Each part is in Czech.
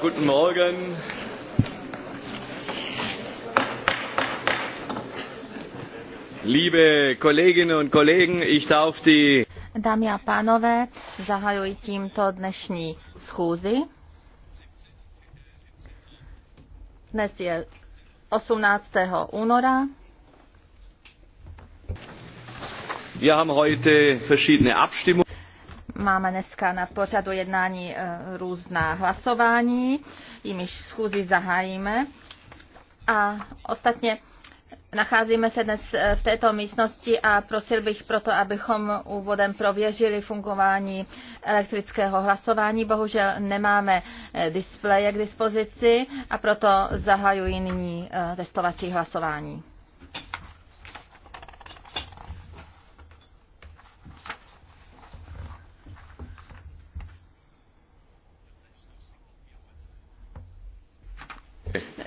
guten Morgen. Liebe Kolleginnen und Kollegen, ich darf die Dámy a pánové, zahajuji tímto dnešní schůzi. Dnes je 18. února. Wir haben heute verschiedene Abstimmungen. Máme dneska na pořadu jednání eh, různá hlasování, jimiž schůzi zahájíme. A ostatně nacházíme se dnes eh, v této místnosti a prosil bych proto, abychom úvodem prověřili fungování elektrického hlasování. Bohužel nemáme eh, displeje k dispozici a proto zahajuji nyní testovací hlasování.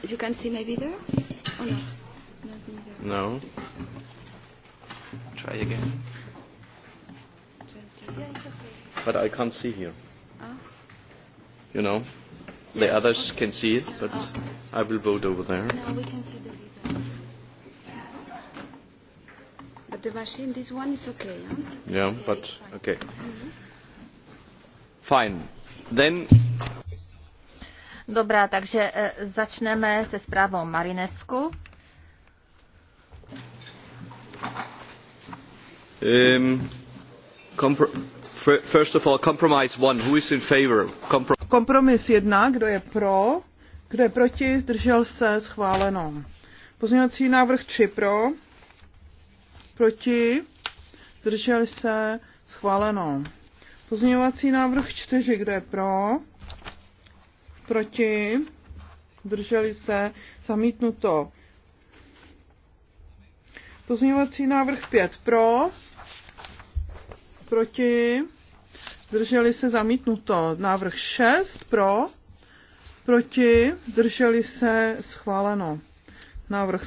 you can see maybe there? Or not? Not No. Try again. Yeah, it's okay. But I can't see here. Ah. You know, yes. the others can see it, but ah. I will vote over there. No, we can see the But the machine, this one is okay. Huh? Yeah, but fine. okay. Mm -hmm. Fine. Then Dobrá, takže eh, začneme se zprávou Marinesku. Um, first of all, compromise one. Who is in favor? Comprom- kompromis jedna, kdo je pro, kdo je proti, zdržel se, schváleno. Pozměňovací návrh 3 pro, proti, zdržel se, schváleno. Pozměňovací návrh 4, kdo je pro, proti, drželi se, zamítnuto. Pozměňovací návrh 5 pro, proti, drželi se, zamítnuto. Návrh 6 pro, proti, drželi se, schváleno. Návrh,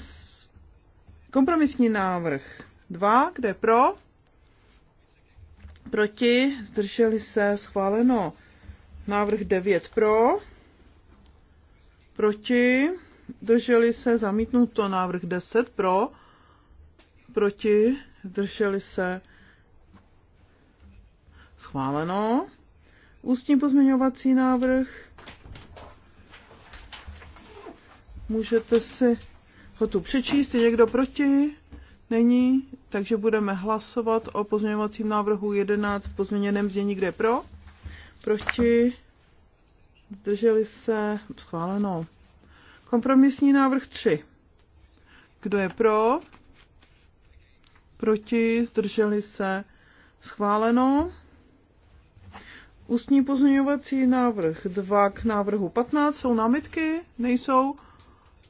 kompromisní návrh 2, kde pro, proti, zdrželi se, schváleno. Návrh 9 pro, proti, drželi se, zamítnuto návrh 10 pro, proti, drželi se, schváleno. Ústní pozměňovací návrh, můžete si ho tu přečíst, je někdo proti? Není, takže budeme hlasovat o pozměňovacím návrhu 11 pozměněném znění, kde pro, proti, zdrželi se, schváleno. Kompromisní návrh 3. Kdo je pro? Proti, zdrželi se, schváleno. Ústní pozměňovací návrh 2 k návrhu 15. Jsou námitky? Nejsou?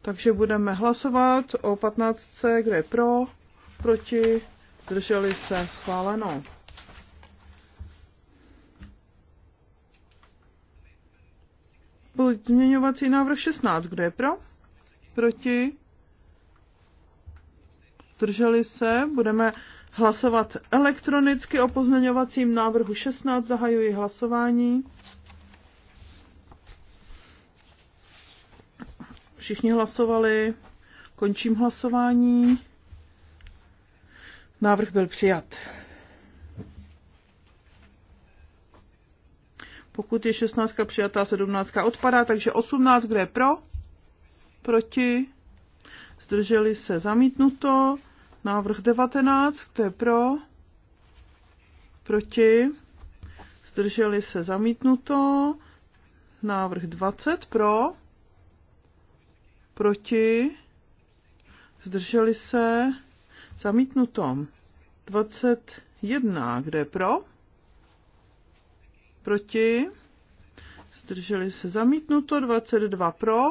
Takže budeme hlasovat o 15. Kde je pro? Proti? zdrželi se? Schváleno. Pozměňovací návrh 16. Kdo je pro? Proti? Drželi se? Budeme hlasovat elektronicky o pozměňovacím návrhu 16. Zahajuji hlasování. Všichni hlasovali. Končím hlasování. Návrh byl přijat. Pokud je 16 přijatá, 17 odpadá, takže 18, kde je pro? Proti? Zdrželi se zamítnuto. Návrh 19, kde je pro? Proti? Zdrželi se zamítnuto. Návrh 20 pro? Proti? Zdrželi se zamítnuto. 21, kde je pro? proti, zdrželi se zamítnuto, 22 pro,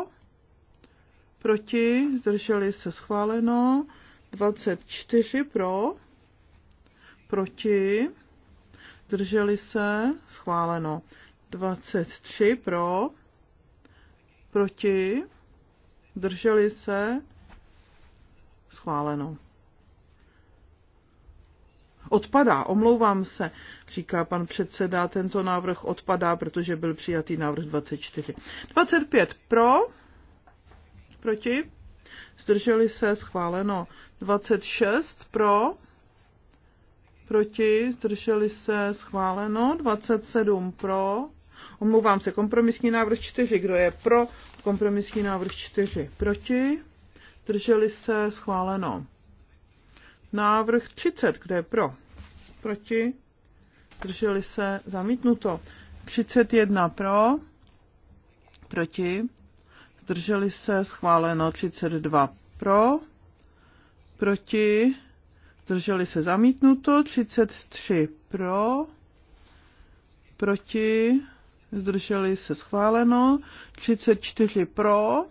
proti, zdrželi se schváleno, 24 pro, proti, zdrželi se schváleno, 23 pro, proti, zdrželi se schváleno. Odpadá, omlouvám se, říká pan předseda, tento návrh odpadá, protože byl přijatý návrh 24. 25 pro, proti, zdrželi se, schváleno. 26 pro, proti, zdrželi se, schváleno. 27 pro, omlouvám se, kompromisní návrh 4, kdo je pro, kompromisní návrh 4, proti, zdrželi se, schváleno. Návrh 30, kde je pro? Proti? Drželi se zamítnuto. 31 pro, proti, zdrželi se, schváleno 32 pro, proti, zdrželi se zamítnuto, 33 pro, proti, zdrželi se schváleno, 34 pro,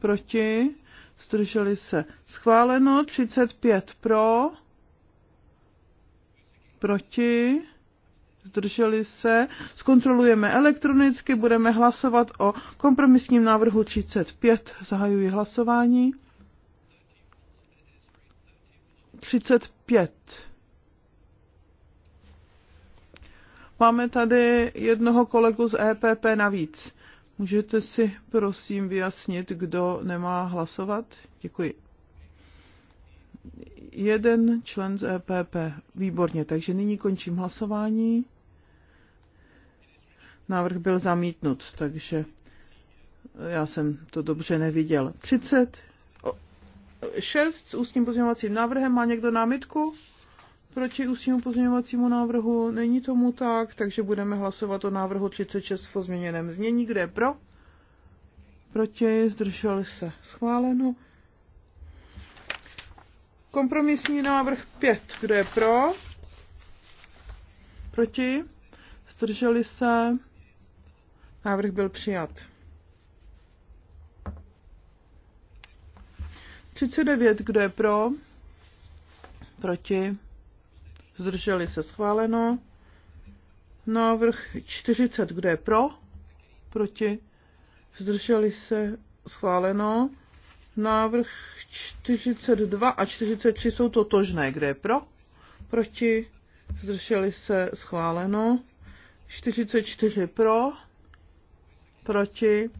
proti, zdrželi se schváleno, 35 pro, proti, zdrželi se, zkontrolujeme elektronicky, budeme hlasovat o kompromisním návrhu 35, zahajuji hlasování. 35. Máme tady jednoho kolegu z EPP navíc. Můžete si prosím vyjasnit, kdo nemá hlasovat? Děkuji. Jeden člen z EPP. Výborně, takže nyní končím hlasování. Návrh byl zamítnut, takže já jsem to dobře neviděl. 30. s ústním pozměňovacím návrhem. Má někdo námitku? proti ústnímu pozměňovacímu návrhu? Není tomu tak, takže budeme hlasovat o návrhu 36 v pozměněném znění. Kde je pro? Proti? Zdrželi se? Schváleno. Kompromisní návrh 5. Kdo je pro? Proti? Zdrželi se? Návrh byl přijat. 39. Kdo je pro? Proti? zdrželi se schváleno. Návrh 40, kdo je pro, proti, zdrželi se schváleno. Návrh 42 a 43 jsou totožné, kde je pro, proti, zdrželi se schváleno. 44 pro, proti,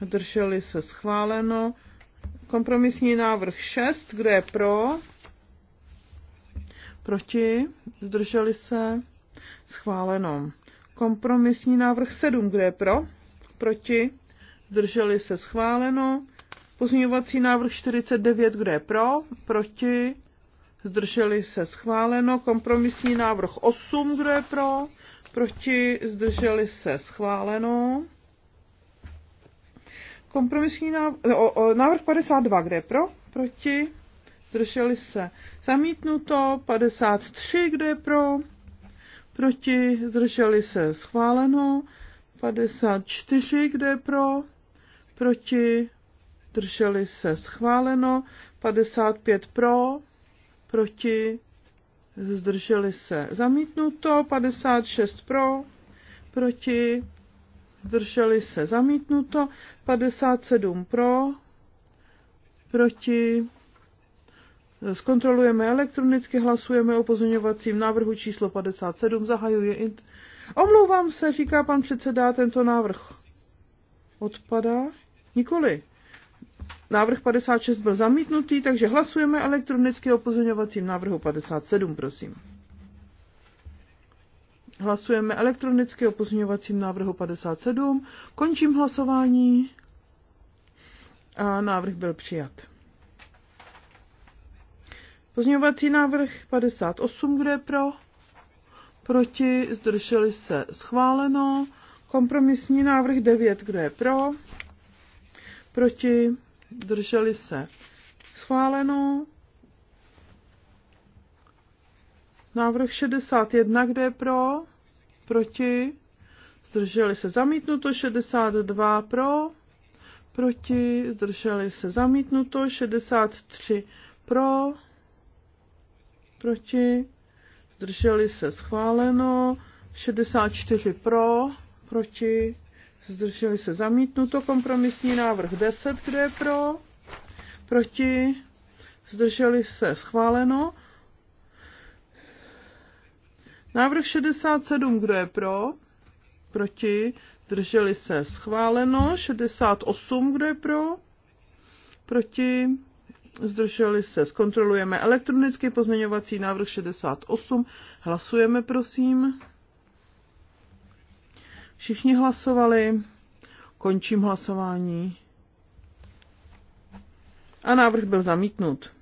zdrželi se schváleno. Kompromisní návrh 6, kde je pro, Proti? Zdrželi se? Schváleno. Kompromisní návrh 7, kde je pro? Proti? Zdrželi se? Schváleno. Pozměňovací návrh 49, kde je pro? Proti? Zdrželi se? Schváleno. Kompromisní návrh 8, kde je pro? Proti? Zdrželi se? Schváleno. Kompromisní návrh, o, o, návrh 52, kde je pro? Proti? zdrželi se zamítnuto, 53, kdo je pro, proti, zdrželi se schváleno, 54, kdo je pro, proti, zdrželi se schváleno, 55 pro, proti, zdrželi se zamítnuto, 56 pro, proti, zdrželi se zamítnuto, 57 pro, proti, Zkontrolujeme elektronicky, hlasujeme o pozměňovacím návrhu číslo 57, zahajuje int... Omlouvám se, říká pan předseda, tento návrh odpadá? Nikoli. Návrh 56 byl zamítnutý, takže hlasujeme elektronicky o pozměňovacím návrhu 57, prosím. Hlasujeme elektronicky o pozměňovacím návrhu 57. Končím hlasování. A návrh byl přijat. Pozměňovací návrh 58, kde je pro? Proti, zdrželi se, schváleno. Kompromisní návrh 9, kde je pro? Proti, zdrželi se, schváleno. Návrh 61, kde je pro? Proti, zdrželi se, zamítnuto. 62 pro, proti, zdrželi se, zamítnuto. 63 pro, proti, zdrželi se schváleno, 64 pro, proti, zdrželi se zamítnuto, kompromisní návrh 10, kde je pro, proti, zdrželi se schváleno, návrh 67, kdo je pro, proti, zdrželi se schváleno, 68, kdo je pro, proti, zdrželi se, zkontrolujeme elektronicky pozměňovací návrh 68, hlasujeme prosím. Všichni hlasovali, končím hlasování. A návrh byl zamítnut.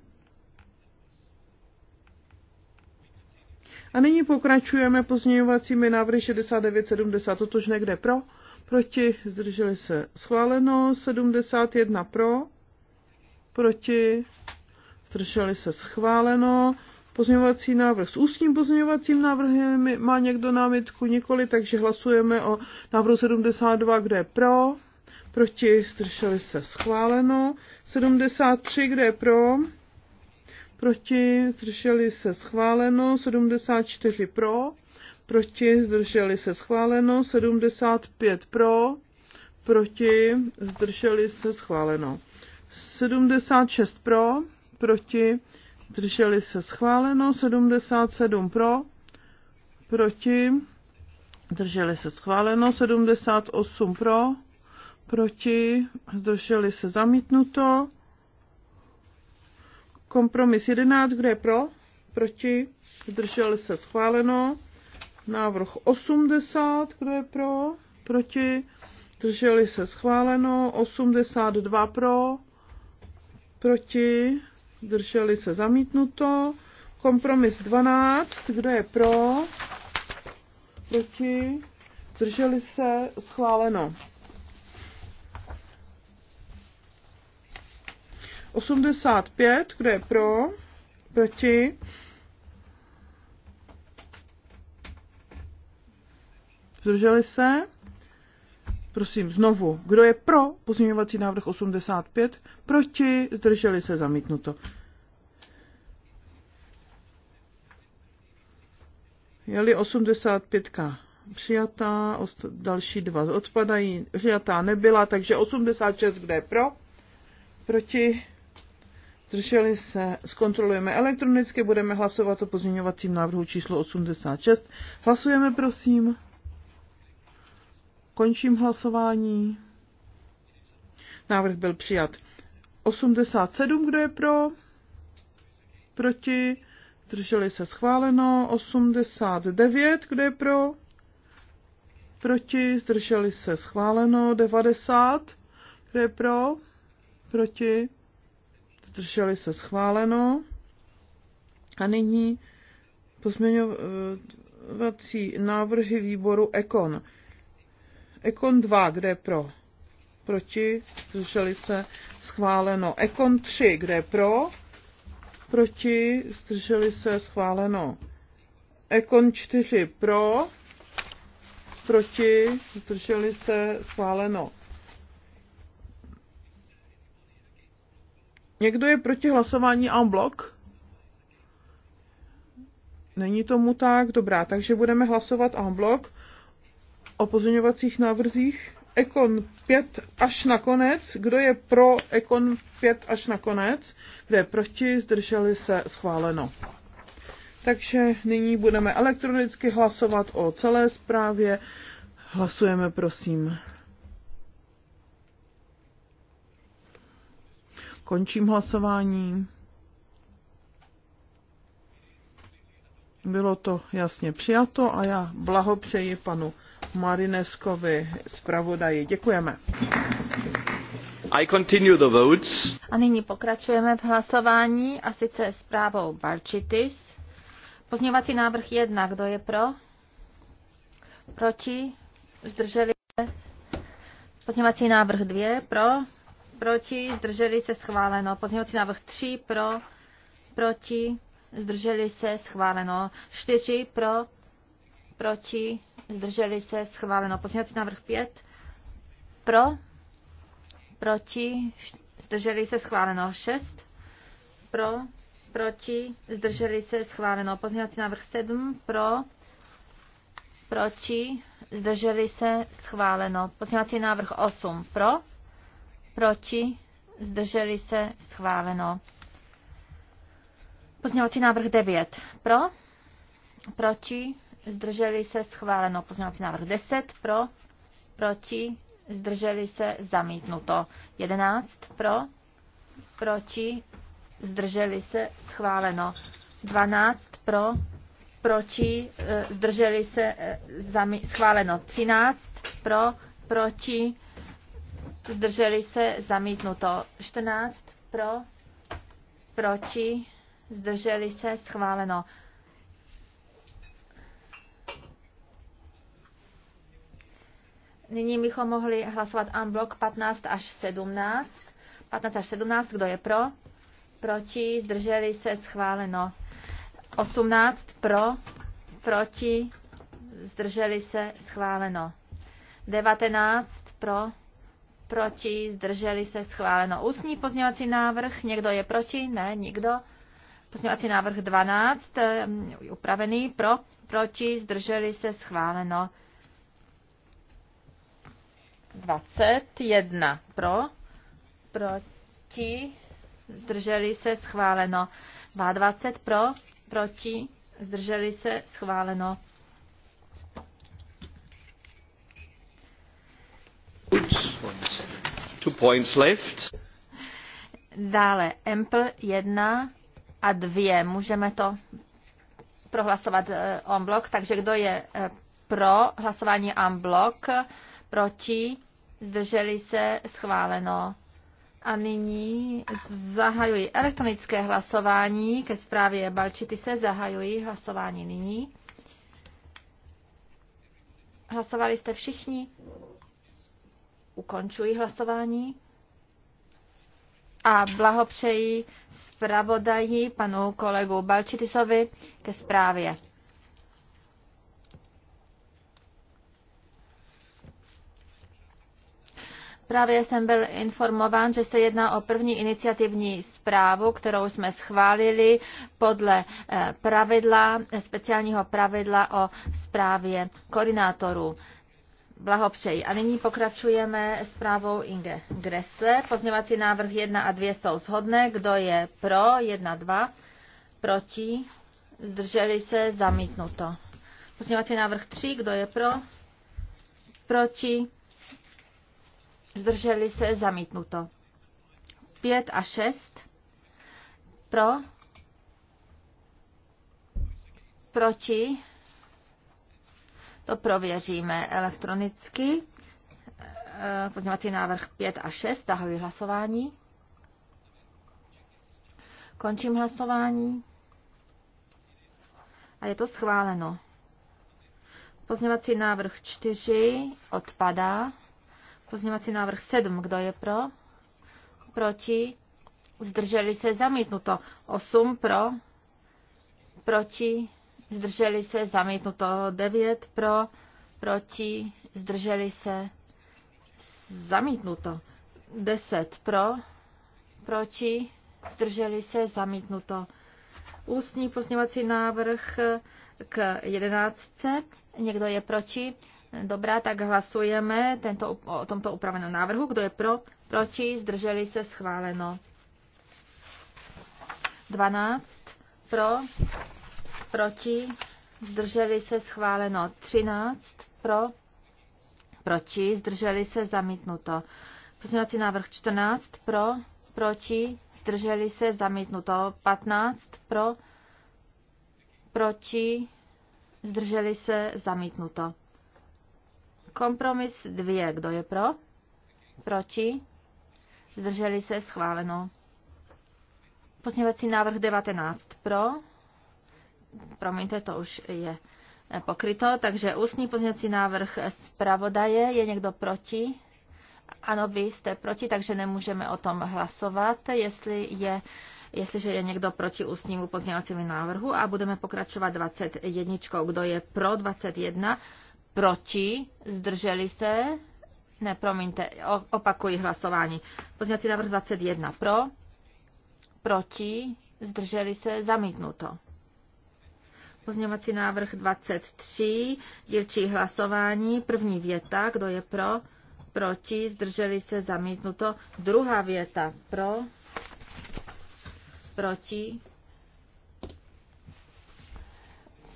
A nyní pokračujeme pozměňovacími návrhy 69-70, totožné kde pro, proti, zdrželi se schváleno, 71 pro, proti, zdrželi se schváleno. Pozměňovací návrh s ústním pozměňovacím návrhem má někdo námitku nikoli, takže hlasujeme o návrhu 72, kde je pro, proti, zdrželi se schváleno. 73, kde je pro, proti, zdrželi se schváleno. 74 pro, proti, zdrželi se schváleno. 75 pro, proti, zdrželi se schváleno. 76 pro, proti, drželi se schváleno, 77 pro, proti, Drželi se schváleno, 78 pro, proti, zdrželi se zamítnuto, kompromis 11, kde je pro, proti, zdrželi se schváleno, návrh 80, kde je pro, proti, zdrželi se schváleno, 82 pro, proti, drželi se zamítnuto. Kompromis 12, kdo je pro, proti, drželi se schváleno. 85, kdo je pro, proti, zdrželi se, Prosím znovu, kdo je pro pozměňovací návrh 85, proti, zdrželi se zamítnuto. Je-li 85 přijatá, další dva odpadají, přijatá nebyla, takže 86, kde je pro, proti, zdrželi se, zkontrolujeme elektronicky, budeme hlasovat o pozměňovacím návrhu číslo 86. Hlasujeme, prosím. Končím hlasování. Návrh byl přijat. 87, kdo je pro? Proti? Zdrželi se schváleno. 89, kdo je pro? Proti? Zdrželi se schváleno. 90, kdo je pro? Proti? Zdrželi se schváleno. A nyní pozměňovací návrhy výboru EKON. Ekon 2, kde je pro? Proti? Zdrželi se? Schváleno. Ekon 3, kde je pro? Proti? Zdrželi se? Schváleno. Ekon 4, pro? Proti? Zdrželi se? Schváleno. Někdo je proti hlasování en blok? Není tomu tak, dobrá, takže budeme hlasovat en blok o pozměňovacích návrzích. Ekon 5 až na konec, Kdo je pro Ekon 5 až konec? Kdo je proti? Zdrželi se schváleno. Takže nyní budeme elektronicky hlasovat o celé zprávě. Hlasujeme, prosím. Končím hlasování. Bylo to jasně přijato a já blahopřeji panu Marineskovi zpravodaji. Děkujeme. I continue the votes. A nyní pokračujeme v hlasování a sice zprávou Barčitis. Pozměňovací návrh jedna, Kdo je pro? Proti? Zdrželi se? Pozměňovací návrh dvě, Pro? Proti? Zdrželi se? Schváleno. Pozměňovací návrh tři, Pro? Proti? Zdrželi se? Schváleno. Čtyři, Pro? proti, zdrželi se, schváleno. Pozměňovací návrh 5, pro, proti, zdrželi se, schváleno. 6, pro, proti, zdrželi se, schváleno. Pozměňovací návrh 7, pro, proti, zdrželi se, schváleno. Pozměňovací návrh 8, pro, proti, zdrželi se, schváleno. Pozměňovací návrh 9, pro, proti, zdrželi se schváleno. Pozměňovací návrh 10 pro, proti, zdrželi se zamítnuto. 11 pro, proti, zdrželi se schváleno. 12 pro, proti, eh, zdrželi se eh, zami, schváleno. 13 pro, proti, zdrželi se zamítnuto. 14 pro, proti, zdrželi se schváleno. Nyní bychom mohli hlasovat unblock 15 až 17. 15 až 17, kdo je pro? Proti, zdrželi se, schváleno. 18 pro, proti, zdrželi se, schváleno. 19 pro, proti, zdrželi se, schváleno. Ústní pozměňovací návrh, někdo je proti? Ne, nikdo. Pozměňovací návrh 12, um, upravený pro, proti, zdrželi se, schváleno. 21 pro, proti, zdrželi se schváleno. 22 pro, proti, zdrželi se schváleno. Two points left. Dále Empl 1 a 2. Můžeme to prohlasovat eh, en bloc, takže kdo je eh, pro hlasování en bloc, proti, zdrželi se, schváleno. A nyní zahajuji elektronické hlasování ke zprávě Balčity se zahajuji hlasování nyní. Hlasovali jste všichni? Ukončuji hlasování. A blahopřeji zpravodaji panu kolegu Balčitisovi ke zprávě. Právě jsem byl informován, že se jedná o první iniciativní zprávu, kterou jsme schválili podle eh, pravidla, speciálního pravidla o zprávě koordinátorů. Blahopřeji. A nyní pokračujeme zprávou Inge Gresle. Pozměvací návrh 1 a 2 jsou shodné. Kdo je pro? 1, 2. Proti? Zdrželi se? Zamítnuto. Pozměvací návrh 3. Kdo je pro? Proti? zdrželi se zamítnuto. 5 a 6 pro, proti, to prověříme elektronicky. Eh, pozměňovací návrh 5 a 6, zahajuji hlasování. Končím hlasování. A je to schváleno. Pozměňovací návrh 4 odpadá. Pozměňovací návrh 7. Kdo je pro? Proti? Zdrželi se zamítnuto. 8 pro? Proti? Zdrželi se zamítnuto. 9 pro? Proti? Zdrželi se zamítnuto. 10 pro? Proti? Zdrželi se zamítnuto. Ústní pozměňovací návrh k 11. Někdo je proti? Dobrá, tak hlasujeme tento, o tomto upraveném návrhu. Kdo je pro? Proti? Zdrželi se? Schváleno. 12. Pro? Proti? Zdrželi se? Schváleno. 13. Pro? Proti? Zdrželi se? Zamítnuto. Pozměňovací návrh 14. Pro? Proti? Zdrželi se? Zamítnuto. 15. Pro? Proti? Zdrželi se? Zamítnuto. Kompromis dvě. Kdo je pro? Proti? Zdrželi se? Schváleno. Pozněvací návrh 19. Pro? Promiňte, to už je eh, pokryto. Takže ústní pozněvací návrh zpravodaje. Je někdo proti? Ano, vy jste proti, takže nemůžeme o tom hlasovat, jestli je, jestliže je někdo proti ústnímu pozměňovacímu návrhu a budeme pokračovat 21. Kdo je pro 21? proti, zdrželi se, ne, promiňte, opakuji hlasování. Pozměňovací návrh 21 pro, proti, zdrželi se, zamítnuto. Pozměňovací návrh 23, dílčí hlasování, první věta, kdo je pro, proti, zdrželi se, zamítnuto. Druhá věta, pro, proti,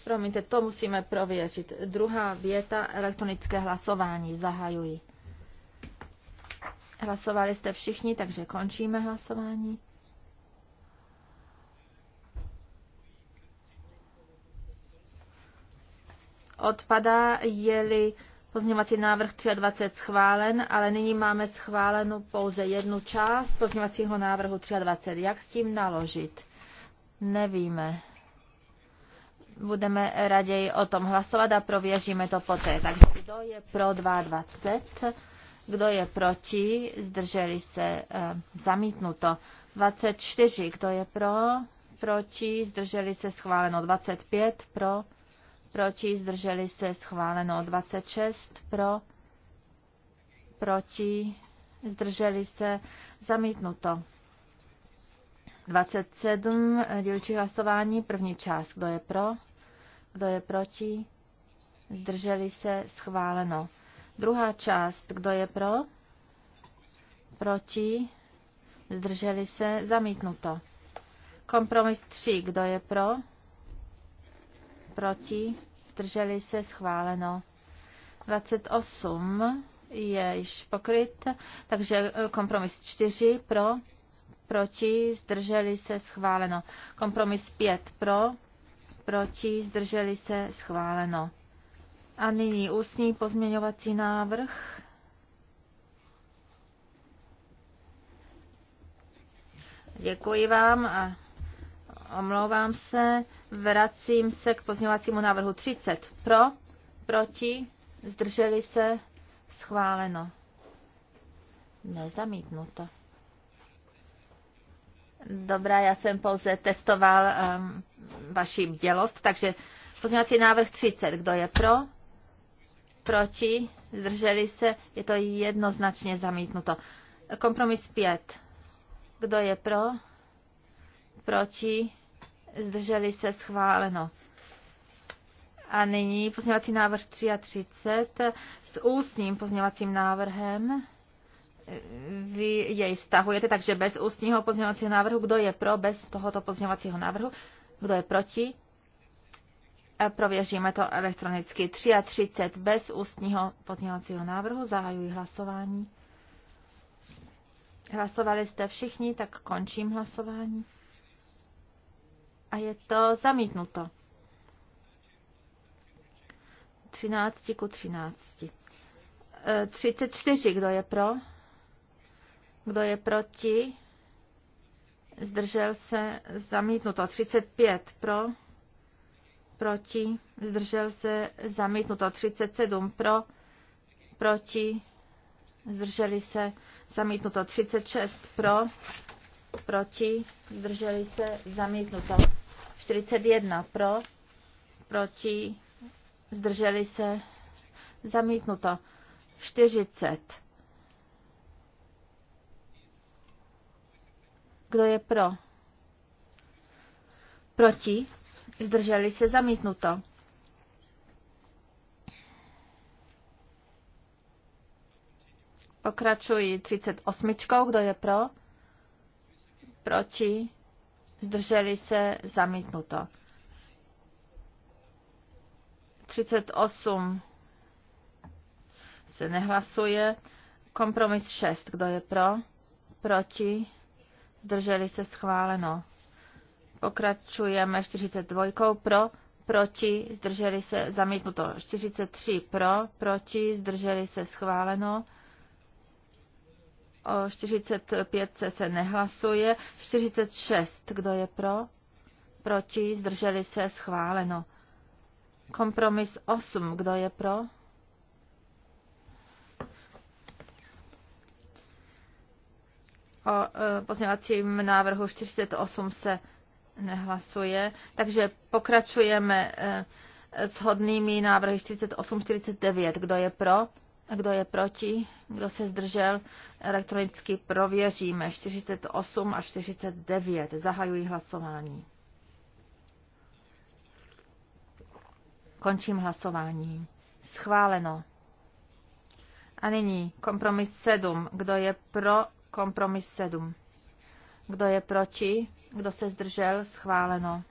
Promiňte, to musíme prověřit. Druhá věta, elektronické hlasování. Zahajuji. Hlasovali jste všichni, takže končíme hlasování. Odpadá, je-li pozměňovací návrh 23 schválen, ale nyní máme schválenu pouze jednu část pozměňovacího návrhu 23. Jak s tím naložit? Nevíme budeme raději o tom hlasovat a prověříme to poté. Takže kdo je pro 22? Kdo je proti? Zdrželi se eh, zamítnuto. 24. Kdo je pro? Proti? Zdrželi se schváleno. 25. Pro? Proti? Zdrželi se schváleno. 26. Pro? Proti? Zdrželi se zamítnuto. 27 dílčí hlasování, první část. Kdo je pro? Kdo je proti? Zdrželi se? Schváleno. Druhá část. Kdo je pro? Proti? Zdrželi se? Zamítnuto. Kompromis 3. Kdo je pro? Proti? Zdrželi se? Schváleno. 28 je již pokryt, takže eh, kompromis 4 pro, proti, zdrželi se schváleno. Kompromis 5 pro, proti, zdrželi se schváleno. A nyní ústní pozměňovací návrh. Děkuji vám a omlouvám se. Vracím se k pozměňovacímu návrhu 30. Pro, proti, zdrželi se, schváleno. Nezamítnuto. Dobrá, já jsem pouze testoval um, vaši bdělost, takže pozměňovací návrh 30. Kdo je pro? Proti? Zdrželi se? Je to jednoznačně zamítnuto. Kompromis 5. Kdo je pro? Proti? Zdrželi se? Schváleno. A nyní pozměňovací návrh 33 s ústním pozměňovacím návrhem vy jej stahujete, takže bez ústního pozměňovacího návrhu. Kdo je pro bez tohoto pozměňovacího návrhu? Kdo je proti? E, prověříme to elektronicky. 33 bez ústního pozměňovacího návrhu. Zahajuji hlasování. Hlasovali jste všichni, tak končím hlasování. A je to zamítnuto. 13 ku 13. 34, e, kdo je pro? Kdo je proti? Zdržel se zamítnuto. 35 pro. Proti. Zdržel se zamítnuto. 37 pro. Proti. Zdrželi se zamítnuto. 36 pro. Proti. Zdrželi se zamítnuto. 41 pro. Proti. Zdrželi se zamítnuto. 40 Kdo je pro? Proti? Zdrželi se zamítnuto. Pokračuji 38. Kdo je pro? Proti? Zdrželi se zamítnuto. 38 se nehlasuje. Kompromis 6. Kdo je pro? Proti? zdrželi se schváleno. Pokračujeme 42 pro, proti, zdrželi se zamítnuto. 43 pro, proti, zdrželi se schváleno. O 45 se, se nehlasuje. 46, kdo je pro? Proti, zdrželi se schváleno. Kompromis 8, kdo je pro? O e, pozměňovacím návrhu 48 se nehlasuje, takže pokračujeme e, s hodnými návrhy 48-49. Kdo je pro? Kdo je proti? Kdo se zdržel? Elektronicky prověříme 48 a 49. Zahajuji hlasování. Končím hlasování. Schváleno. A nyní kompromis 7. Kdo je pro Kompromis 7. Kdo je proti? Kdo se zdržel? Schváleno.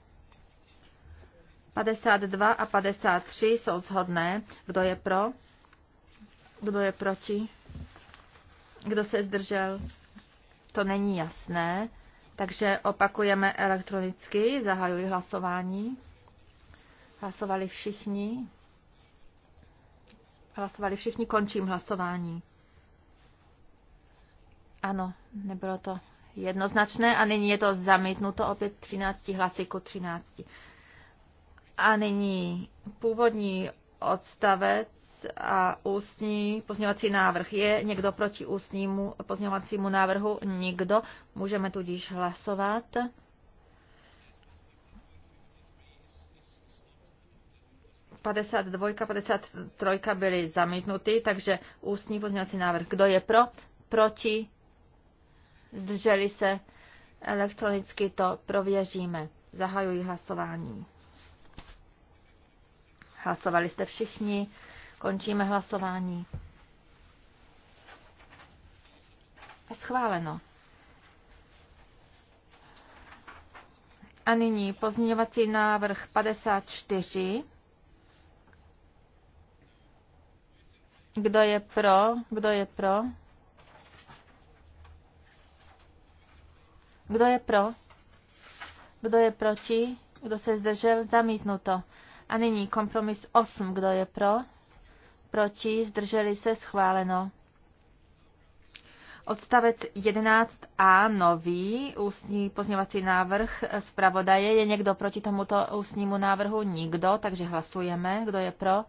52 a 53 jsou shodné. Kdo je pro? Kdo je proti? Kdo se zdržel? To není jasné. Takže opakujeme elektronicky. Zahajuji hlasování. Hlasovali všichni. Hlasovali všichni. Končím hlasování. Ano, nebylo to jednoznačné a nyní je to zamítnuto opět 13 hlasy ku 13. A nyní původní odstavec a ústní pozměňovací návrh. Je někdo proti ústnímu pozměňovacímu návrhu? Nikdo. Můžeme tudíž hlasovat. Padesát dvojka, padesát trojka byly zamítnuty, takže ústní pozměňovací návrh. Kdo je pro? Proti? zdrželi se, elektronicky to prověříme. Zahajuji hlasování. Hlasovali jste všichni, končíme hlasování. Schváleno. A nyní pozměňovací návrh 54. Kdo je pro? Kdo je pro? Kdo je pro? Kdo je proti? Kdo se zdržel? Zamítnuto. A nyní kompromis 8. Kdo je pro? Proti? Zdrželi se? Schváleno. Odstavec 11a, nový ústní pozněvací návrh zpravodaje. Je někdo proti tomuto ústnímu návrhu? Nikdo, takže hlasujeme. Kdo je pro?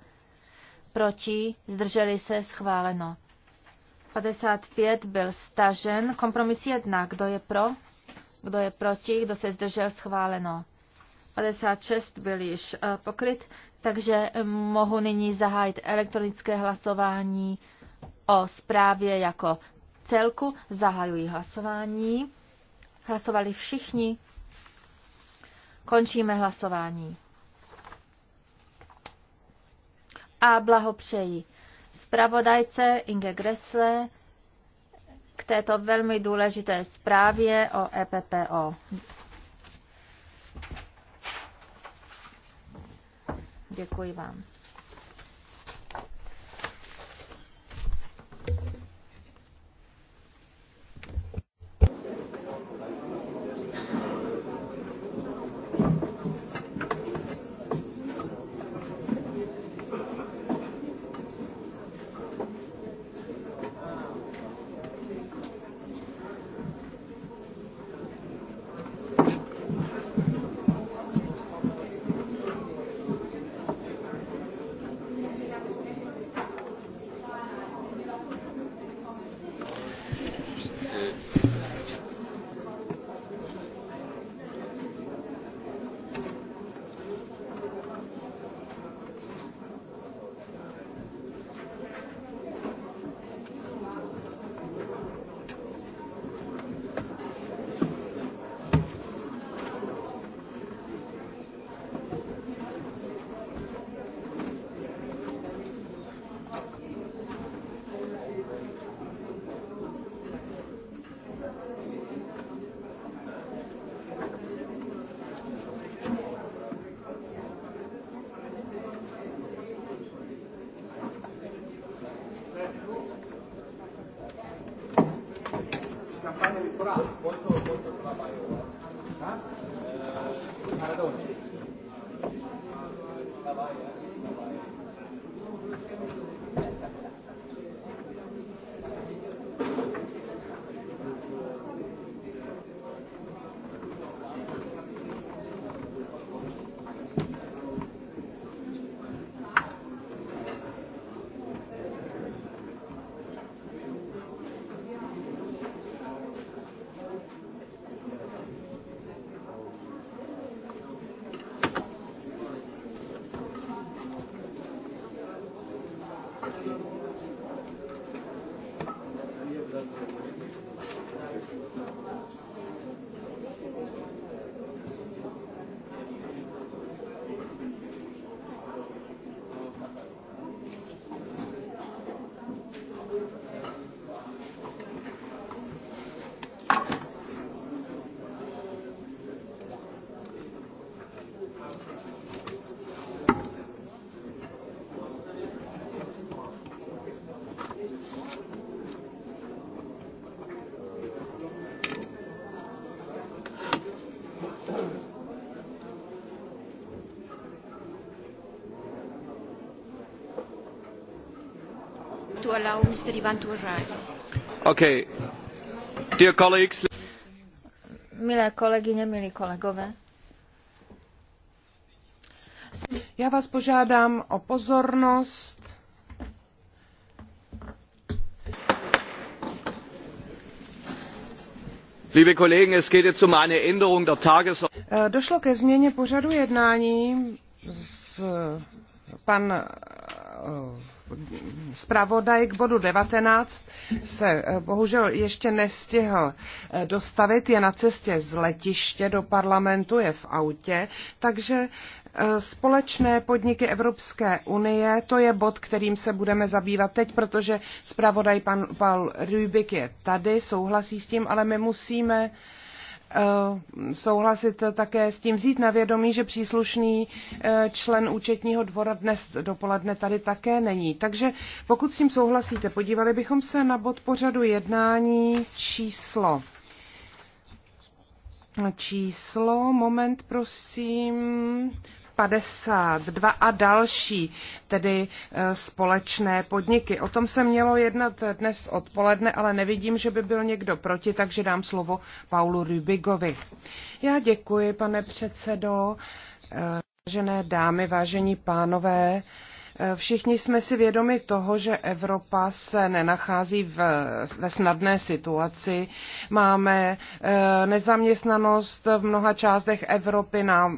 Proti? Zdrželi se? Schváleno. 55 byl stažen. Kompromis 1. Kdo je pro? Kdo je proti? Kdo se zdržel? Schváleno. 56 byl již eh, pokryt, takže eh, mohu nyní zahájit elektronické hlasování o zprávě jako celku. Zahajuji hlasování. Hlasovali všichni. Končíme hlasování. A blahopřeji. Spravodajce Inge Gressle této velmi důležité zprávě o EPPO. Děkuji vám. to allow Mr. Ivan to arrive. Okay. Dear colleagues. Milé kolegyně, milí kolegové. Já vás požádám o pozornost. Liebe Kollegen, es geht jetzt um eine Änderung der Tagesordnung. Eh, došlo ke změně pořadu jednání. Z, pan eh, zpravodaj k bodu 19 se eh, bohužel ještě nestihl eh, dostavit, je na cestě z letiště do parlamentu, je v autě, takže eh, společné podniky Evropské unie, to je bod, kterým se budeme zabývat teď, protože zpravodaj pan Paul Rubik je tady, souhlasí s tím, ale my musíme Eh, souhlasit také s tím vzít na vědomí, že příslušný eh, člen účetního dvora dnes dopoledne tady také není. Takže pokud s tím souhlasíte, podívali bychom se na bod pořadu jednání číslo. Číslo, moment prosím, 52 a další, tedy e, společné podniky. O tom se mělo jednat dnes odpoledne, ale nevidím, že by byl někdo proti, takže dám slovo Paulu Rubigovi. Já děkuji, pane předsedo. E, vážené dámy, vážení pánové, Všichni jsme si vědomi toho, že Evropa se nenachází v, ve snadné situaci. Máme eh, nezaměstnanost v mnoha částech Evropy na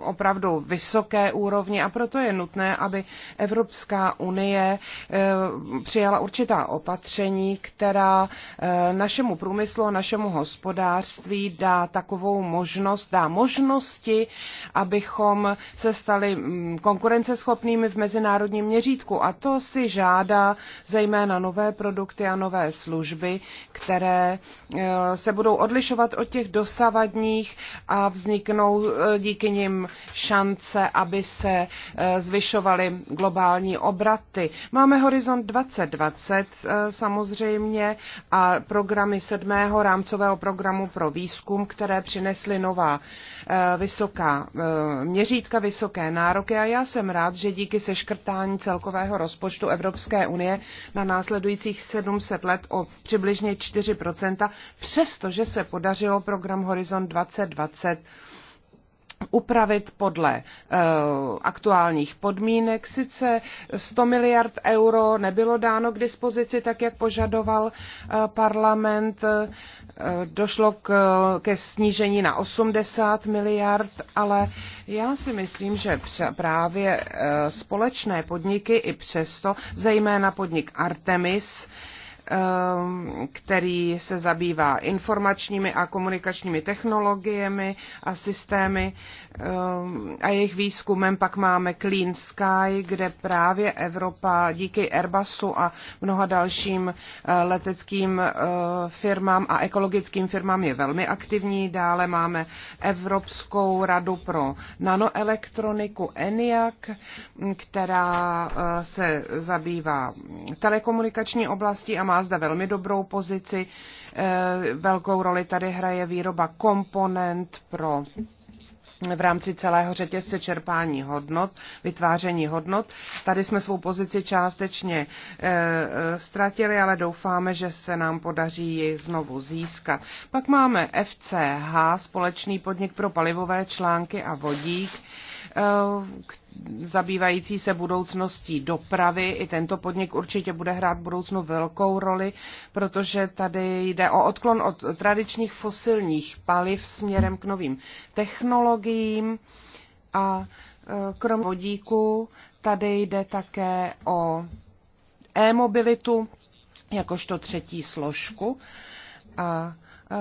opravdu vysoké úrovni a proto je nutné, aby Evropská unie eh, přijala určitá opatření, která eh, našemu průmyslu a našemu hospodářství dá takovou možnost, dá možnosti, abychom se stali mm, konkurenceschopní dostupnými v mezinárodním měřítku. A to si žádá zejména nové produkty a nové služby, které eh, se budou odlišovat od těch dosavadních a vzniknou eh, díky nim šance, aby se eh, zvyšovaly globální obraty. Máme Horizont 2020 samozřejmě a programy sedmého rámcového programu pro výzkum, které přinesly nová vysoká měřítka, vysoké nároky a já jsem rád, že díky seškrtání celkového rozpočtu Evropské unie na následujících 700 let o přibližně 4%, přestože se podařilo program Horizon 2020 upravit podle eh, aktuálních podmínek. Sice 100 miliard euro nebylo dáno k dispozici, tak jak požadoval eh, parlament. Eh, došlo k, ke snížení na 80 miliard, ale já si myslím, že právě společné podniky i přesto, zejména podnik Artemis, Um, který se zabývá informačními a komunikačními technologiemi a systémy um, a jejich výzkumem. Pak máme Clean Sky, kde právě Evropa díky Airbusu a mnoha dalším uh, leteckým uh, firmám a ekologickým firmám je velmi aktivní. Dále máme Evropskou radu pro nanoelektroniku ENIAC, která uh, se zabývá telekomunikační oblastí a má zde velmi dobrou pozici. Eh, velkou roli tady hraje výroba komponent pro v rámci celého řetězce čerpání hodnot, vytváření hodnot. Tady jsme svou pozici částečně e, ztratili, ale doufáme, že se nám podaří ji znovu získat. Pak máme FCH, společný podnik pro palivové články a vodík. E, Eh, zabývající se budoucností dopravy. I tento podnik určitě bude hrát v budoucnu velkou roli, protože tady jde o odklon od tradičních fosilních paliv směrem k novým technologiím a eh, krom vodíku tady jde také o e-mobilitu jakožto třetí složku. A Eh,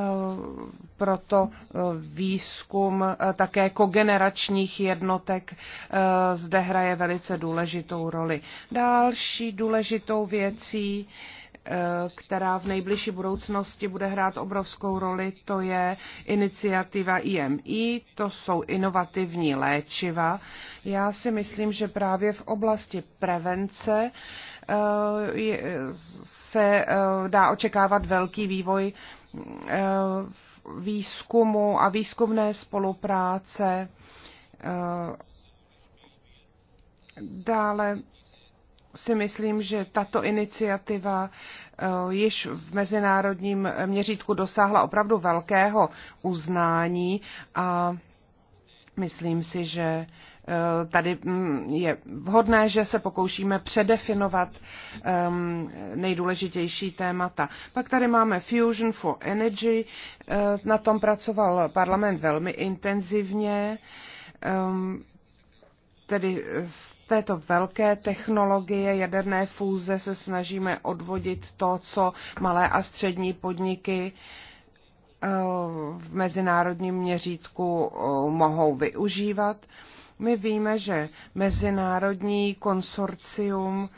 proto eh, výzkum eh, také kogeneračních jednotek zde hraje velice důležitou roli. Další důležitou věcí která v nejbližší budoucnosti bude hrát obrovskou roli, to je iniciativa IMI, to jsou inovativní léčiva. Já si myslím, že právě v oblasti prevence se dá očekávat velký vývoj Eh, výzkumu a výzkumné spolupráce. Eh, dále si myslím, že tato iniciativa eh, již v mezinárodním měřítku dosáhla opravdu velkého uznání a myslím si, že Eh, tady mm, je vhodné, že se pokoušíme předefinovat ehm, nejdůležitější témata. Pak tady máme Fusion for Energy, eh, na tom pracoval parlament velmi intenzivně, ehm, tedy z této velké technologie jaderné fúze se snažíme odvodit to, co malé a střední podniky eh, v mezinárodním měřítku mohou využívat. My víme, že mezinárodní konsorcium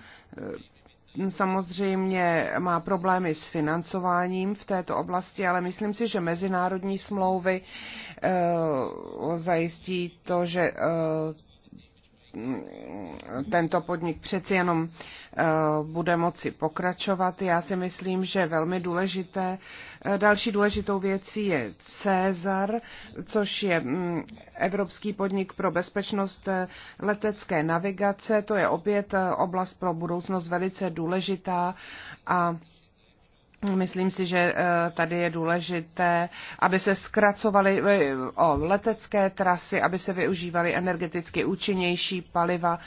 eh, samozřejmě má problémy s financováním v této oblasti, ale myslím si, že mezinárodní smlouvy eh, zajistí to, že eh, tento podnik přeci jenom eh, bude moci pokračovat. Já si myslím, že velmi důležité, eh, další důležitou věcí je Cezar, což je mm, Evropský podnik pro bezpečnost eh, letecké navigace. To je opět oblast pro budoucnost velice důležitá a Myslím si, že eh, tady je důležité, aby se zkracovaly eh, o letecké trasy, aby se využívaly energeticky účinnější paliva.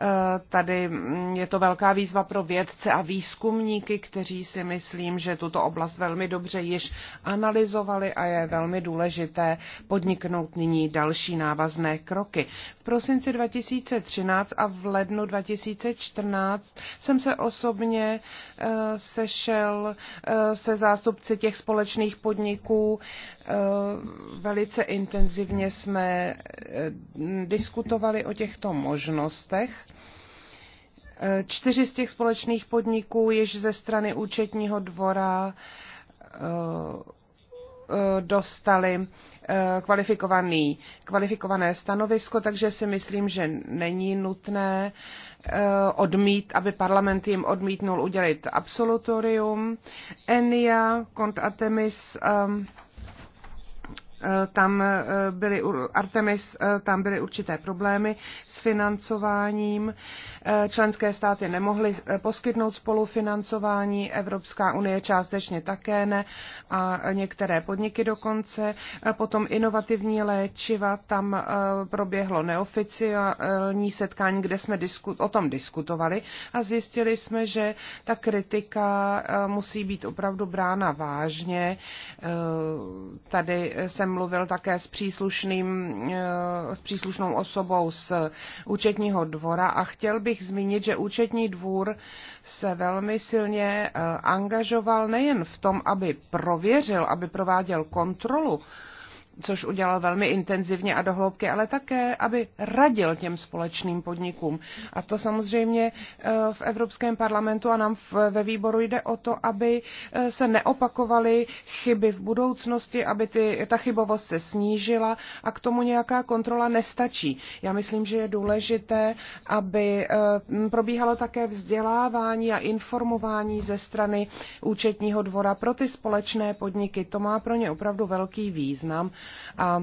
Eh, tady mm, je to velká výzva pro vědce a výzkumníky, kteří si myslím, že tuto oblast velmi dobře již analyzovali a je velmi důležité podniknout nyní další návazné kroky. V prosinci 2013 a v lednu 2014 jsem se osobně sešel Eh, se zástupci těch společných podniků. Eh, velice intenzivně jsme eh, diskutovali o těchto možnostech. Čtyři z těch společných podniků již ze strany účetního dvora Eh, dostali eh, kvalifikovaný, kvalifikované stanovisko, takže si myslím, že není nutné eh, odmít, aby parlament jim odmítnul udělit absolutorium. Enia, Kont Artemis, Eh, tam eh, byly, Artemis, eh, tam byly určité problémy s financováním. Členské státy nemohly poskytnout spolufinancování, Evropská unie částečně také ne a některé podniky dokonce. Potom inovativní léčiva, tam proběhlo neoficiální setkání, kde jsme o tom diskutovali a zjistili jsme, že ta kritika musí být opravdu brána vážně. Tady jsem jsem mluvil také s, příslušným, eh, s příslušnou osobou z účetního dvora a chtěl bych zmínit, že účetní dvůr se velmi silně eh, angažoval nejen v tom, aby prověřil, aby prováděl kontrolu, což udělal velmi intenzivně a dohloubky, ale také, aby radil těm společným podnikům. A to samozřejmě eh, v Evropském parlamentu a nám ve výboru jde o to, aby eh, se neopakovaly chyby v budoucnosti, aby ty, ta chybovost se snížila a k tomu nějaká kontrola nestačí. Já myslím, že je důležité, aby eh, probíhalo také vzdělávání a informování ze strany účetního dvora pro ty společné podniky. To má pro ně opravdu velký význam a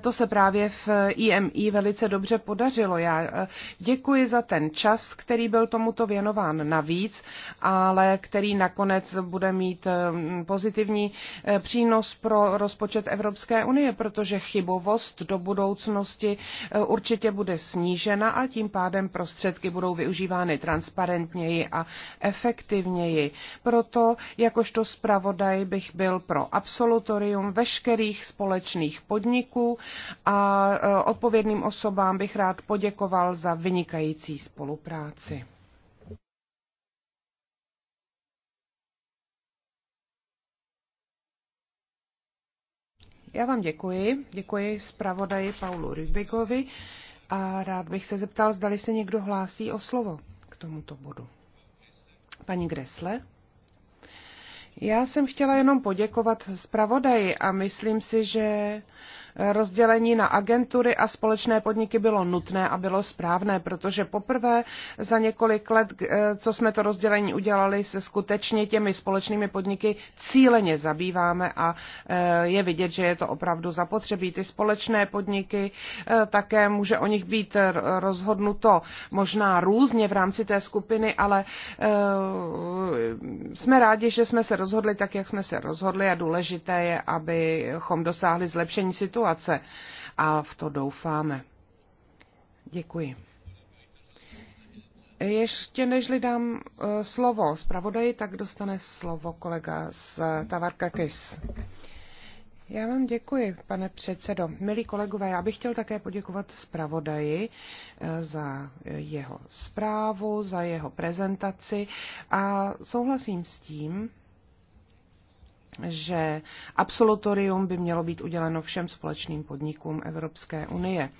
to se právě v IMI e velice dobře podařilo. Já eh, děkuji za ten čas, který byl tomuto věnován navíc, ale který nakonec bude mít eh, pozitivní eh, přínos pro rozpočet Evropské unie, protože chybovost do budoucnosti určitě bude snížena a tím pádem prostředky budou využívány transparentněji a efektivněji. Proto jakožto zpravodaj bych byl pro absolutorium veškerých společných podniků, a e, odpovědným osobám bych rád poděkoval za vynikající spolupráci. Já vám děkuji. Děkuji zpravodaji Paulu Rybigovi a rád bych se zeptal, zdali se někdo hlásí o slovo k tomuto bodu. Paní Gresle? Já jsem chtěla jenom poděkovat zpravodaji a myslím si, že rozdělení na agentury a společné podniky bylo nutné a bylo správné, protože poprvé za několik let, eh, co jsme to rozdělení udělali, se skutečně těmi společnými podniky cíleně zabýváme a eh, je vidět, že je to opravdu zapotřebí. Ty společné podniky eh, také může o nich být rozhodnuto možná různě v rámci té skupiny, ale jsme rádi, že jsme se rozhodli tak, jak jsme se rozhodli a důležité je, abychom dosáhli zlepšení situace situace a v to doufáme. Děkuji. Ještě nežli dám e, slovo zpravodaji, tak dostane slovo kolega z Tavarka Kis. Já vám děkuji, pane předsedo. Milí kolegové, já bych chtěl také poděkovat zpravodaji e, za jeho zprávu, za jeho prezentaci a souhlasím s tím, že absolutorium by mělo být uděleno všem společným podnikům Evropské unie,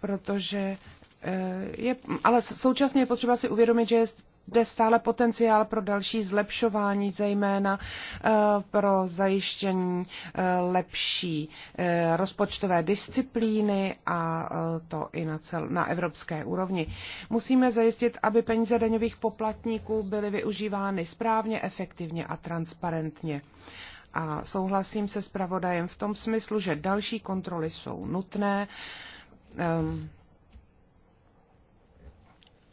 protože eh, je, ale současně je potřeba si uvědomit, že je zde stále potenciál pro další zlepšování, zejména eh, pro zajištění eh, lepší eh, rozpočtové disciplíny a to i na, cel, na evropské úrovni. Musíme zajistit, aby peníze daňových poplatníků byly využívány správně, efektivně a transparentně. A souhlasím se s pravodajem v tom smyslu, že další kontroly jsou nutné. Um,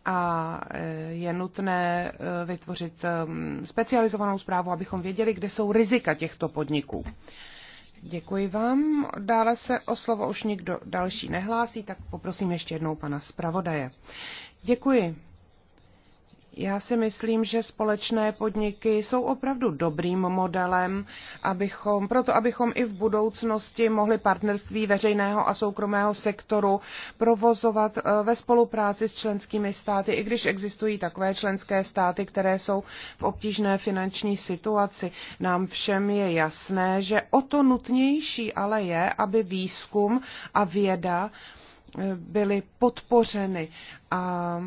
a e, je nutné e, vytvořit e, specializovanou zprávu, abychom věděli, kde jsou rizika těchto podniků. Děkuji vám. Dále se o slovo už nikdo další nehlásí, tak poprosím ještě jednou pana zpravodaje. Děkuji. Já si myslím, že společné podniky jsou opravdu dobrým modelem, abychom, proto abychom i v budoucnosti mohli partnerství veřejného a soukromého sektoru provozovat eh, ve spolupráci s členskými státy, i když existují takové členské státy, které jsou v obtížné finanční situaci. Nám všem je jasné, že o to nutnější ale je, aby výzkum a věda byly podpořeny a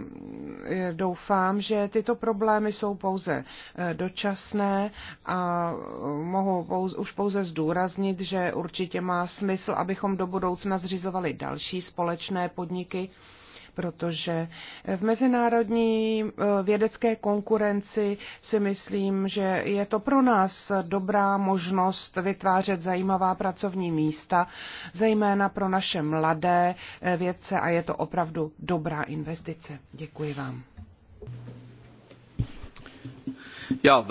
e, doufám, že tyto problémy jsou pouze e, dočasné a e, mohu pouze, už pouze zdůraznit, že určitě má smysl, abychom do budoucna zřizovali další společné podniky, protože v mezinárodní eh, vědecké konkurenci si myslím, že je to pro nás dobrá možnost vytvářet zajímavá pracovní místa, zejména pro naše mladé eh, vědce a je to opravdu dobrá investice. Děkuji vám. Ja,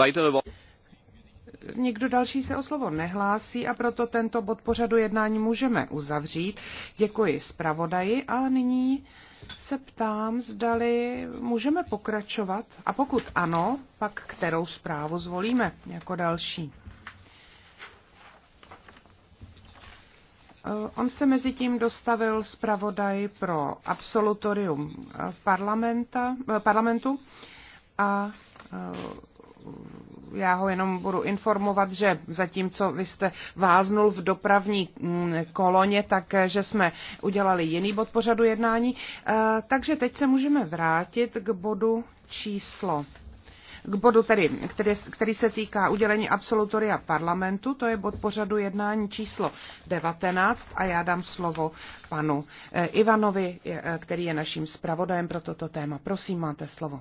nikdo další se o slovo nehlásí a proto tento bod pořadu jednání můžeme uzavřít. Děkuji zpravodaji a nyní se ptám, zdali můžeme pokračovat a pokud ano, pak kterou zprávu zvolíme jako další. Eh, on se mezi tím dostavil zpravodaj pro absolutorium eh, parlamenta, eh, parlamentu a já ho jenom budu informovat, že zatímco vy jste váznul v dopravní mm, koloně, takže eh, jsme udělali jiný bod pořadu jednání. Eh, takže teď se můžeme vrátit k bodu číslo k bodu, tedy, který, který se týká udělení absolutoria parlamentu, to je bod pořadu jednání číslo 19 a já dám slovo panu eh, Ivanovi, který je naším zpravodajem pro toto téma. Prosím, máte slovo.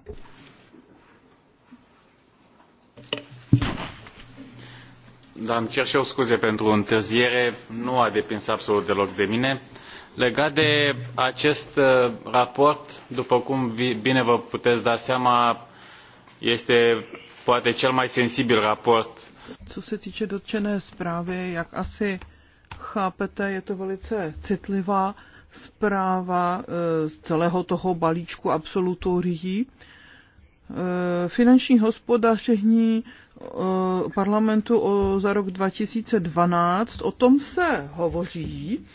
Da, îmi cer și eu scuze pentru întârziere, nu a depins absolut deloc de mine. Legat de acest uh, raport, după cum bine vă puteți da seama, este poate cel mai sensibil raport. Co se týče dotčené zprávy, jak asi chápete, je to velice citlivá zpráva eh, z celého toho balíčku absolutorií Eh, finanční hospodaření eh, parlamentu o, za rok 2012. O tom se hovoří.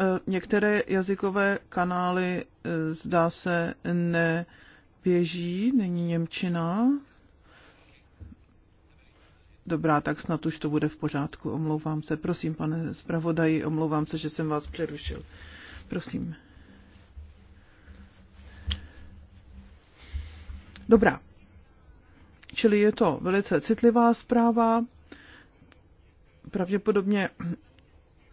Eh, některé jazykové kanály zdá se neběží, není Němčina. Dobrá, tak snad už to bude v pořádku. Omlouvám se. Prosím, pane zpravodaji, omlouvám se, že jsem vás přerušil. Prosím. dobrá. Čili je to velice citlivá zpráva, pravděpodobně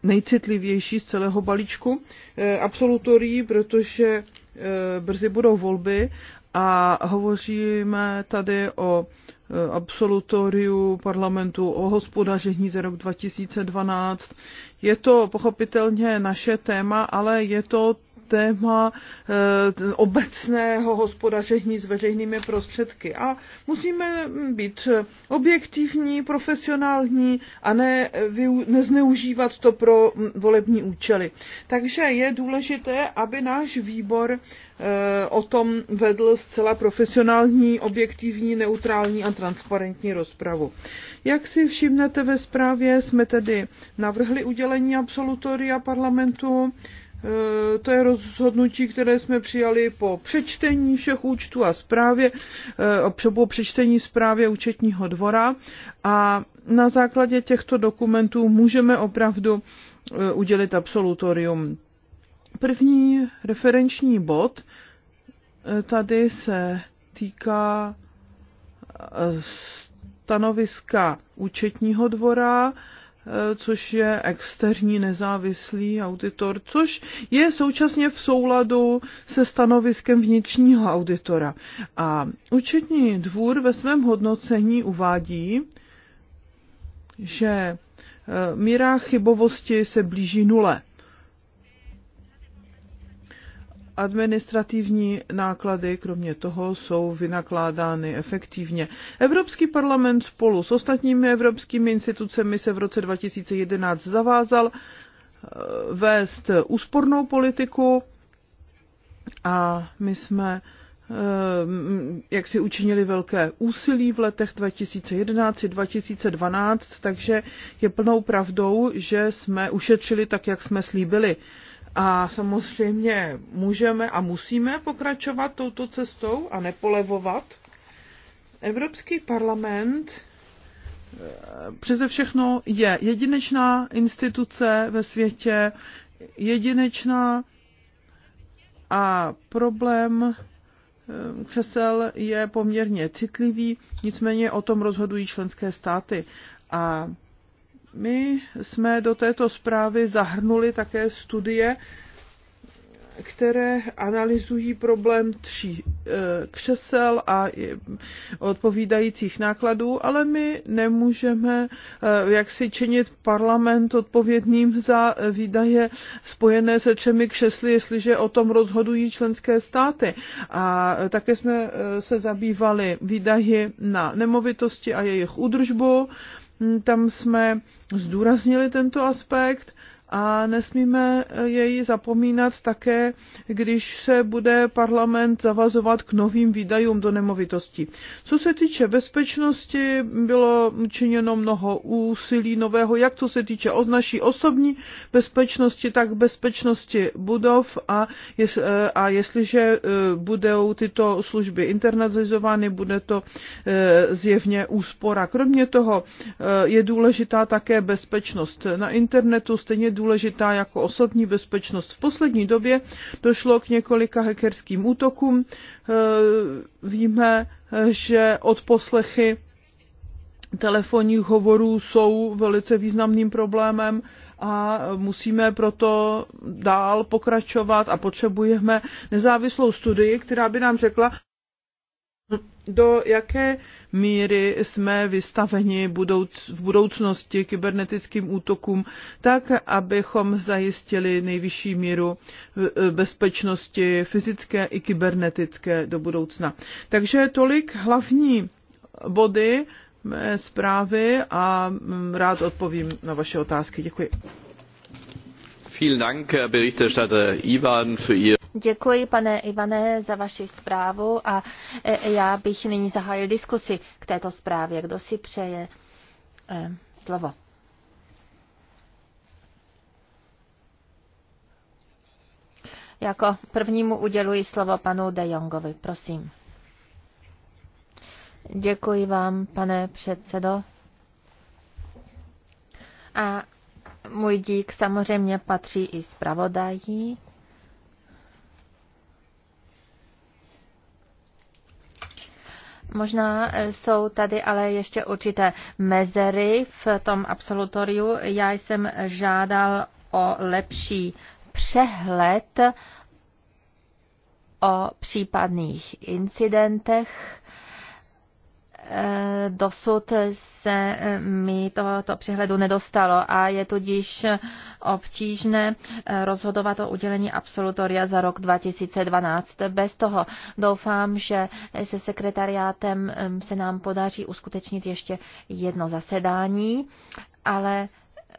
nejcitlivější z celého balíčku eh, absolutorií, protože eh, brzy budou volby a hovoříme tady o eh, absolutoriu parlamentu o hospodaření za rok 2012. Je to pochopitelně naše téma, ale je to téma eh, obecného hospodaření s veřejnými prostředky. A musíme být objektivní, profesionální a ne, nezneužívat to pro hm, volební účely. Takže je důležité, aby náš výbor eh, o tom vedl zcela profesionální, objektivní, neutrální a transparentní rozpravu. Jak si všimnete ve zprávě, jsme tedy navrhli udělení absolutoria parlamentu. Eh, to je rozhodnutí, které jsme přijali po přečtení všech účtů a zprávě, eh, po přečtení zprávě účetního dvora a na základě těchto dokumentů můžeme opravdu eh, udělit absolutorium. První referenční bod tady se týká stanoviska účetního dvora, Eh, což je externí nezávislý auditor, což je současně v souladu se stanoviskem vnitřního auditora. A účetní dvůr ve svém hodnocení uvádí, že eh, míra chybovosti se blíží nule. administrativní náklady, kromě toho jsou vynakládány efektivně. Evropský parlament spolu s ostatními evropskými institucemi se v roce 2011 zavázal eh, vést úspornou politiku a my jsme eh, jak si učinili velké úsilí v letech 2011 i 2012, takže je plnou pravdou, že jsme ušetřili tak, jak jsme slíbili. A samozřejmě můžeme a musíme pokračovat touto cestou a nepolevovat. Evropský parlament eh, přeze všechno je jedinečná instituce ve světě, jedinečná a problém eh, křesel je poměrně citlivý, nicméně o tom rozhodují členské státy. A my jsme do této zprávy zahrnuli také studie, které analyzují problém tří eh, křesel a odpovídajících nákladů, ale my nemůžeme eh, jak si činit parlament odpovědným za eh, výdaje spojené se třemi křesly, jestliže o tom rozhodují členské státy. A také jsme se zabývali výdaji na nemovitosti a jejich údržbu Hm, tam jsme zdůraznili tento aspekt a nesmíme jej zapomínat také, když se bude parlament zavazovat k novým výdajům do nemovitosti. Co se týče bezpečnosti, bylo činěno mnoho úsilí nového, jak co se týče o naší osobní bezpečnosti, tak bezpečnosti budov a, jest, e, a jestliže e, budou tyto služby internalizovány, bude to e, zjevně úspora. Kromě toho je důležitá také bezpečnost na internetu, stejně důležitá jako osobní bezpečnost. V poslední době došlo k několika hackerským útokům. Eh, víme, eh, že od poslechy telefonních hovorů jsou velice významným problémem a musíme proto dál pokračovat a potřebujeme nezávislou studii, která by nám řekla, do jaké míry jsme vystaveni budouc, v budoucnosti kybernetickým útokům, tak abychom zajistili nejvyšší míru e, bezpečnosti fyzické i kybernetické do budoucna. Takže tolik hlavní body mé zprávy a mm, rád odpovím na vaše otázky. Děkuji. Vielen Dank, Herr Berichterstatter Ivan, für Ihr Děkuji, pane Ivane, za vaši zprávu a e, e, já bych nyní zahájil diskusi k této zprávě. Kdo si přeje e, slovo? Jako prvnímu uděluji slovo panu De Jongovi. Prosím. Děkuji vám, pane předsedo. A můj dík samozřejmě patří i zpravodají Možná eh, jsou tady ale ještě určité mezery v tom absolutoriu. Já jsem žádal o lepší přehled o případných incidentech Eh, dosud se eh, mi tohoto přehledu nedostalo a je tudíž obtížné eh, rozhodovat o udělení absolutoria za rok 2012. Bez toho doufám, že se sekretariátem se nám podaří uskutečnit ještě jedno zasedání, ale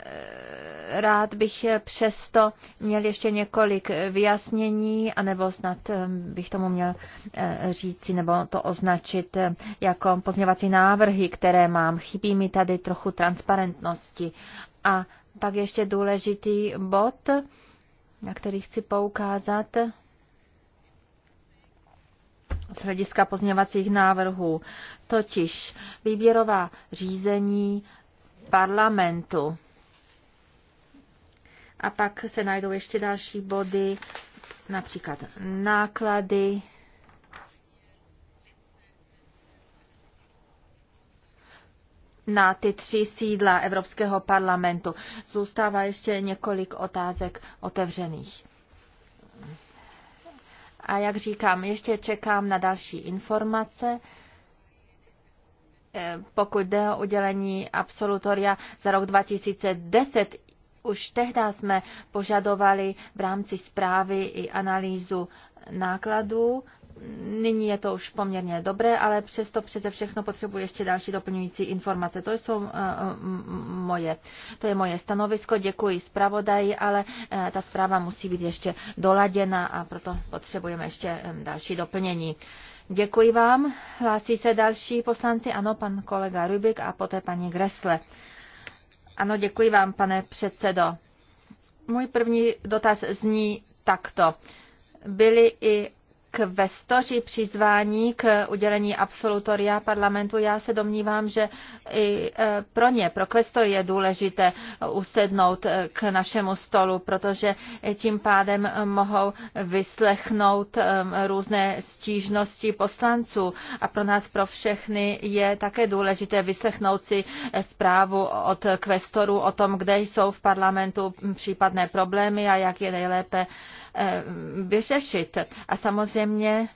Eh, rád bych přesto měl ještě několik vyjasnění, anebo snad eh, bych tomu měl eh, říci nebo to označit jako pozměvací návrhy, které mám. Chybí mi tady trochu transparentnosti. A pak ještě důležitý bod, na který chci poukázat z hlediska pozměvacích návrhů, totiž výběrová řízení parlamentu a pak se najdou ještě další body, například náklady, na ty tři sídla Evropského parlamentu. Zůstává ještě několik otázek otevřených. A jak říkám, ještě čekám na další informace. Eh, pokud jde o udělení absolutoria za rok 2010, už tehdy jsme požadovali v rámci zprávy i analýzu nákladů. Nyní je to už poměrně dobré, ale přesto přeze všechno potřebuji ještě další doplňující informace. To jsou uh, moje, to je moje stanovisko. Děkuji zpravodaji, ale uh, ta zpráva musí být ještě doladěna a proto potřebujeme ještě um, další doplnění. Děkuji vám. Hlásí se další poslanci. Ano, pan kolega Rubik a poté paní Gresle. Ano, děkuji vám, pane předsedo. Můj první dotaz zní takto. Byly i kvestoři přizvání k udělení absolutoria parlamentu, já se domnívám, že i e, pro ně, pro kvestory je důležité usednout e, k našemu stolu, protože tím pádem mohou vyslechnout e, různé stížnosti poslanců a pro nás, pro všechny je také důležité vyslechnout si zprávu od kvestorů o tom, kde jsou v parlamentu případné problémy a jak je nejlépe Eh, vyřešit. A samozřejmě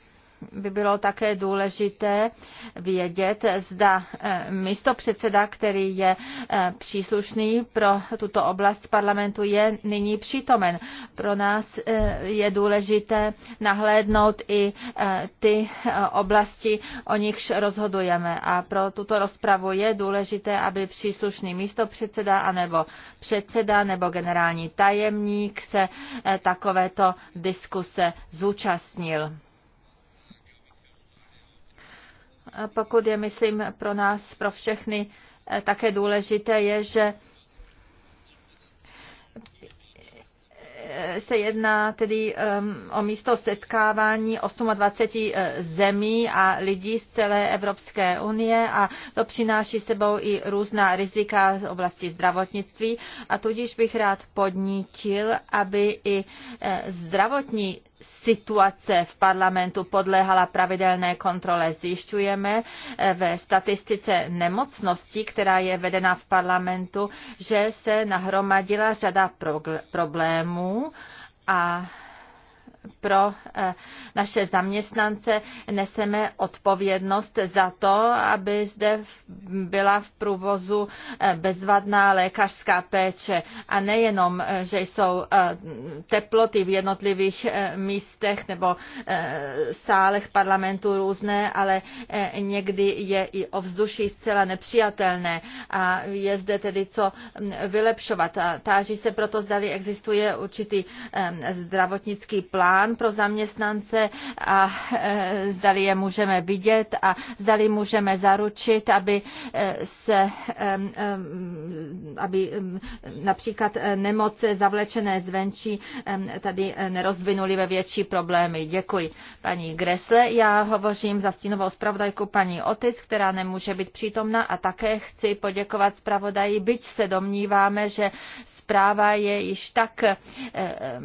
by bylo také důležité vědět, zda eh, místo předseda, který je eh, příslušný pro tuto oblast parlamentu, je nyní přítomen. Pro nás eh, je důležité nahlédnout i ty oblasti, o nichž rozhodujeme. A pro tuto rozpravu je důležité, aby příslušný místo předseda anebo předseda nebo generální tajemník se takovéto diskuse zúčastnil pokud je, myslím, pro nás, pro všechny eh, také důležité, je, že eh, se jedná tedy ehm, o místo setkávání 28 eh, zemí a lidí z celé Evropské unie a to přináší sebou i různá rizika z oblasti zdravotnictví a tudíž bych rád podnítil, aby i zdravotní situace v parlamentu podléhala pravidelné kontrole. Zjišťujeme eh, ve statistice nemocnosti, která je vedena v parlamentu, že se nahromadila řada problémů a pro eh, naše zaměstnance neseme odpovědnost za to, aby zde byla v průvozu eh, bezvadná lékařská péče. A nejenom, eh, že jsou teploty v jednotlivých místech nebo sálech parlamentu různé, ale někdy je i ovzduší zcela nepřijatelné a je zde tedy co hm, vylepšovat. A táží se proto, zdali existuje určitý zdravotnický plán, plán pro zaměstnance a e, zdali je můžeme vidět a zdali můžeme zaručit, aby e, se e, aby například nemoce zavlečené zvenčí tady nerozvinuli ve větší problémy. Děkuji paní Gresle. Já hovořím za stínovou zpravodajku paní Otis, která nemůže být přítomna a také chci poděkovat zpravodaji, byť se domníváme, že zpráva je již tak eh, eh,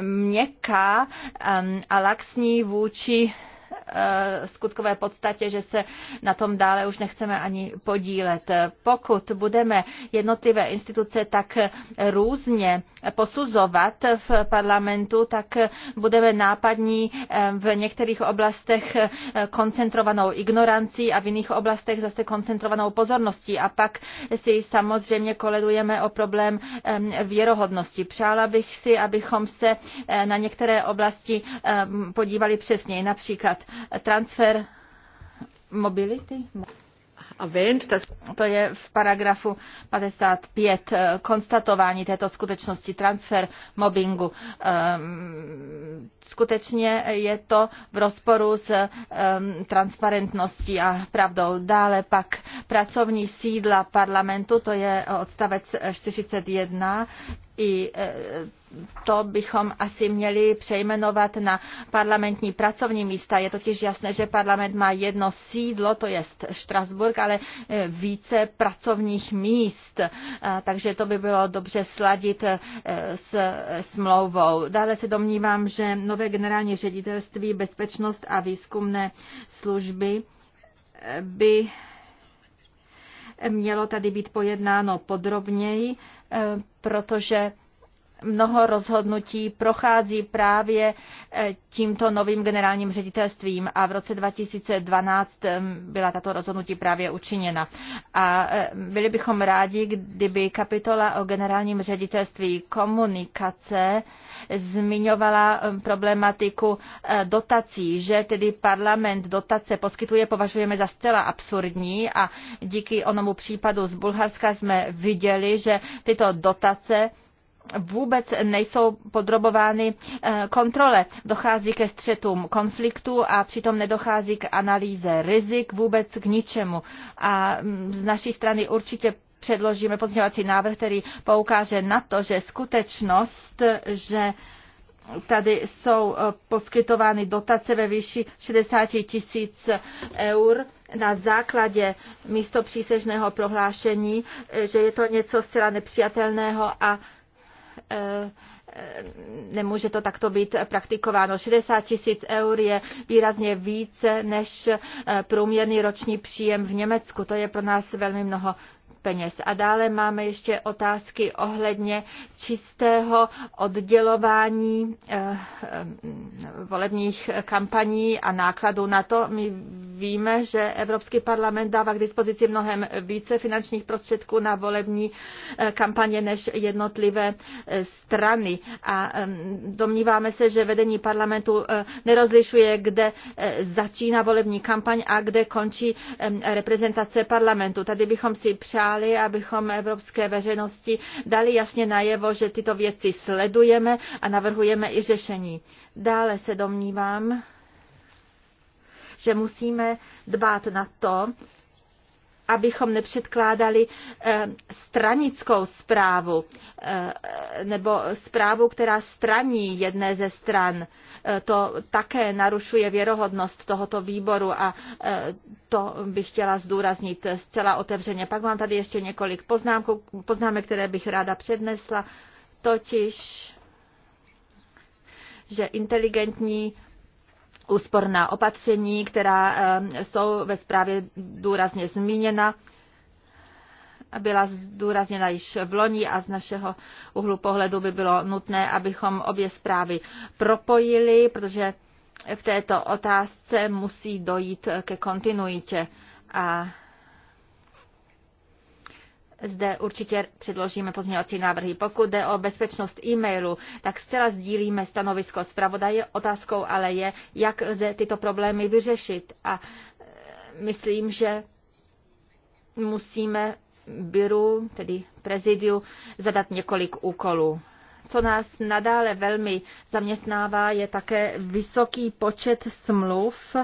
měkká eh, a laxní vůči Eh, skutkové podstatě, že se na tom dále už nechceme ani podílet. Pokud budeme jednotlivé instituce tak různě posuzovat v parlamentu, tak budeme nápadní eh, v některých oblastech eh, koncentrovanou ignorancí a v jiných oblastech zase koncentrovanou pozorností. A pak si samozřejmě koledujeme o problém věrohodnosti. Přála bych si, abychom se na některé oblasti podívali přesněji. Například transfer mobility. To je v paragrafu 55 eh, konstatování této skutečnosti transfer mobbingu. Ehm, skutečně je to v rozporu s ehm, transparentností a pravdou. Dále pak pracovní sídla parlamentu, to je odstavec 41, i e, to bychom asi měli přejmenovat na parlamentní pracovní místa. Je totiž jasné, že parlament má jedno sídlo, to je Štrasburg, ale e, více pracovních míst, e, takže to by bylo dobře sladit s smlouvou. Dále se domnívám, že nové generální ředitelství bezpečnost a výzkumné služby by Mělo tady být pojednáno podrobněji, eh, protože mnoho rozhodnutí prochází právě e, tímto novým generálním ředitelstvím a v roce 2012 e, byla tato rozhodnutí právě učiněna. A e, byli bychom rádi, kdyby kapitola o generálním ředitelství komunikace zmiňovala problematiku dotací, že tedy parlament dotace poskytuje, považujeme za zcela absurdní a díky onomu případu z Bulharska jsme viděli, že tyto dotace vůbec nejsou podrobovány eh, kontrole. Dochází ke střetům konfliktu a přitom nedochází k analýze rizik vůbec k ničemu. A mm, z naší strany určitě předložíme pozměňovací návrh, který poukáže na to, že skutečnost, že tady jsou eh, poskytovány dotace ve výši 60 tisíc eur na základě místo přísežného prohlášení, eh, že je to něco zcela nepřijatelného a Eh, nemůže to takto být praktikováno. 60 tisíc eur je výrazně více než eh, průměrný roční příjem v Německu. To je pro nás velmi mnoho peněz. A dále máme ještě otázky ohledně čistého oddělování eh, eh, volebních kampaní a nákladů na to. My víme, že Evropský parlament dává k dispozici mnohem více finančních prostředků na volební eh, kampaně než jednotlivé strany. A domníváme se, že vedení parlamentu nerozlišuje, kde začíná volební kampaň a kde končí reprezentace parlamentu. Tady bychom si přáli přáli, abychom evropské veřejnosti dali jasně najevo, že tyto věci sledujeme a navrhujeme i řešení. Dále se domnívám, že musíme dbát na to, abychom nepředkládali eh, stranickou zprávu eh, nebo zprávu, která straní jedné ze stran. Eh, to také narušuje věrohodnost tohoto výboru a to bych chtěla zdůraznit zcela otevřeně. Pak mám tady ještě několik poznámků, poznámek, které bych ráda přednesla, totiž že inteligentní úsporná opatření, která eh, jsou ve zprávě důrazně zmíněna byla zdůrazněna již v loni a z našeho úhlu pohledu by bylo nutné, abychom obě zprávy propojili, protože v této otázce musí dojít ke kontinuitě. A zde určitě předložíme pozměňovací návrhy. Pokud jde o bezpečnost e-mailu, tak zcela sdílíme stanovisko zpravodaje. Otázkou ale je, jak lze tyto problémy vyřešit. A e, myslím, že musíme Byru, tedy prezidiu, zadat několik úkolů. Co nás nadále velmi zaměstnává, je také vysoký počet smluv,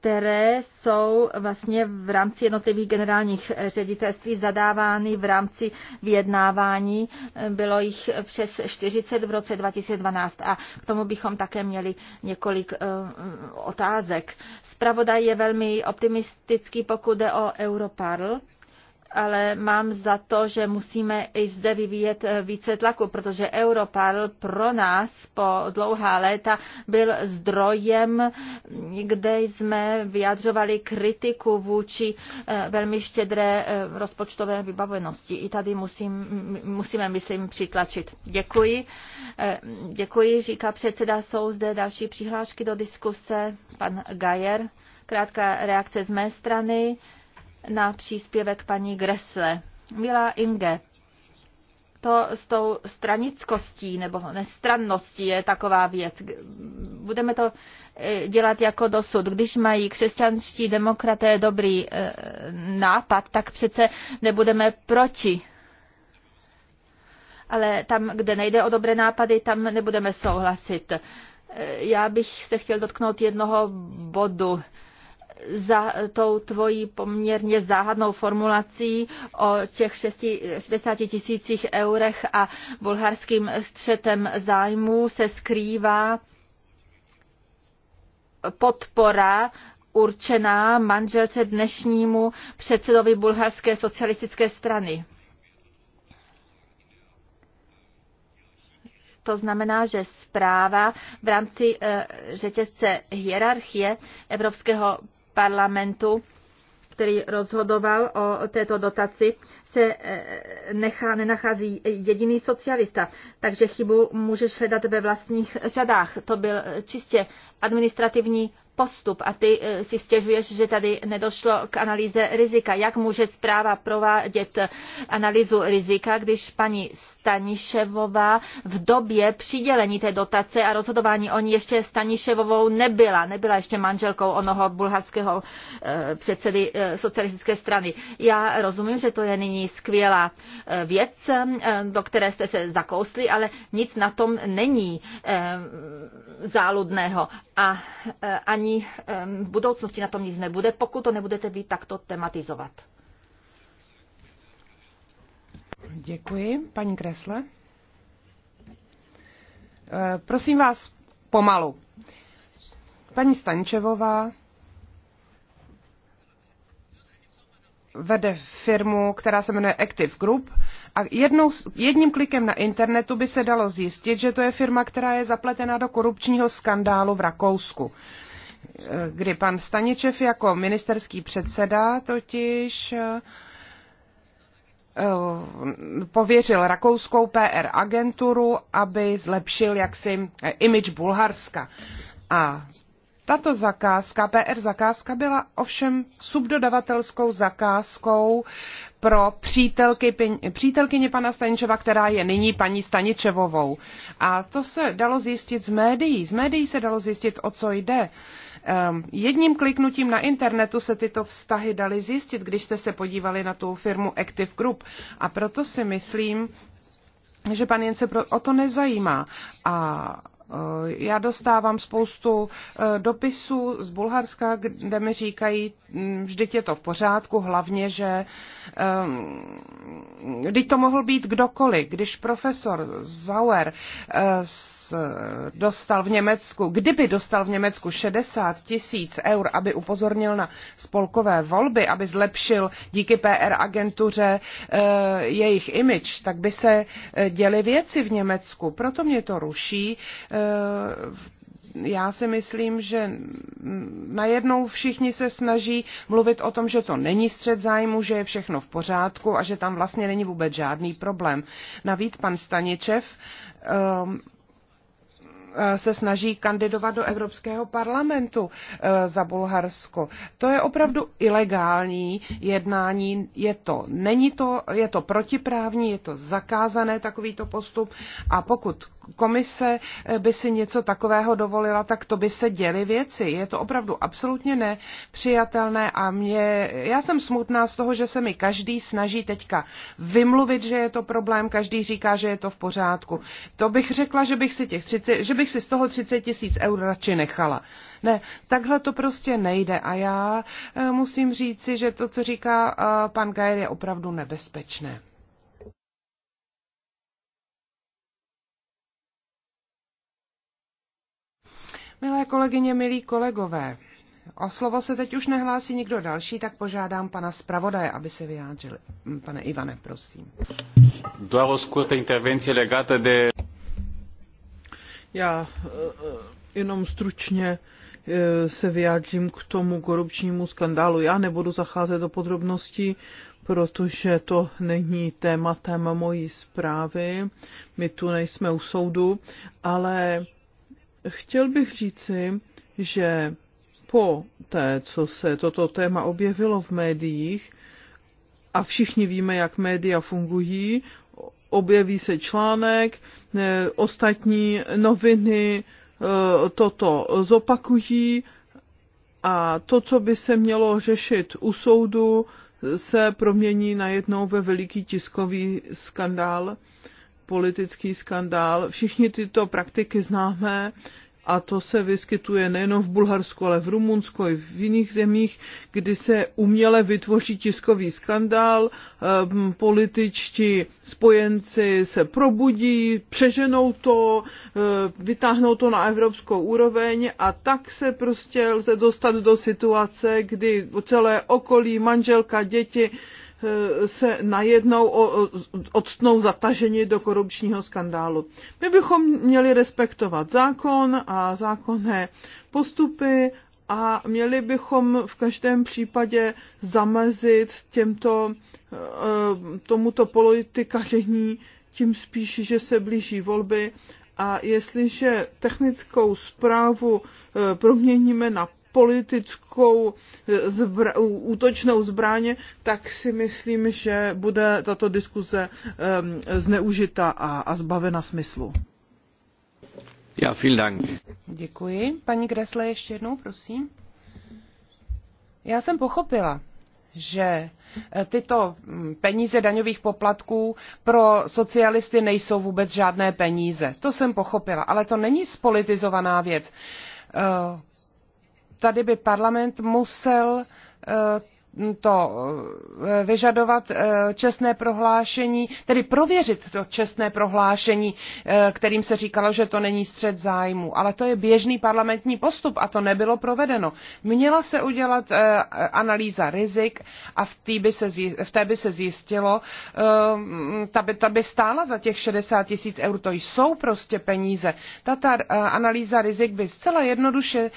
které jsou vlastně v rámci jednotlivých generálních ředitelství zadávány v rámci vyjednávání. Bylo jich přes 40 v roce 2012 a k tomu bychom také měli několik eh, otázek. Spravodaj je velmi optimistický, pokud jde o Europarl ale mám za to, že musíme i zde vyvíjet eh, více tlaku, protože Europarl pro nás po dlouhá léta byl zdrojem, kde jsme vyjadřovali kritiku vůči eh, velmi štědré eh, rozpočtové vybavenosti. I tady musím, musíme, myslím, přitlačit. Děkuji. Děkuji, říká předseda. Jsou zde další přihlášky do diskuse. Pan Gajer. Krátká reakce z mé strany na příspěvek paní Gresle. Milá Inge, to s tou stranickostí nebo nestranností je taková věc. Budeme to eh, dělat jako dosud. Když mají křesťanští demokraté dobrý eh, nápad, tak přece nebudeme proti. Ale tam, kde nejde o dobré nápady, tam nebudeme souhlasit. Eh, já bych se chtěl dotknout jednoho bodu za tou tvojí poměrně záhadnou formulací o těch 60 tisících eurech a bulharským střetem zájmů se skrývá podpora určená manželce dnešnímu předsedovi bulharské socialistické strany. To znamená, že zpráva v rámci eh, řetězce hierarchie Evropského parlamentu, který rozhodoval o této dotaci, se eh, nechá, nenachází jediný socialista, takže chybu můžeš hledat ve vlastních řadách. To byl čistě administrativní postup a ty eh, si stěžuješ, že tady nedošlo k analýze rizika. Jak může zpráva provádět analýzu rizika, když paní Staniševová v době přidělení té dotace a rozhodování o ní ještě Staniševovou nebyla, nebyla ještě manželkou onoho bulharského eh, předsedy eh, socialistické strany. Já rozumím, že to je nyní skvělá věc, do které jste se zakousli, ale nic na tom není záludného a ani ani v budoucnosti na tom nic nebude, pokud to nebudete vy takto tematizovat. Děkuji. Paní Kresle. Eh, prosím vás pomalu. Paní Stančevová vede firmu, která se jmenuje Active Group a jednou, jedním klikem na internetu by se dalo zjistit, že to je firma, která je zapletena do korupčního skandálu v Rakousku kdy pan Staničev jako ministerský předseda totiž eh, pověřil rakouskou PR agenturu, aby zlepšil jaksi eh, image Bulharska. A tato zakázka, PR zakázka, byla ovšem subdodavatelskou zakázkou pro přítelky, přítelkyně pana Staničeva, která je nyní paní Staničevovou. A to se dalo zjistit z médií. Z médií se dalo zjistit, o co jde. Ehm, jedním kliknutím na internetu se tyto vztahy daly zjistit, když jste se podívali na tu firmu Active Group. A proto si myslím, že pan Jen se o to nezajímá. A eh, já dostávám spoustu eh, dopisů z Bulharska, kde mi říkají, hm, vždyť je to v pořádku, hlavně, že ehm, vždyť to mohl být kdokoliv. Když profesor Zauer eh, Eh, dostal v Německu, kdyby dostal v Německu 60 tisíc eur, aby upozornil na spolkové volby, aby zlepšil díky PR agentuře eh, jejich image, tak by se eh, děly věci v Německu. Proto mě to ruší já si myslím, že najednou všichni se snaží mluvit o tom, že to není střed zájmu, že je všechno v pořádku a že tam vlastně není vůbec žádný problém. Navíc pan Staničev um, Eh, se snaží kandidovat do Evropského parlamentu eh, za Bulharsko. To je opravdu ilegální jednání, je to, není to, je to protiprávní, je to zakázané takovýto postup a pokud komise eh, by si něco takového dovolila, tak to by se děly věci. Je to opravdu absolutně nepřijatelné a mě, já jsem smutná z toho, že se mi každý snaží teďka vymluvit, že je to problém, každý říká, že je to v pořádku. To bych řekla, že bych si, těch 30, že bych si z toho 30 tisíc eur radši nechala. Ne, takhle to prostě nejde a já eh, musím říci, že to, co říká eh, pan Gajer, je opravdu nebezpečné. Milé kolegyně, milí kolegové, o slovo se teď už nehlásí nikdo další, tak požádám pana zpravodaje, aby se vyjádřil. Mm, Pane Ivane, prosím. Doar o scurtă intervenție legată de... Já eh, eh, jenom stručně eh, se vyjádřím k tomu korupčnímu skandálu. Já nebudu zacházet do podrobností, protože to není tématem mojí zprávy. My tu nejsme u soudu, ale Chtěl bych říci, že po té, co se toto téma objevilo v médiích, a všichni víme, jak média fungují, objeví se článek, eh, ostatní noviny eh, toto zopakují a to, co by se mělo řešit u soudu, se promění najednou ve veliký tiskový skandál politický skandál. Všichni tyto praktiky známe a to se vyskytuje nejenom v Bulharsku, ale v Rumunsku i v jiných zemích, kdy se uměle vytvoří tiskový skandál, ehm, političtí spojenci se probudí, přeženou to, eh, vytáhnou to na evropskou úroveň a tak se prostě lze dostat do situace, kdy celé okolí, manželka, děti Eh, se najednou odstnou zataženi do korupčního skandálu. My bychom měli respektovat zákon a zákonné postupy a měli bychom v každém případě zamezit těmto, eh, tomuto politikaření tím spíš, že se blíží volby a jestliže technickou zprávu eh, proměníme na politickou eh, zbra- útočnou zbraň, tak si myslím, že bude tato diskuze um, zneužita a, a zbavena smyslu. Ja, vielen Dank. Děkuji. Paní Gressle, ještě jednou, prosím. Já jsem pochopila, že eh, tyto hm, peníze daňových poplatků pro socialisty nejsou vůbec žádné peníze. To jsem pochopila, ale to není spolitizovaná věc eh, tady by parlament musel eh, to eh, vyžadovat eh, čestné prohlášení, tedy prověřit to čestné prohlášení, eh, kterým se říkalo, že to není střed zájmu. Ale to je běžný parlamentní postup a to nebylo provedeno. Měla se udělat analýza rizik a v té by se, v té by se zjistilo, ta by, ta by stála za těch 60 tisíc eur, to jsou prostě peníze. Tato analýza rizik by zcela jednoduše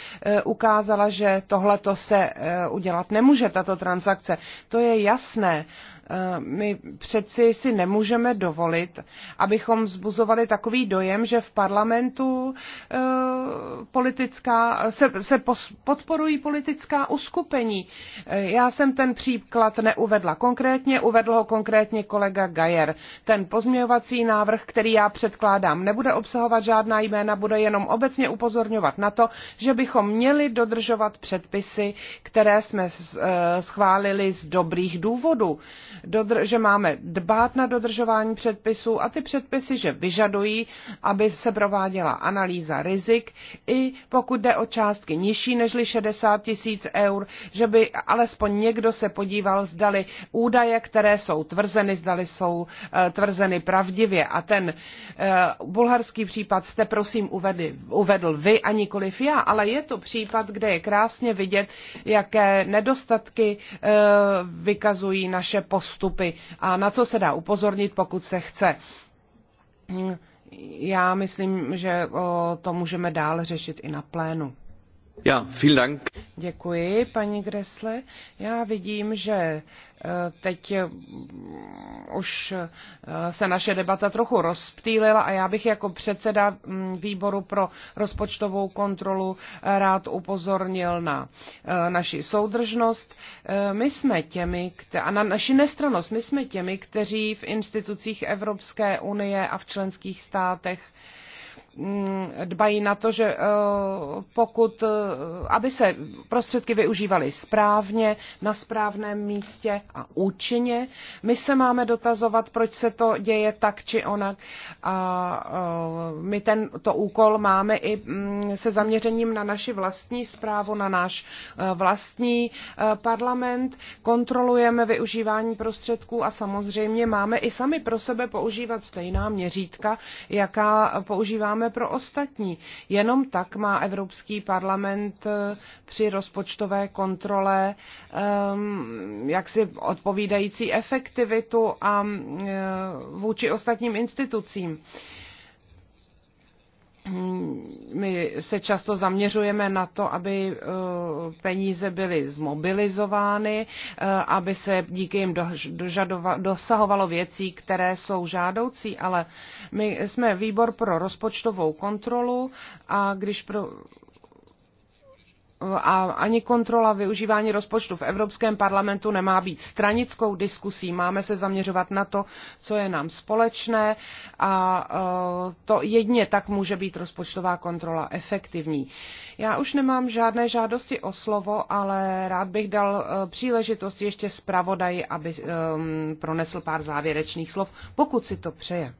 ukázala, že tohle to se udělat nemůže, tato transakce. To je jasné Eh, my přeci si nemůžeme dovolit, abychom zbuzovali takový dojem, že v parlamentu eh, politická, se, se podporují politická uskupení. Eh, já jsem ten příklad neuvedla konkrétně, uvedl ho konkrétně kolega Gajer. Ten pozměňovací návrh, který já předkládám, nebude obsahovat žádná jména, bude jenom obecně upozorňovat na to, že bychom měli dodržovat předpisy, které jsme schválili z dobrých důvodů dodr- že máme dbát na dodržování předpisů a ty předpisy, že vyžadují, aby se prováděla analýza rizik, i pokud jde o částky nižší než 60 tisíc eur, že by alespoň někdo se podíval, zdali údaje, které jsou tvrzeny, zdali jsou eh, tvrzeny pravdivě. A ten eh, bulharský případ jste prosím uvedli, uvedl vy a nikoliv já, ale je to případ, kde je krásně vidět, jaké nedostatky eh, vykazují naše post postupy a na co se dá upozornit, pokud se chce. Já myslím, že to můžeme dál řešit i na plénu. Děkuji, paní Gressle. Já vidím, že eh, teď mm, už eh, se naše debata trochu rozptýlila a já bych jako předseda mm, výboru pro rozpočtovou kontrolu eh, rád upozornil na naši soudržnost. My jsme těmi, a na naši nestranost, my jsme těmi, kteří v institucích Evropské unie a v členských státech Mm, dbají na to, že eh, pokud, eh, aby se prostředky využívaly správně, na správném místě a účinně. My se máme dotazovat, proč se to děje tak či onak a eh, my tento úkol máme i mm, se zaměřením na naši vlastní zprávu, na náš vlastní parlament. Kontrolujeme využívání prostředků a samozřejmě máme i sami pro sebe používat stejná měřítka, jaká používáme děláme pro ostatní. Jenom tak má Evropský parlament eh, při rozpočtové kontrole ehm, jaksi odpovídající efektivitu a eh, vůči ostatním institucím my se často zaměřujeme na to, aby eh, peníze byly zmobilizovány, eh, aby se díky jim dosahovalo věcí, které jsou žádoucí, ale my jsme výbor pro rozpočtovou kontrolu a když pro a ani kontrola využívání rozpočtu v Evropském parlamentu nemá být stranickou diskusí. Máme se zaměřovat na to, co je nám společné a e, to jedně tak může být rozpočtová kontrola efektivní. Já už nemám žádné žádosti o slovo, ale rád bych dal e, příležitost ještě zpravodaji, aby e, pronesl pár závěrečných slov, pokud si to přeje.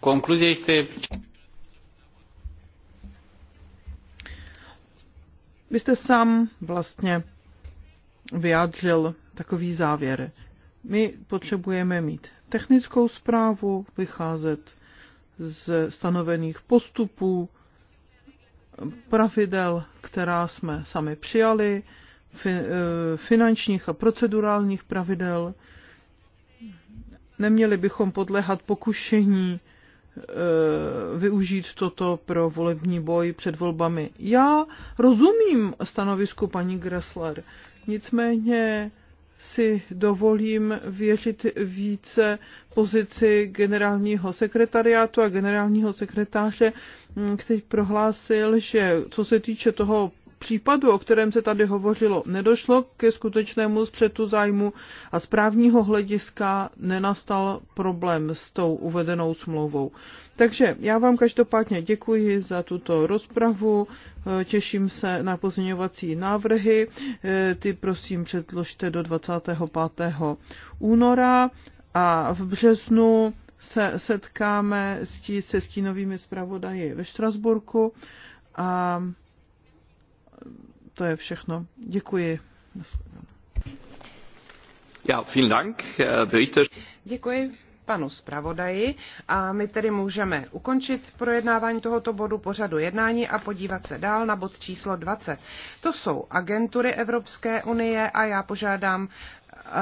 Concluzia este... Vy jste sám vlastně vyjádřil takový závěr. My potřebujeme mít technickou zprávu, vycházet z stanovených postupů, pravidel, která jsme sami přijali, eh, finančních a procedurálních pravidel. Neměli bychom podléhat pokušení Eh, využít toto pro volební boj před volbami. Já rozumím stanovisku paní Gressler, nicméně si dovolím věřit více pozici generálního sekretariátu a generálního sekretáře, mm, který prohlásil, že co se týče toho případu, o kterém se tady hovořilo, nedošlo ke skutečnému střetu zájmu a z právního hlediska nenastal problém s tou uvedenou smlouvou. Takže já vám každopádně děkuji za tuto rozpravu, eh, těším se na pozměňovací návrhy, eh, ty prosím předložte do 25. února a v březnu se setkáme se stínovými zpravodaji ve Štrasburku a to je všechno. Děkuji. Ja, vielen Dank, Berichter. Děkuji panu zpravodaji a my tedy můžeme ukončit projednávání tohoto bodu pořadu jednání a podívat se dál na bod číslo 20. To jsou agentury Evropské unie a já požádám uh,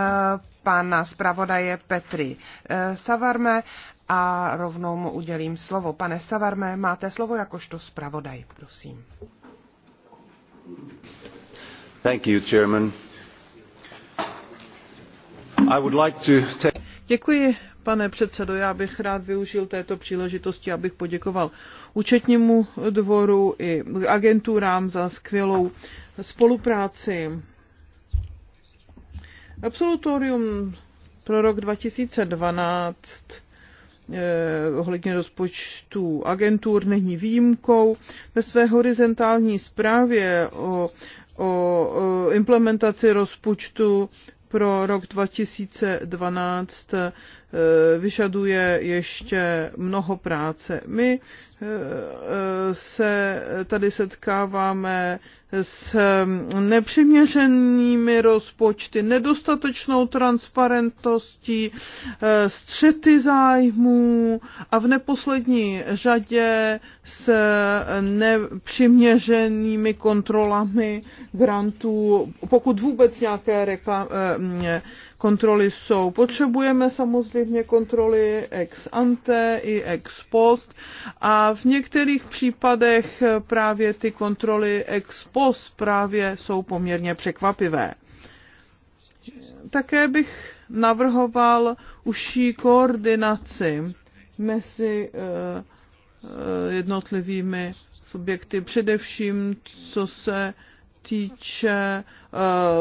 pana zpravodaje Petry uh, Savarme a rovnou mu udělím slovo. Pane Savarme, máte slovo jakožto zpravodaj, prosím. Děkuji, pane předsedající Já bych rád využil této příležitosti, abych poděkoval účetnímu dvoru i agenturám za skvělou spolupráci. Absolutorium pro rok 2012 Eh, ohledně rozpočtů agentur není výjimkou. Ve své horizontální zprávě o, o implementaci rozpočtu pro rok 2012 eh, vyžaduje ještě mnoho práce. My se tady setkáváme s nepřiměřenými rozpočty, nedostatečnou transparentností, střety zájmů a v neposlední řadě s nepřiměřenými kontrolami grantů, pokud vůbec nějaké reklamy. Eh, kontroly jsou. Potřebujeme samozřejmě kontroly ex ante i ex post a v některých případech právě ty kontroly ex post právě jsou poměrně překvapivé. Také bych navrhoval užší koordinaci mezi eh, jednotlivými subjekty, především co se týče eh,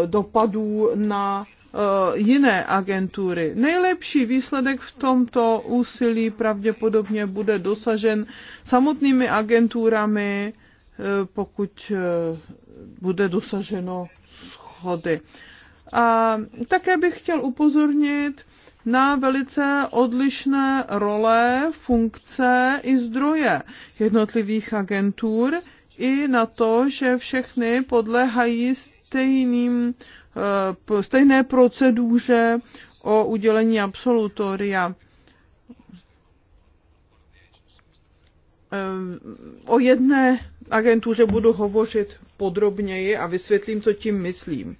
dopadů na Eh, jiné agentury. Nejlepší výsledek v tomto úsilí pravděpodobně bude dosažen samotnými agenturami, eh, pokud eh, bude dosaženo schody. A také bych chtěl upozornit na velice odlišné role, funkce i zdroje jednotlivých agentur i na to, že všechny podléhají stejným, eh, stejné proceduře o udělení absolutoria. Eh, o jedné agentuře budu hovořit podrobněji a vysvětlím, co tím myslím.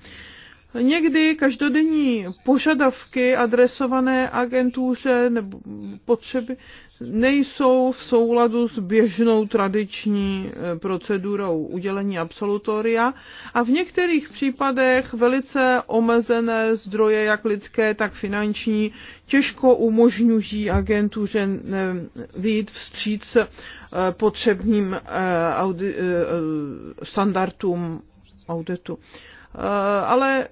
Někdy každodenní požadavky adresované agentůře nebo potřeby nejsou v souladu s běžnou tradiční eh, procedurou udělení absolutoria a v některých případech velice omezené zdroje, jak lidské, tak finanční, těžko umožňují agentuře výjít vstříc eh, potřebným eh, standardům auditu. Eh, ale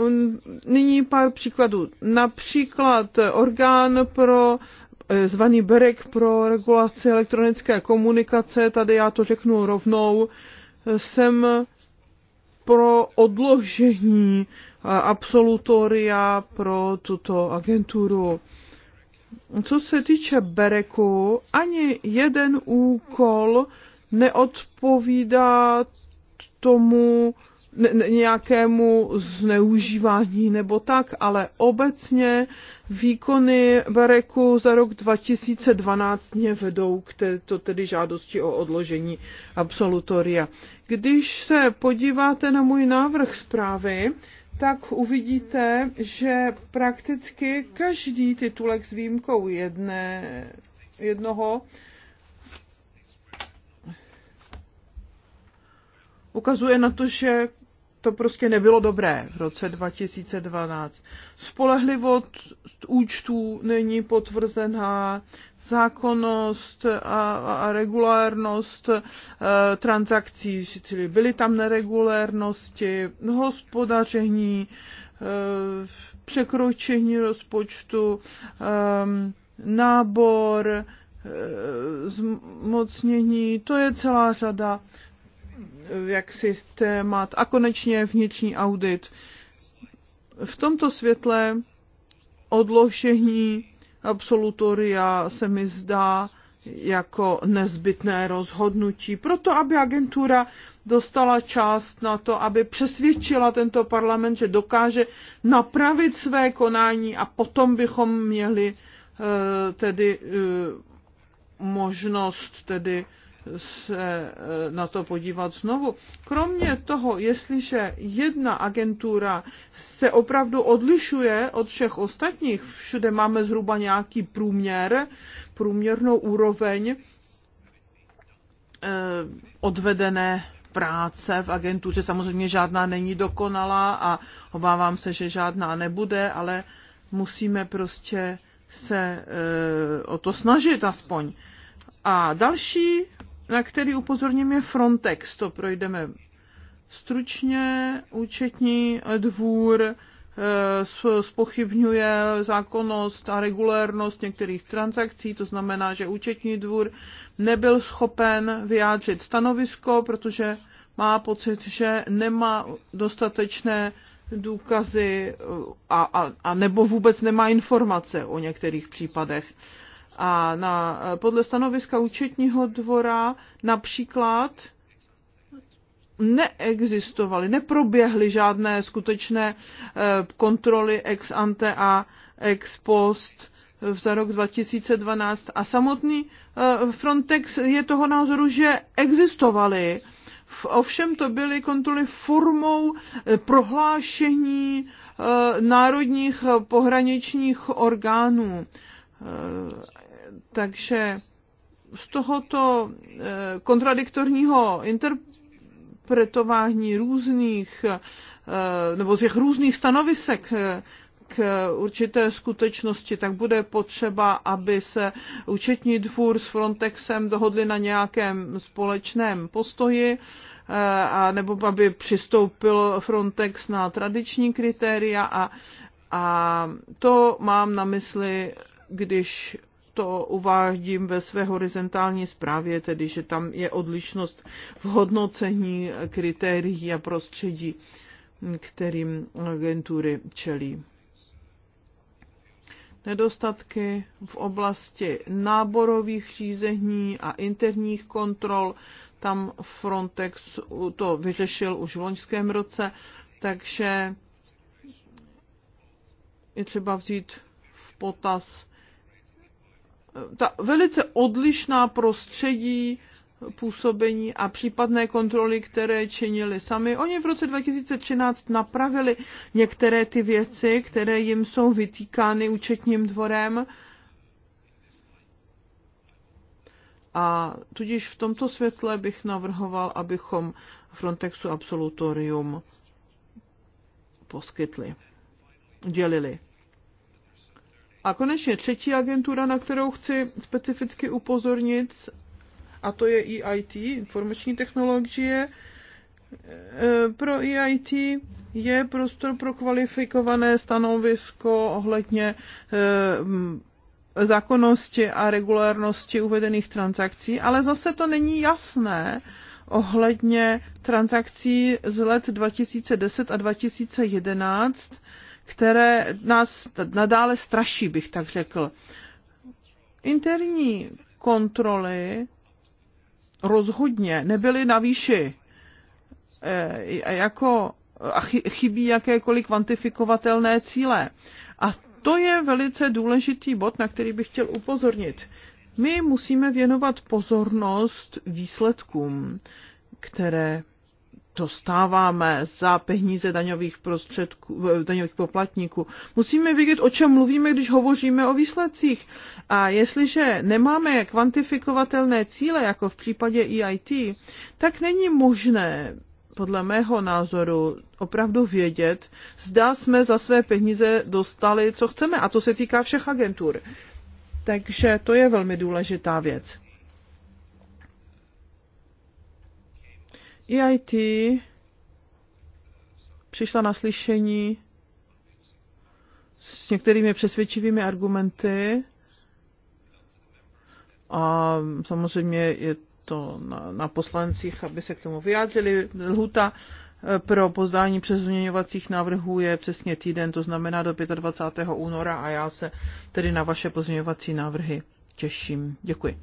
mm, nyní pár příkladů. Například orgán pro eh, zvaný BEREK pro regulaci elektronické komunikace, tady já to řeknu rovnou, jsem pro odložení eh, absolutoria pro tuto agenturu. Co se týče Bereku, ani jeden úkol neodpovídá tomu, nějakému zneužívání nebo tak, ale obecně výkony Bareku za rok 2012 mě vedou k této tedy žádosti o odložení absolutoria. Když se podíváte na můj návrh zprávy, tak uvidíte, že prakticky každý titulek s výjimkou jedné, jednoho ukazuje na to, že to prostě nebylo dobré v roce 2012. Spolehlivost účtů není potvrzená, zákonnost a, a regulárnost e, eh, transakcí, čili byly tam neregulérnosti, hospodaření, e, překročení rozpočtu, e, nábor, zmocnění, to je celá řada jaksi témat a konečně vnitřní audit. V tomto světle odložení absolutoria se mi zdá jako nezbytné rozhodnutí, proto aby agentura dostala část na to, aby přesvědčila tento parlament, že dokáže napravit své konání a potom bychom měli eh, tedy eh, možnost tedy se eh, na to podívat znovu. Kromě toho, jestliže jedna agentura se opravdu odlišuje od všech ostatních, všude máme zhruba nějaký průměr, průměrnou úroveň eh, odvedené práce v agentuře. Samozřejmě žádná není dokonalá a obávám se, že žádná nebude, ale musíme prostě se eh, o to snažit aspoň. A další na který upozorním, je Frontex. To projdeme stručně. Účetní dvůr eh, spochybňuje zákonnost a regulérnost některých transakcí, to znamená, že účetní dvůr nebyl schopen vyjádřit stanovisko, protože má pocit, že nemá dostatečné důkazy eh, a, a, a nebo vůbec nemá informace o některých případech. A na, podle stanoviska účetního dvora například neexistovaly, neproběhly žádné skutečné eh, kontroly ex ante a ex post za rok 2012 a samotný eh, Frontex je toho názoru, že existovaly. Ovšem to byly kontroly formou eh, prohlášení národních pohraničních orgánů takže z tohoto eh, kontradiktorního interpretování různých eh, nebo z těch různých stanovisek eh, k určité skutečnosti, tak bude potřeba, aby se účetní dvůr s Frontexem dohodli na nějakém společném postoji, a nebo aby přistoupil Frontex na tradiční kritéria a, a to mám na mysli, když to uvádím ve své horizontální zprávě, tedy že tam je odlišnost v hodnocení kritérií a prostředí, kterým agentury čelí. Nedostatky v oblasti náborových řízení a interních kontrol, tam Frontex to vyřešil už v loňském roce, takže je třeba vzít v potaz ta velice odlišná prostředí působení a případné kontroly, které činili sami. Oni v roce 2013 napravili některé ty věci, které jim jsou vytýkány účetním dvorem. A tudíž v tomto světle bych navrhoval, abychom Frontexu absolutorium poskytli, dělili. A konečně třetí agentura, na kterou chci specificky upozornit, a to je EIT, informační technologie. E, pro EIT je prostor pro kvalifikované stanovisko ohledně e, zákonnosti a regulárnosti uvedených transakcí, ale zase to není jasné ohledně transakcí z let 2010 a 2011 které nás nadále straší, bych tak řekl. Interní kontroly rozhodně nebyly na výši. E, jako a chybí jakékoliv kvantifikovatelné cíle. A to je velice důležitý bod, na který bych chtěl upozornit. My musíme věnovat pozornost výsledkům, které dostáváme za peníze daňových, prostředků, eh, daňových poplatníků. Musíme vědět, o čem mluvíme, když hovoříme o výsledcích. A jestliže nemáme kvantifikovatelné cíle, jako v případě EIT, tak není možné podle mého názoru opravdu vědět, zda jsme za své peníze dostali, co chceme. A to se týká všech agentur. Takže to je velmi důležitá věc. EIT přišla na slyšení s některými přesvědčivými argumenty a samozřejmě je to na, na poslancích, aby se k tomu vyjádřili. Lhuta eh, pro pozdání přezměňovacích návrhů je přesně týden, to znamená do 25. února a já se tedy na vaše pozměňovací návrhy těším. Děkuji.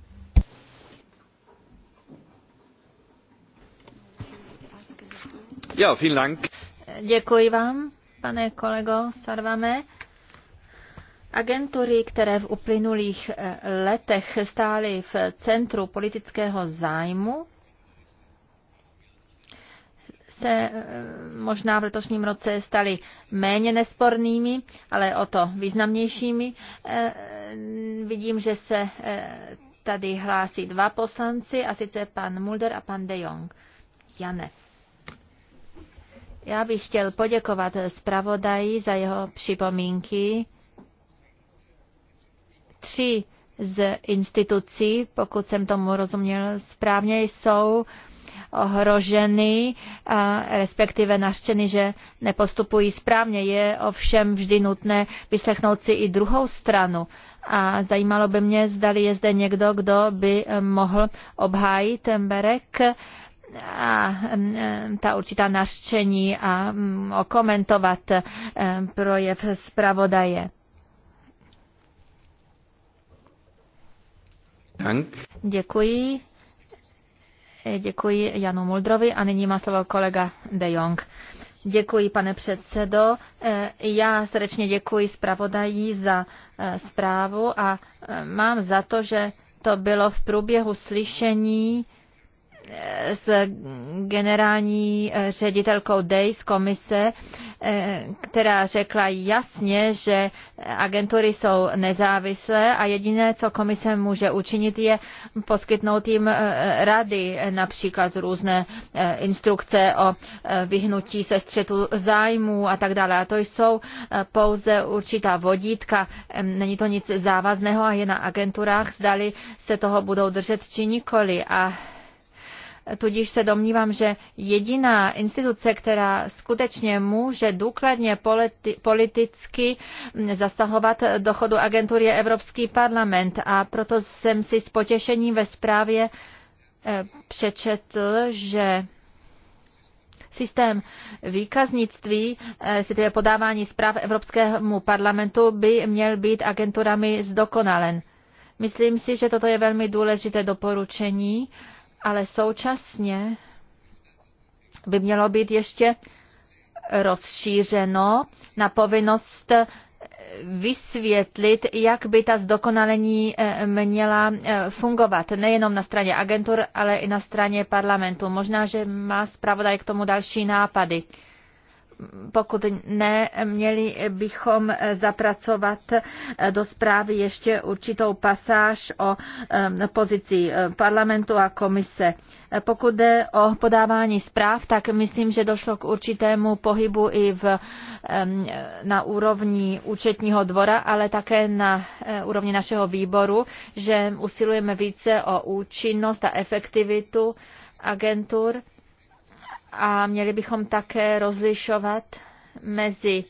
Děkuji vám, pane kolego Sarvame. Agentury, které v uplynulých eh, letech stály v centru politického zájmu, se eh, možná v letošním roce staly méně nespornými, ale o to významnějšími. Eh, vidím, že se tady hlásí dva poslanci, a sice pan Mulder a pan De Jong. Jane. Já bych chtěl poděkovat zpravodaji za jeho připomínky. Tři z institucí, pokud jsem tomu rozuměl správně, jsou ohroženy, respektive naštěny, že nepostupují správně. Je ovšem vždy nutné vyslechnout si i druhou stranu. A zajímalo by mě, zdali je zde někdo, kdo by mohl obhájit ten berek a ta určitá naštění a okomentovat projev zpravodaje. Dank. Děkuji. Děkuji Janu Muldrovi a nyní má slovo kolega De Jong. Děkuji, pane předsedo. E, já srdečně děkuji zpravodají za e, zprávu a e, mám za to, že to bylo v průběhu slyšení s generální eh, ředitelkou DEJ z komise, eh, která řekla jasně, že agentury jsou nezávislé a jediné, co komise může učinit, je poskytnout jim eh, rady, například různé instrukce o vyhnutí se střetu zájmů a tak dále. A to jsou pouze určitá vodítka, není to nic závazného a je na agenturách, zdali se toho budou držet či nikoli. A Tudíž se domnívám, že jediná instituce, která skutečně může důkladně politi- politicky mm, zasahovat do chodu agentury, je Evropský parlament. A proto jsem si s potěšením ve zprávě eh, přečetl, že systém výkaznictví, eh, respektive podávání zpráv Evropskému parlamentu, by měl být agenturami zdokonalen. Myslím si, že toto je velmi důležité doporučení ale současně by mělo být ještě rozšířeno na povinnost vysvětlit, jak by ta zdokonalení eh, měla eh, fungovat, nejenom na straně agentur, ale i na straně parlamentu. Možná, že má zpravodaj k tomu další nápady pokud ne, měli bychom zapracovat do zprávy ještě určitou pasáž o pozici eh, parlamentu a komise. Pokud jde o podávání zpráv, tak myslím, že došlo k určitému pohybu i v, na úrovni účetního dvora, ale také na eh, úrovni našeho výboru, že usilujeme více o účinnost a efektivitu agentur a měli bychom také rozlišovat mezi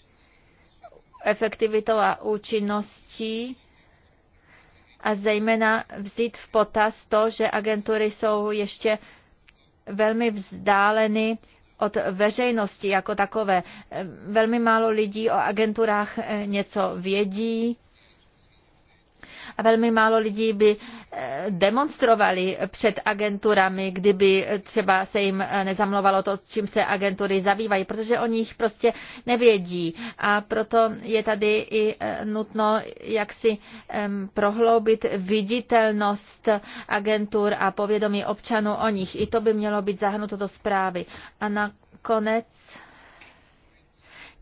efektivitou a účinností a zejména vzít v potaz to, že agentury jsou ještě velmi vzdáleny od veřejnosti jako takové. Velmi málo lidí o agenturách něco vědí a velmi málo lidí by eh, demonstrovali před agenturami, kdyby třeba se jim eh, nezamlovalo to, čím se agentury zabývají, protože o nich prostě nevědí. A proto je tady i eh, nutno jaksi prohloubit viditelnost agentur a povědomí občanů o nich. I to by mělo být zahrnuto do zprávy. A nakonec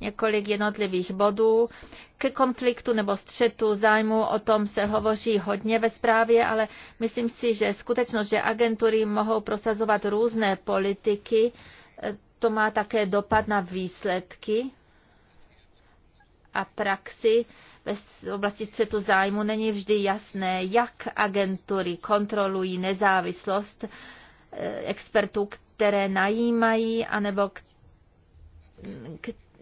několik jednotlivých bodů. Ke konfliktu nebo střetu zájmu o tom se hovoří hodně ve zprávě, ale myslím si, že skutečnost, že agentury mohou prosazovat různé politiky, eh, to má také dopad na výsledky a praxi v oblasti střetu zájmu není vždy jasné, jak agentury kontrolují nezávislost eh, expertů, které najímají, anebo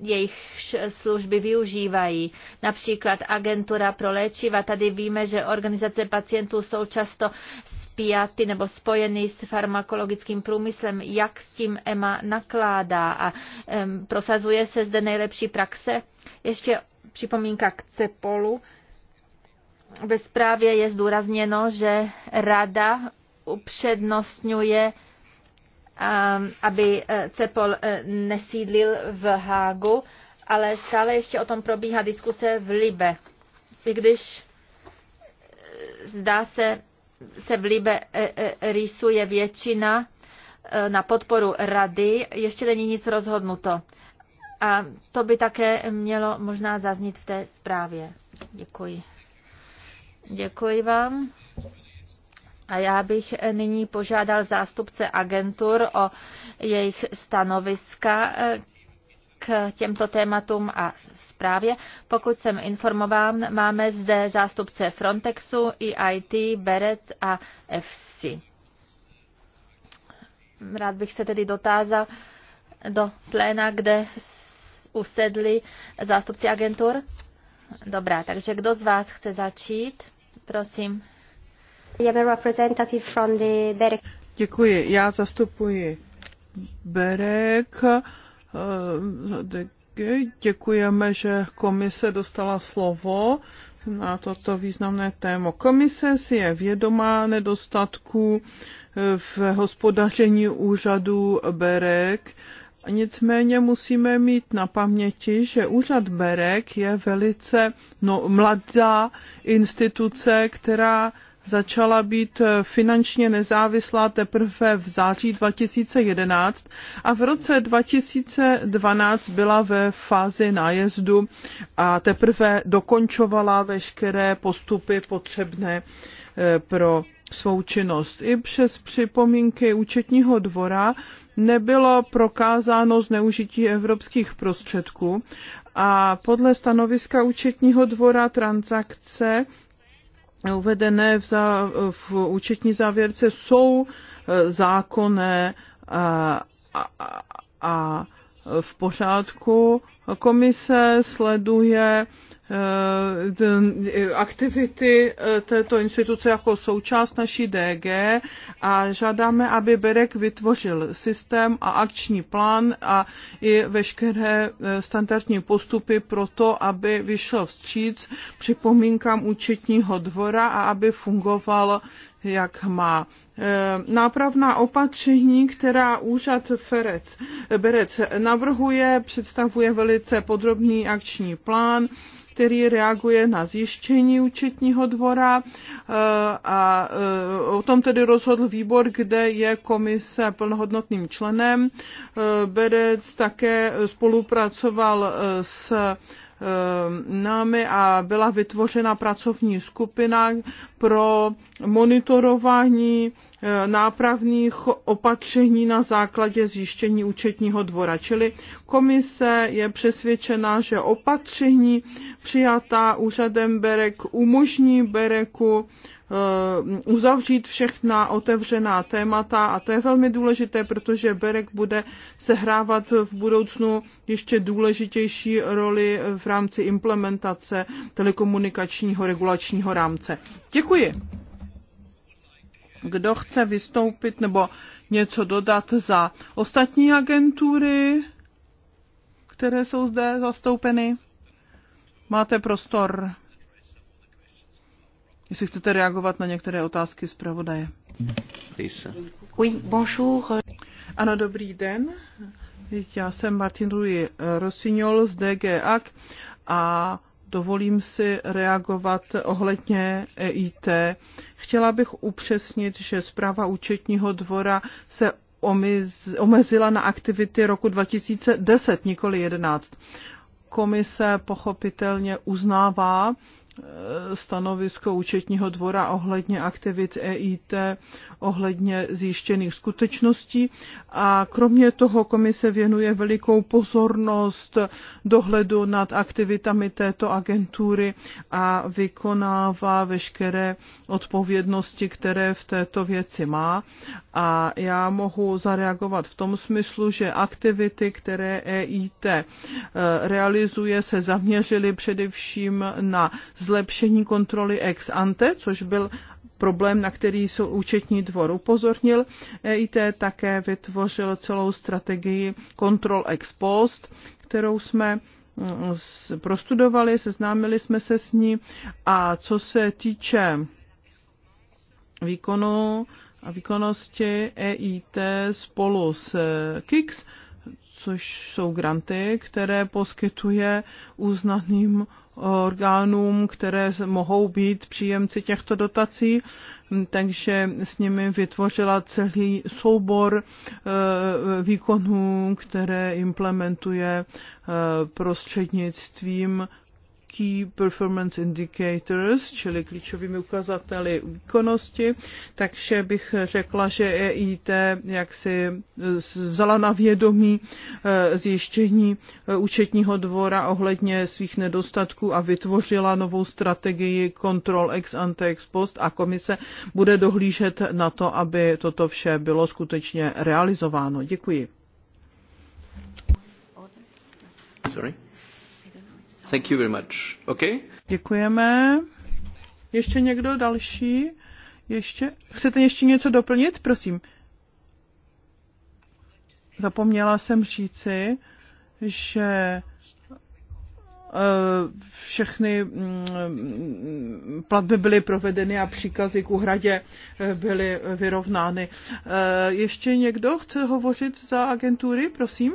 jejich služby využívají. Například agentura pro léčiva. Tady víme, že organizace pacientů jsou často spjaty nebo spojeny s farmakologickým průmyslem. Jak s tím EMA nakládá a um, prosazuje se zde nejlepší praxe? Ještě připomínka k CEPOLu. Ve zprávě je zdůrazněno, že rada upřednostňuje Ehm, aby eh, CEPOL eh, nesídlil v Hágu, ale stále ještě o tom probíhá diskuse v Libe. I když eh, zdá se, se v Libe rýsuje většina na podporu rady, ještě není nic rozhodnuto. A to by také mělo možná zaznít v té zprávě. Děkuji. Děkuji vám. A já bych nyní požádal zástupce agentur o jejich stanoviska eh, k těmto tématům a zprávě. Pokud jsem informován, máme zde zástupce Frontexu, EIT, Beret a FC. Rád bych se tedy dotázal do pléna, kde usedli zástupci agentur. Dobrá, takže kdo z vás chce začít? Prosím. Děkuji, já zastupuji Berek. Eh, Děkujeme, že komise dostala slovo na toto významné téma. Komise si je vědomá nedostatku eh, v hospodaření úřadu Berek. Nicméně musíme mít na paměti, že úřad Berek je velice no, mladá instituce, která začala být eh, finančně nezávislá teprve v září 2011 a v roce 2012 byla ve fázi nájezdu a teprve dokončovala veškeré postupy potřebné eh, pro svou činnost. I přes připomínky účetního dvora nebylo prokázáno zneužití evropských prostředků a podle stanoviska účetního dvora transakce uvedené v, za, v účetní závěrce jsou e, zákonné a, a, a v pořádku. Komise sleduje Eh, eh, aktivity eh, této instituce jako součást naší DG a žádáme, aby Berek vytvořil systém a akční plán a i veškeré standardní postupy pro to, aby vyšel vstříc připomínkám účetního dvora a aby fungoval jak má. Nápravná opatření, která úřad Ferec, Berec navrhuje, představuje velice podrobný akční plán, který reaguje na zjištění účetního dvora eh, a eh, o tom tedy rozhodl výbor, kde je komise plnohodnotným členem. Eh, Berec také spolupracoval s Eh, námi a byla vytvořena pracovní skupina pro monitorování eh, nápravných opatření na základě zjištění účetního dvora. Čili komise je přesvědčena, že opatření přijatá úřadem Berek umožní Bereku Eh, uzavřít všechna otevřená témata a to je velmi důležité, protože Berek bude sehrávat v budoucnu ještě důležitější roli v rámci implementace telekomunikačního regulačního rámce. Děkuji. Kdo chce vystoupit nebo něco dodat za ostatní agentury, které jsou zde zastoupeny? Máte prostor jestli chcete reagovat na některé otázky zpravodaje. pravodaje. Ano, dobrý den. Já jsem Martin Rui Rosignol z DGAC a dovolím si reagovat ohledně EIT. Chtěla bych upřesnit, že zpráva účetního dvora se omezila na aktivity roku 2010, nikoli 11. Komise pochopitelně uznává Eh, stanovisko účetního dvora ohledně aktivit EIT, ohledně zjištěných skutečností a kromě toho komise věnuje velikou pozornost dohledu nad aktivitami této agentury a vykonává veškeré odpovědnosti, které v této věci má. A já mohu zareagovat v tom smyslu, že aktivity, které EIT eh, realizuje, se zaměřily především na zlepšení kontroly ex ante, což byl problém, na který jsou účetní dvor upozornil. EIT také vytvořil celou strategii kontrol ex post, kterou jsme mm, prostudovali, seznámili jsme se s ní a co se týče výkonu a výkonnosti EIT spolu s e, KIX, což jsou granty, které poskytuje uznaným orgánům, které mohou být příjemci těchto dotací, takže s nimi vytvořila celý soubor eh, výkonů, které implementuje eh, prostřednictvím key performance indicators, čili klíčovými ukazateli výkonnosti, takže bych řekla, že EIT jaksi e, vzala na vědomí e, zjištění e, účetního dvora ohledně svých nedostatků a vytvořila novou strategii kontrol ex ante ex post a komise bude dohlížet na to, aby toto vše bylo skutečně realizováno. Děkuji. Sorry. Thank you very much. Okay? Děkujeme. Ještě někdo další? Ještě? Chcete ještě něco doplnit? Prosím. Zapomněla jsem říci, že eh, všechny mm, platby byly provedeny a příkazy k uhradě eh, byly vyrovnány. Eh, ještě někdo chce hovořit za agentury, prosím?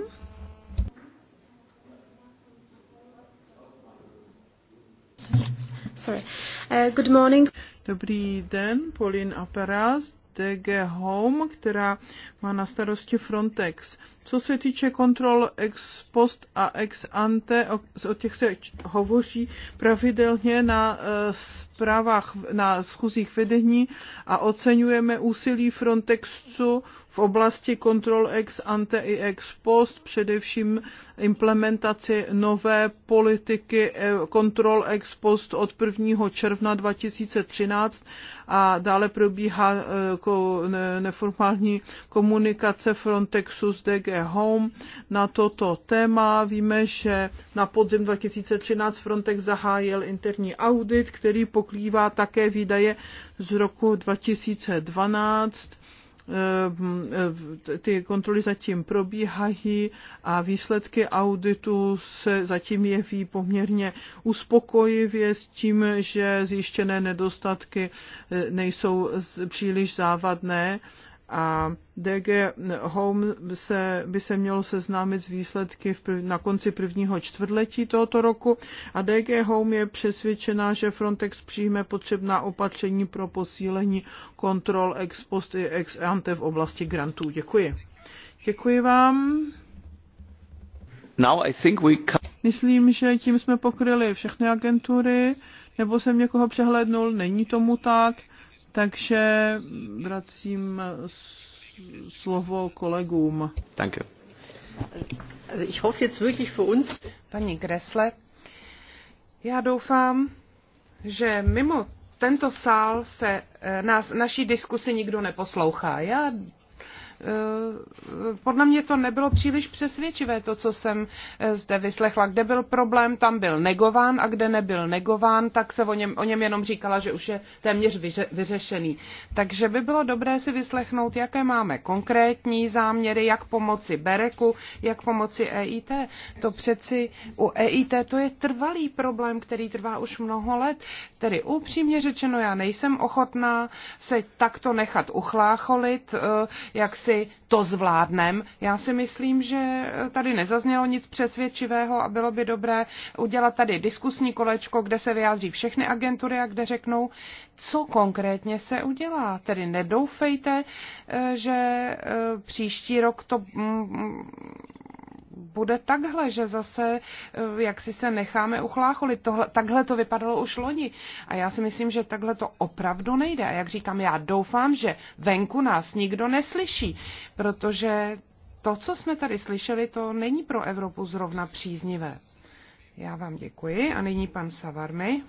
Sorry. Uh, good morning. Dobrý den, Pauline Aperas, DG Home, která má na starosti Frontex. Co se týče kontrol ex post a ex ante, o, o těch se hovoří pravidelně na e, zprávách, na schůzích vedení a oceňujeme úsilí Frontexu v oblasti kontrol ex ante i ex post, především implementaci nové politiky eh, kontrol ex post od 1. června 2013 a dále probíhá eh, neformální komunikace Frontexu s DG Home Home na toto téma. Víme, že na podzim 2013 Frontex zahájil interní audit, který pokrývá také výdaje z roku 2012 ehm, ehm, ty kontroly zatím probíhají a výsledky auditu se zatím jeví poměrně uspokojivě s tím, že zjištěné nedostatky e, nejsou příliš závadné a DG Home se, by se mělo seznámit s výsledky v, na konci prvního čtvrtletí tohoto roku a DG Home je přesvědčená, že Frontex přijme potřebná opatření pro posílení kontrol ex post i ex ante v oblasti grantů. Děkuji. Děkuji vám. Now I think we Myslím, že tím jsme pokryli všechny agentury, nebo jsem někoho přehlédnul, není tomu tak. Takže vracím slovo kolegům. Danke. Ich hoffe jetzt wirklich für uns. Paní Gressle, já doufám, že mimo tento sál se eh, nás, naší diskusi nikdo neposlouchá. Já Eh, podle mě to nebylo příliš přesvědčivé, to, co jsem eh, zde vyslechla. Kde byl problém, tam byl negován a kde nebyl negován, tak se o něm, o něm jenom říkala, že už je téměř vyře, vyřešený. Takže by bylo dobré si vyslechnout, jaké máme konkrétní záměry, jak pomoci Bereku, jak pomoci EIT. To přeci u EIT to je trvalý problém, který trvá už mnoho let. Tedy upřímně řečeno, já nejsem ochotná se takto nechat uchlácholit, eh, jak si to zvládnem. Já si myslím, že tady nezaznělo nic přesvědčivého a bylo by dobré udělat tady diskusní kolečko, kde se vyjádří všechny agentury a kde řeknou, co konkrétně se udělá. Tedy nedoufejte, eh, že eh, příští rok to mm, bude takhle, že zase eh, jak si se necháme uchlácholit. Tohle, takhle to vypadalo už loni. A já si myslím, že takhle to opravdu nejde. A jak říkám, já doufám, že venku nás nikdo neslyší, protože to, co jsme tady slyšeli, to není pro Evropu zrovna příznivé. Já vám děkuji a nyní pan Savarmy.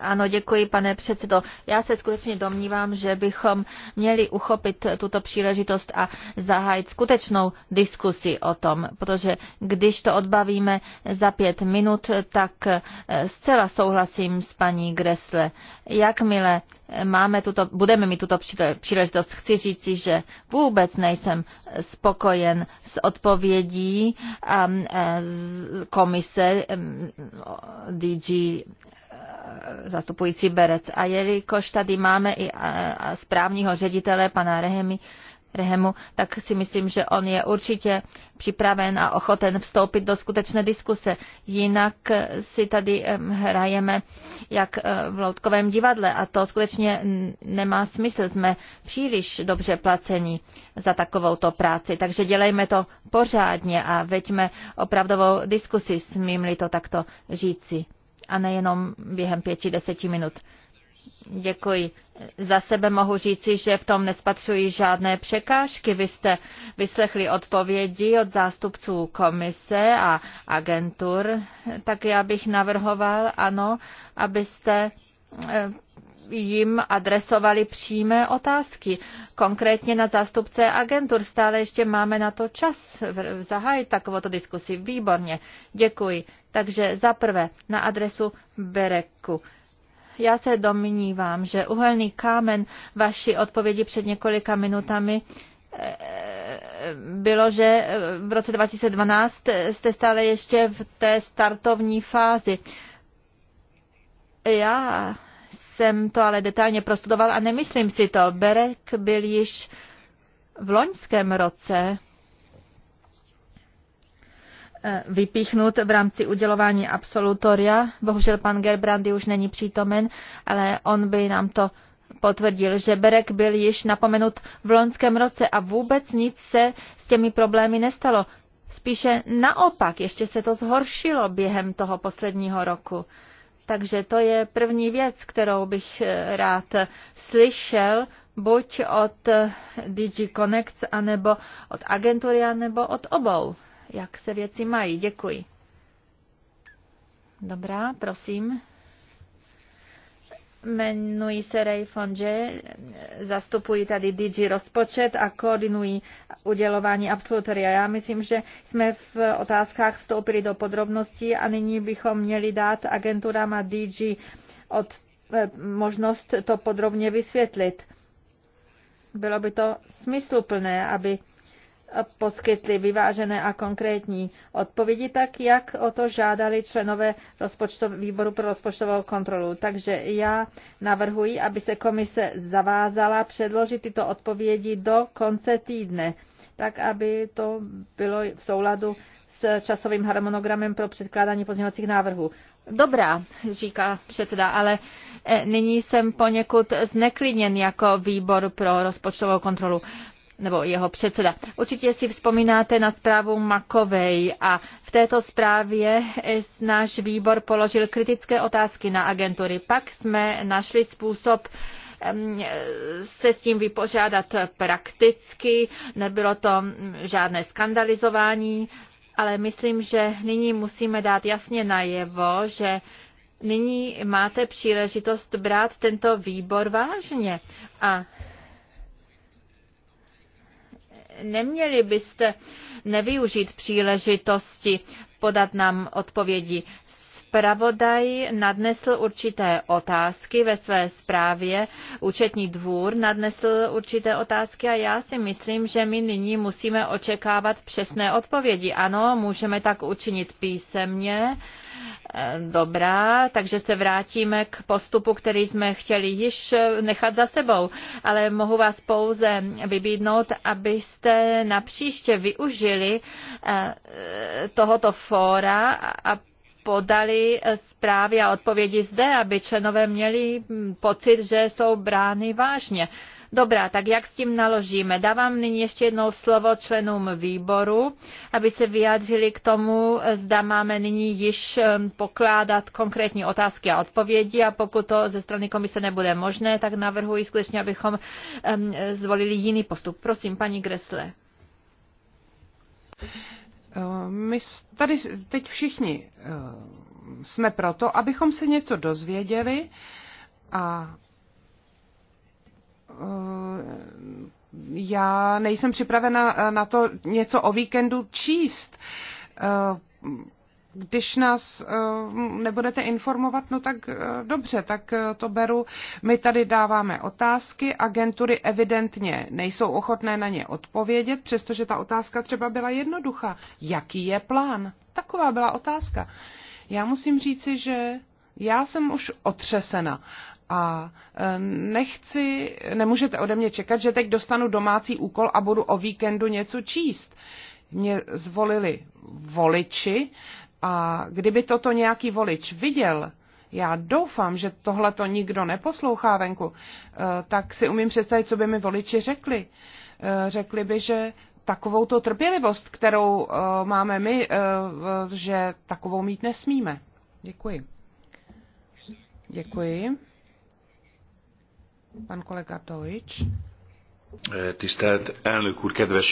Ano, děkuji, pane předsedo. Já se skutečně domnívám, že bychom měli uchopit tuto příležitost a zahájit skutečnou diskusi o tom, protože když to odbavíme za pět minut, tak eh, zcela souhlasím s paní Gresle. Jakmile máme tuto, budeme mít tuto příležitost, chci říci, že vůbec nejsem spokojen s odpovědí eh, komise DG zastupující Berec. A jelikož tady máme i správního ředitele, pana Rehemi, Rehemu, tak si myslím, že on je určitě připraven a ochoten vstoupit do skutečné diskuse. Jinak si tady hrajeme jak e, v loutkovém divadle a to skutečně nemá smysl. Jsme příliš dobře placení za takovouto práci, takže dělejme to pořádně a veďme opravdovou diskusi, smím-li to takto říci a nejenom během pěti, deseti minut. Děkuji. Za sebe mohu říci, že v tom nespatřuji žádné překážky. Vy jste vyslechli odpovědi od zástupců komise a agentur, tak já bych navrhoval, ano, abyste eh, jim adresovali přímé otázky, konkrétně na zástupce agentur. Stále ještě máme na to čas zahájit takovouto diskusi. Výborně, děkuji. Takže za prvé na adresu Bereku. Já se domnívám, že uhelný kámen vaší odpovědi před několika minutami eh, bylo, že eh, v roce 2012 jste stále ještě v té startovní fázi. Já jsem to ale detailně prostudoval a nemyslím si to. Berek byl již v loňském roce eh, vypíchnut v rámci udělování absolutoria. Bohužel pan Gerbrandy už není přítomen, ale on by nám to potvrdil, že Berek byl již napomenut v loňském roce a vůbec nic se s těmi problémy nestalo. Spíše naopak, ještě se to zhoršilo během toho posledního roku. Takže to je první věc, kterou bych eh, rád slyšel, buď od eh, DigiConnect, anebo od agentury, anebo od obou. Jak se věci mají? Děkuji. Dobrá, prosím. Jmenuji se Ray Fonge, zastupuji tady DG rozpočet a koordinuji udělování absolutoria. Já myslím, že jsme v otázkách vstoupili do podrobností a nyní bychom měli dát agenturám a DG od eh, možnost to podrobně vysvětlit. Bylo by to smysluplné, aby poskytli vyvážené a konkrétní odpovědi, tak jak o to žádali členové výboru pro rozpočtovou kontrolu. Takže já navrhuji, aby se komise zavázala předložit tyto odpovědi do konce týdne, tak aby to bylo v souladu s časovým harmonogramem pro předkládání pozměňovacích návrhů. Dobrá, říká předseda, ale eh, nyní jsem poněkud zneklidněn jako výbor pro rozpočtovou kontrolu nebo jeho předseda. Určitě si vzpomínáte na zprávu Makovej a v této zprávě náš výbor položil kritické otázky na agentury. Pak jsme našli způsob se s tím vypořádat prakticky, nebylo to žádné skandalizování, ale myslím, že nyní musíme dát jasně najevo, že nyní máte příležitost brát tento výbor vážně a neměli byste nevyužít příležitosti podat nám odpovědi zpravodaj nadnesl určité otázky ve své zprávě, účetní dvůr nadnesl určité otázky a já si myslím, že my nyní musíme očekávat přesné odpovědi. Ano, můžeme tak učinit písemně, eh, dobrá, takže se vrátíme k postupu, který jsme chtěli již nechat za sebou, ale mohu vás pouze vybídnout, abyste na příště využili eh, tohoto fóra a podali eh, zprávy a odpovědi zde, aby členové měli hm, pocit, že jsou brány vážně. Dobrá, tak jak s tím naložíme? Dávám nyní ještě jednou slovo členům výboru, aby se vyjádřili k tomu, eh, zda máme nyní již hm, pokládat konkrétní otázky a odpovědi a pokud to ze strany komise nebude možné, tak navrhuji skutečně, abychom hm, eh, zvolili jiný postup. Prosím, paní Gresle. Eh, my tady teď všichni eh, jsme proto, abychom se něco dozvěděli a eh, já nejsem připravena na to něco o víkendu číst když nás eh, nebudete informovat, no tak eh, dobře, tak eh, to beru. My tady dáváme otázky, agentury evidentně nejsou ochotné na ně odpovědět, přestože ta otázka třeba byla jednoduchá. Jaký je plán? Taková byla otázka. Já musím říci, že já jsem už otřesena a nechci, nemůžete ode mě čekat, že teď dostanu domácí úkol a budu o víkendu něco číst mě zvolili voliči a kdyby toto nějaký volič viděl, já doufám, že tohle to nikdo neposlouchá venku, eh, tak si umím představit, co by mi voliči řekli. Eh, řekli by, že takovou to trpělivost, kterou eh, máme my, že takovou mít nesmíme. Děkuji. Děkuji. Pan kolega Dojč. Tisztelt elnök úr, kedves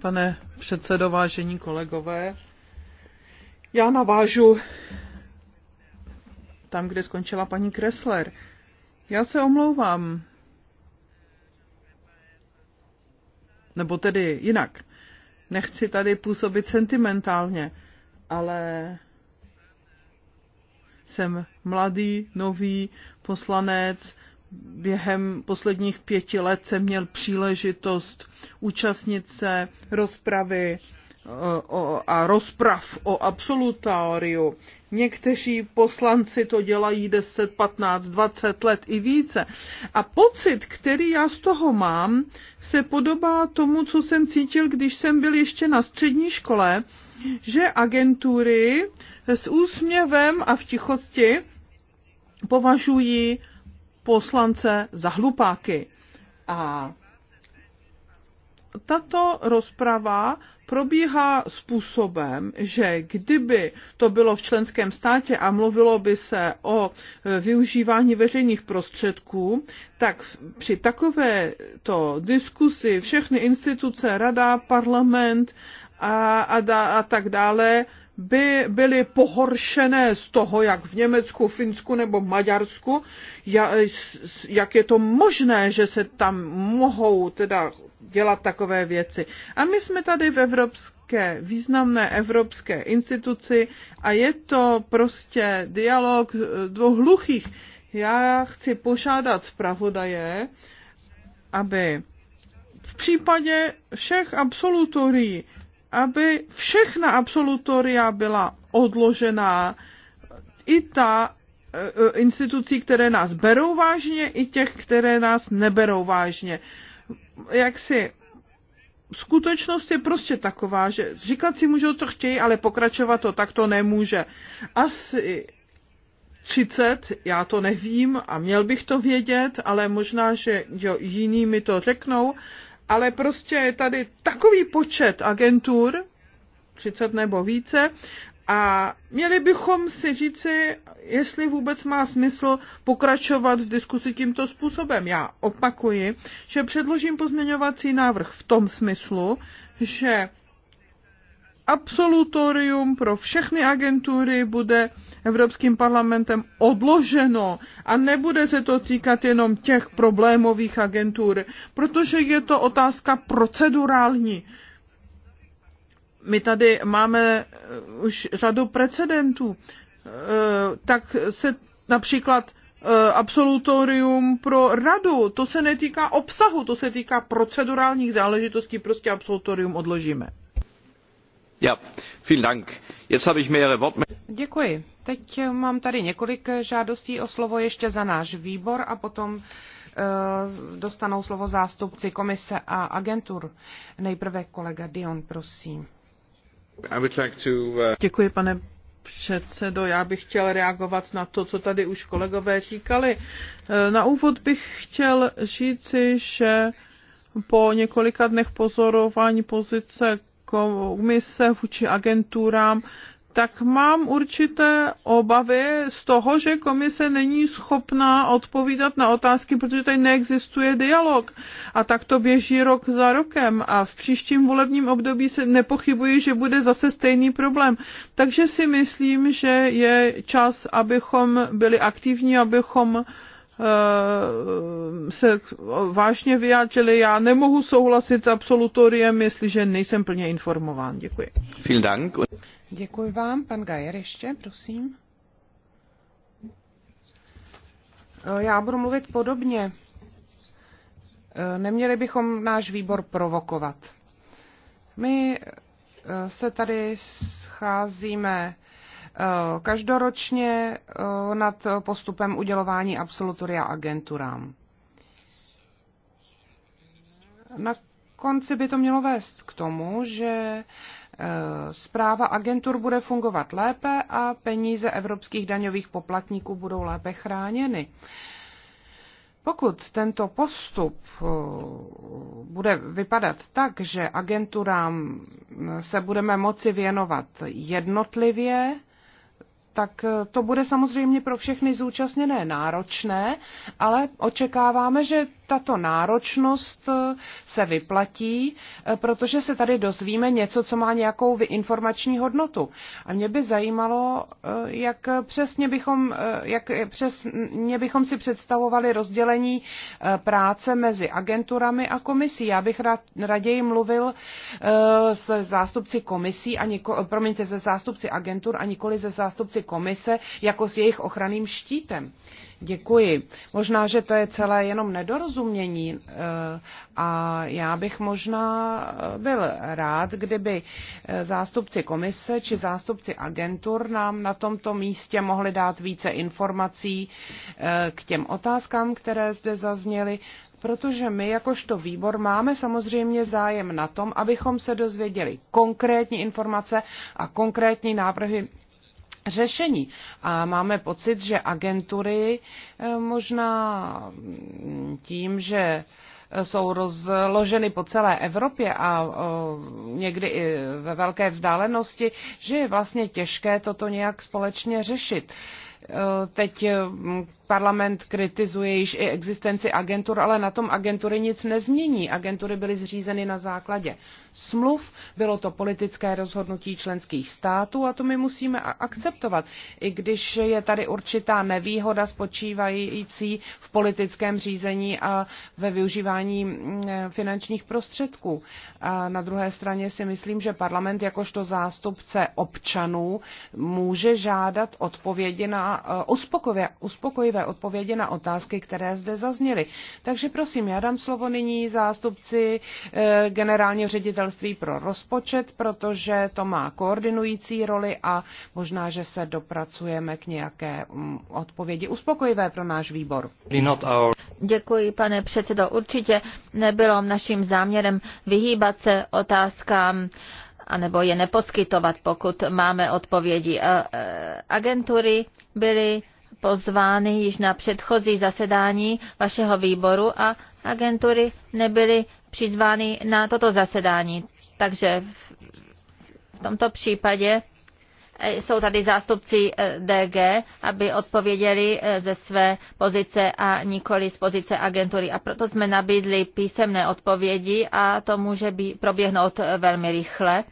Pane předsedo, vážení kolegové, já navážu tam, kde skončila paní Kressler. Já se omlouvám. Nebo tedy jinak. Nechci tady působit sentimentálně, ale jsem mladý, nový poslanec, během posledních pěti let jsem měl příležitost účastnit se rozpravy eh, a rozprav o absolutáriu. Někteří poslanci to dělají 10, 15, 20 let i více. A pocit, který já z toho mám, se podobá tomu, co jsem cítil, když jsem byl ještě na střední škole, že agentury s úsměvem a v tichosti považují poslance za hlupáky. A tato rozprava probíhá způsobem, že kdyby to bylo v členském státě a mluvilo by se o e, využívání veřejných prostředků, tak při takovéto diskusi všechny instituce, rada, parlament a, a, a tak dále by byly pohoršené z toho, jak v Německu, Finsku nebo Maďarsku, jak je to možné, že se tam mohou teda dělat takové věci. A my jsme tady v evropské, významné evropské instituci a je to prostě dialog eh, dvou hluchých. Já chci požádat zpravodaje, aby v případě všech absolutorií aby všechna absolutoria byla odložená, i ta eh, institucí, které nás berou vážně, i těch, které nás neberou vážně. Jak si skutečnost je prostě taková, že říkat si můžou, co chtějí, ale pokračovat to takto nemůže. Asi 30, já to nevím a měl bych to vědět, ale možná, že jo, jiní mi to řeknou, ale prostě je tady takový počet agentur, 30 nebo více, a měli bychom si říci, jestli vůbec má smysl pokračovat v diskusi tímto způsobem. Já opakuji, že předložím pozměňovací návrh v tom smyslu, že absolutorium pro všechny agentury bude Evropským parlamentem odloženo a nebude se to týkat jenom těch problémových agentur, protože je to otázka procedurální. My tady máme eh, už řadu precedentů, eh, tak se například eh, absolutorium pro radu. To se netýká obsahu, to se týká procedurálních záležitostí, prostě absolutorium odložíme. Ja, vielen Dank. Jetzt habe ich mehrere Wortmeldungen. Děkuji. Teď mám tady několik žádostí o slovo ještě za náš výbor a potom e, dostanou slovo zástupci komise a agentur. Nejprve kolega Dion, prosím. Uh, Děkuji, pane předsedo, já bych chtěl reagovat na to, co tady už kolegové říkali. E, na úvod bych chtěl říci, že po několika dnech pozorování pozice komise vůči agenturám tak mám určité obavy z toho, že komise není schopná odpovídat na otázky, protože tady neexistuje dialog. A tak to běží rok za rokem a v příštím volebním období se nepochybuji, že bude zase stejný problém. Takže si myslím, že je čas, abychom byli aktivní, abychom Eh, se vážně vyjádřili. Já nemohu souhlasit s absolutoriem, jestliže nejsem plně informován. Děkuji. Vielen Dank. Děkuji vám. Pan Gajer ještě, prosím. Eh, já budu mluvit podobně. Eh, neměli bychom náš výbor provokovat. My se tady scházíme Eh, každoročně eh, nad postupem udělování absolutoria agenturám. Na konci by to mělo vést k tomu, že zpráva eh, agentur bude fungovat lépe a peníze evropských daňových poplatníků budou lépe chráněny. Pokud tento postup bude vypadat tak, že agenturám se budeme moci věnovat jednotlivě, tak eh, to bude samozřejmě pro všechny zúčastněné náročné, ale očekáváme, že tato náročnost eh, se vyplatí, eh, protože se tady dozvíme něco, co má nějakou informační hodnotu. A mě by zajímalo, eh, jak přesně bychom, jak přesně bychom si představovali rozdělení práce mezi agenturami a komisí. Já bych rád, raději mluvil se zástupci komisí, a niko, promiňte, ze zástupci agentur a nikoli ze zástupci komise, jako s jejich ochranným štítem. Děkuji. Možná, že to je celé jenom nedorozumění eh, a já bych možná eh, byl rád, kdyby eh, zástupci komise či zástupci agentur nám na tomto místě mohli dát více informací k těm otázkám, které zde zazněly protože my jakožto výbor máme samozřejmě zájem na tom, abychom se dozvěděli konkrétní informace a konkrétní návrhy řešení. A máme pocit, že agentury eh, možná mm, tím, že eh, jsou rozloženy po celé Evropě a eh, někdy i ve velké vzdálenosti, že je vlastně těžké toto nějak společně řešit. Eh, teď eh, parlament kritizuje již i existenci agentur, ale na tom agentury nic nezmění. Agentury byly zřízeny na základě smluv, bylo to politické rozhodnutí členských států a to my musíme akceptovat. I když je tady určitá nevýhoda spočívající v politickém řízení a ve využívání mm, eh, finančních prostředků. A na druhé straně si myslím, že parlament jakožto zástupce občanů může žádat odpovědi na na eh, uspokojivé, uspokojivé odpovědi na otázky, které zde zazněly. Takže prosím, já dám slovo nyní zástupci eh, generálního ředitelství pro rozpočet, protože to má koordinující roli a možná, že se dopracujeme k nějaké mm, odpovědi uspokojivé pro náš výbor. Děkuji, pane předsedo. Určitě nebylo naším záměrem vyhýbat se otázkám anebo je neposkytovat, pokud máme odpovědi. E, agentury byly pozvány již na předchozí zasedání vašeho výboru a agentury nebyly přizvány na toto zasedání. Takže v tomto případě e, jsou tady zástupci e, DG, aby odpověděli ze své pozice a nikoli z pozice agentury. A proto jsme nabídli písemné odpovědi a to může být, proběhnout velmi rychle.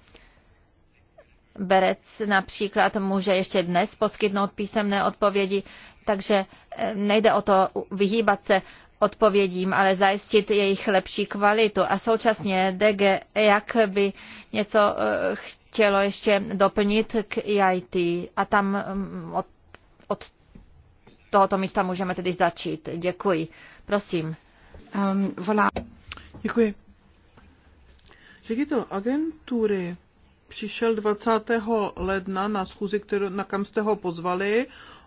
Berec například může ještě dnes poskytnout písemné odpovědi, takže eh, nejde o to vyhýbat se odpovědím, ale zajistit jejich lepší kvalitu. A současně DG, jak by něco eh, chtělo ještě doplnit k EIT. A tam mm, od, od tohoto místa můžeme tedy začít. Děkuji. Prosím. Um, volá. Děkuji. Ředitel agentury přišel 20. ledna na schůzi, kterou, na kam jste ho pozvali.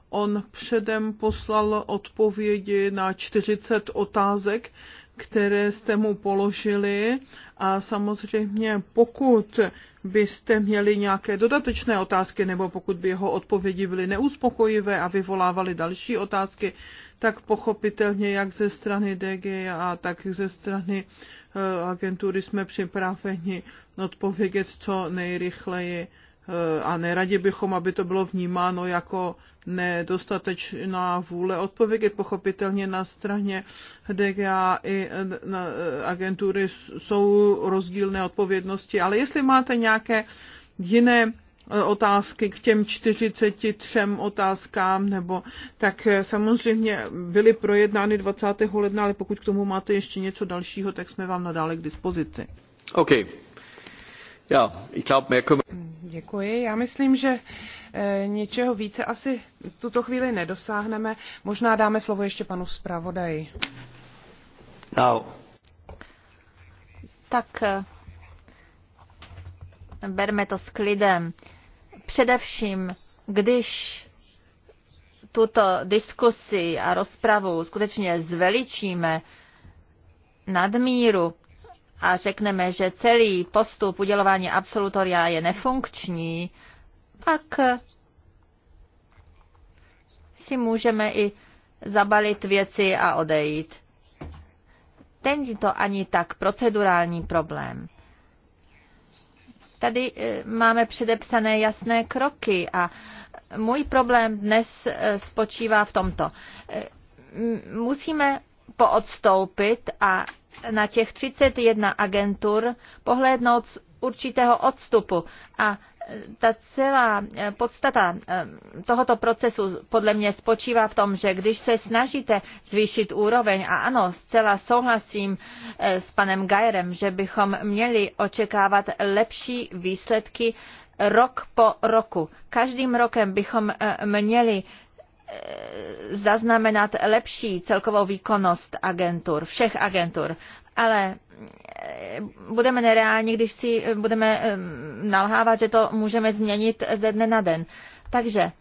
On předem poslal odpovědi na 40 otázek, které jste mu položili a samozřejmě pokud byste měli nějaké dodatečné otázky nebo pokud by jeho odpovědi byly neuspokojivé a vyvolávaly další otázky, tak pochopitelně jak ze strany DGA, tak ze strany e, agentury jsme připraveni odpovědět co nejrychleji e, a neradi bychom, aby to bylo vnímáno jako nedostatečná vůle odpovědět. Pochopitelně na straně DGA i e, agentury jsou rozdílné odpovědnosti, ale jestli máte nějaké jiné Eh, otázky k těm 43 otázkám, nebo tak eh, samozřejmě byly projednány 20. ledna, ale pokud k tomu máte ještě něco dalšího, tak jsme vám nadále k dispozici. OK. Já, ich glaub, mehr können... Děkuji. Já myslím, že e, něčeho více asi tuto chvíli nedosáhneme. Možná dáme slovo ještě panu zpravodaji. No. Tak berme to s klidem. Především, když tuto diskusi a rozpravu skutečně zveličíme nadmíru a řekneme, že celý postup udělování absolutoria je nefunkční, pak si můžeme i zabalit věci a odejít. Není to ani tak procedurální problém. Tady eh, máme předepsané jasné kroky a můj problém dnes eh, spočívá v tomto. Eh, musíme poodstoupit a na těch 31 agentur pohlédnout určitého odstupu. A e, ta celá e, podstata e, tohoto procesu podle mě spočívá v tom, že když se snažíte zvýšit úroveň, a ano, zcela souhlasím s panem Gajerem, že bychom měli očekávat lepší výsledky rok po roku. Každým rokem bychom měli zaznamenat lepší celkovou výkonnost agentur, všech agentur ale eh, budeme nereálni, když si eh, budeme eh, nalhávat, že to můžeme změnit ze dne na den. Takže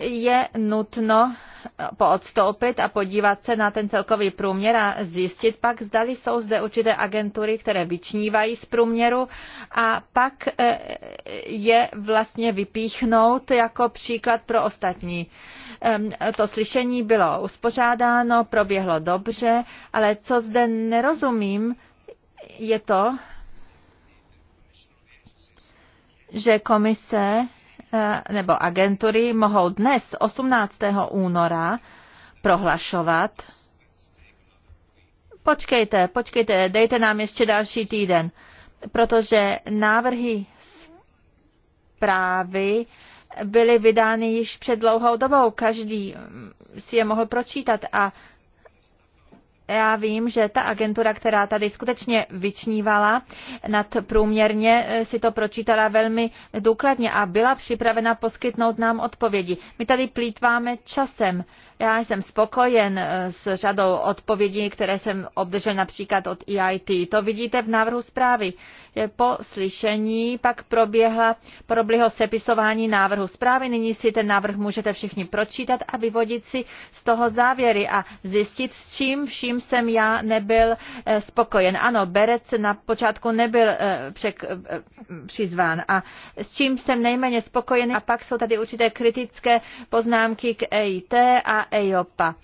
je nutno poodstoupit a podívat se na ten celkový průměr a zjistit pak, zdali jsou zde určité agentury, které vyčnívají z průměru a pak je vlastně vypíchnout jako příklad pro ostatní. To slyšení bylo uspořádáno, proběhlo dobře, ale co zde nerozumím, je to, že komise eh, nebo agentury mohou dnes 18. února prohlašovat, počkejte, počkejte, dejte nám ještě další týden, protože návrhy zprávy byly vydány již před dlouhou dobou. Každý si je mohl pročítat a já vím, že ta agentura, která tady skutečně vyčnívala nad průměrně, si to pročítala velmi důkladně a byla připravena poskytnout nám odpovědi. My tady plítváme časem. Já jsem spokojen eh, s řadou odpovědí, které jsem obdržel například od EIT. To vidíte v návrhu zprávy. Eh, po slyšení pak proběhla, proběhlo sepisování návrhu zprávy. Nyní si ten návrh můžete všichni pročítat a vyvodit si z toho závěry a zjistit, s čím vším jsem já nebyl eh, spokojen. Ano, Berec na počátku nebyl eh, přek, přizván a s čím jsem nejméně spokojen. A pak jsou tady určité kritické poznámky k EIT a EIOPA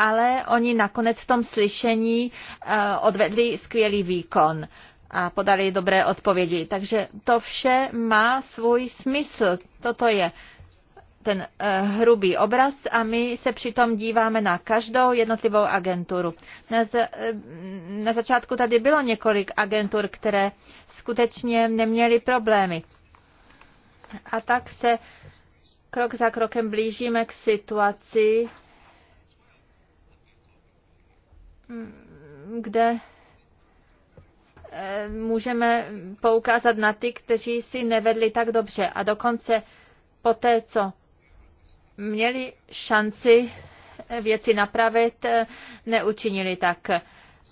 ale oni nakonec v tom slyšení odvedli skvělý výkon a podali dobré odpovědi. Takže to vše má svůj smysl. Toto je ten eh, hrubý obraz a my se přitom díváme na každou jednotlivou agenturu. Na, z, eh, na začátku tady bylo několik agentur, které skutečně neměly problémy. A tak se krok za krokem blížíme k situaci, mm, kde Eh, můžeme poukázat na ty, kteří si nevedli tak dobře a dokonce po té, co měli šanci věci napravit, eh, neučinili tak.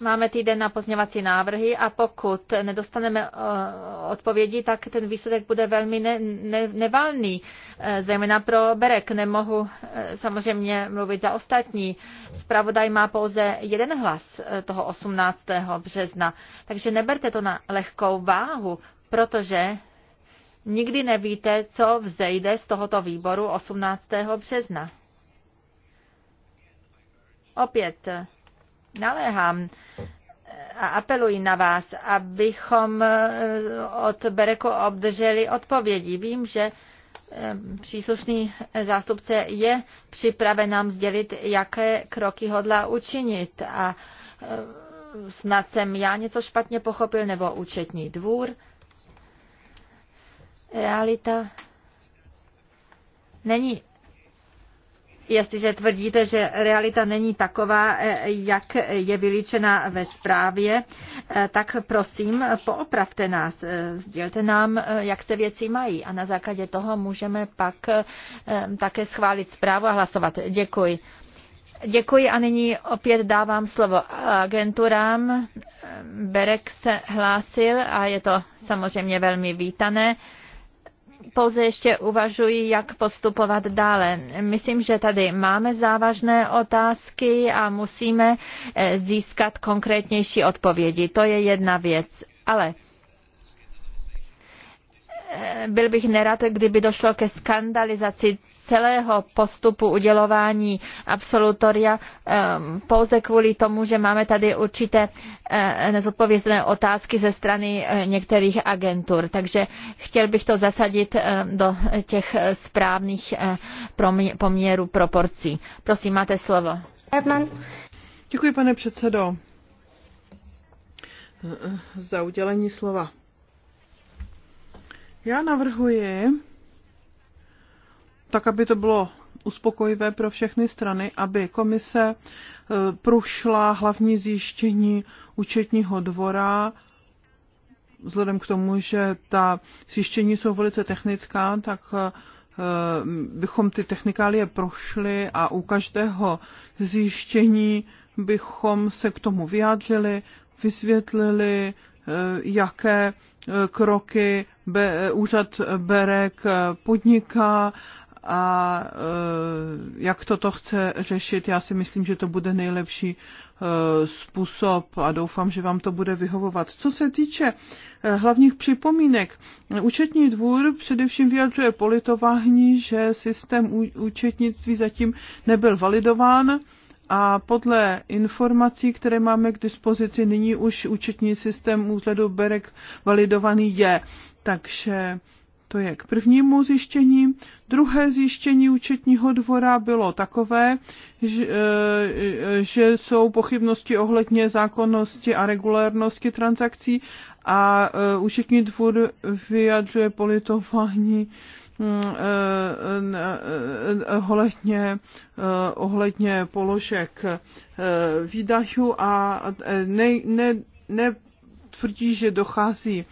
Máme týden na pozněvací návrhy a pokud nedostaneme eh, odpovědi, tak ten výsledek bude velmi ne, ne, nevalný, eh, zejména pro Berek. Nemohu eh, samozřejmě mluvit za ostatní. Spravodaj má pouze jeden hlas toho 18. března, takže neberte to na lehkou váhu, protože nikdy nevíte, co vzejde z tohoto výboru 18. března. Opět naléhám eh, a apeluji na vás, abychom eh, od Bereku obdrželi odpovědi. Vím, že eh, příslušný zástupce je připraven nám sdělit, jaké kroky hodlá učinit a snad jsem já něco špatně pochopil, nebo účetní dvůr. Realita není jestliže tvrdíte, že realita není taková, eh, jak je vylíčena ve zprávě, eh, tak prosím, poopravte nás, eh, sdělte nám, jak se věci mají a na základě toho můžeme pak také schválit zprávu a hlasovat. Děkuji. Děkuji a nyní opět dávám slovo agenturám. Berek se hlásil a je to samozřejmě velmi vítané pouze ještě uvažuji, jak postupovat dále. Myslím, že tady máme závažné otázky a musíme eh, získat konkrétnější odpovědi. To je jedna věc. Ale byl bych nerad, kdyby došlo ke skandalizaci celého postupu udělování absolutoria ehm, pouze kvůli tomu, že máme tady určité eh, nezodpovězené otázky ze strany eh, některých agentur. Takže chtěl bych to zasadit ehm, do těch eh, správných poměrů proporcí. Prosím, máte slovo. Děkuji, pane předsedo, za udělení slova. Já navrhuji, tak aby to bylo uspokojivé pro všechny strany, aby komise eh, prošla hlavní zjištění účetního dvora, vzhledem k tomu, že ta zjištění jsou velice technická, tak eh, bychom ty technikálie prošli a u každého zjištění bychom se k tomu vyjádřili, vysvětlili, eh, jaké kroky be, úřad Berek podniká a eh, jak toto chce řešit, já si myslím, že to bude nejlepší eh, způsob a doufám, že vám to bude vyhovovat. Co se týče eh, hlavních připomínek, účetní dvůr především vyjadřuje politování, že systém účetnictví zatím nebyl validován a podle informací, které máme k dispozici, nyní už účetní systém úřadu Berek validovaný je. Takže to je k prvnímu zjištění. Druhé zjištění účetního dvora bylo takové, že, e, že jsou pochybnosti ohledně zákonnosti a regulérnosti transakcí a e, účetní dvůr vyjadřuje politování Eh, eh, eh, ohledně, ohledně položek výdajů a ne, ne, ne tvrdí, že dochází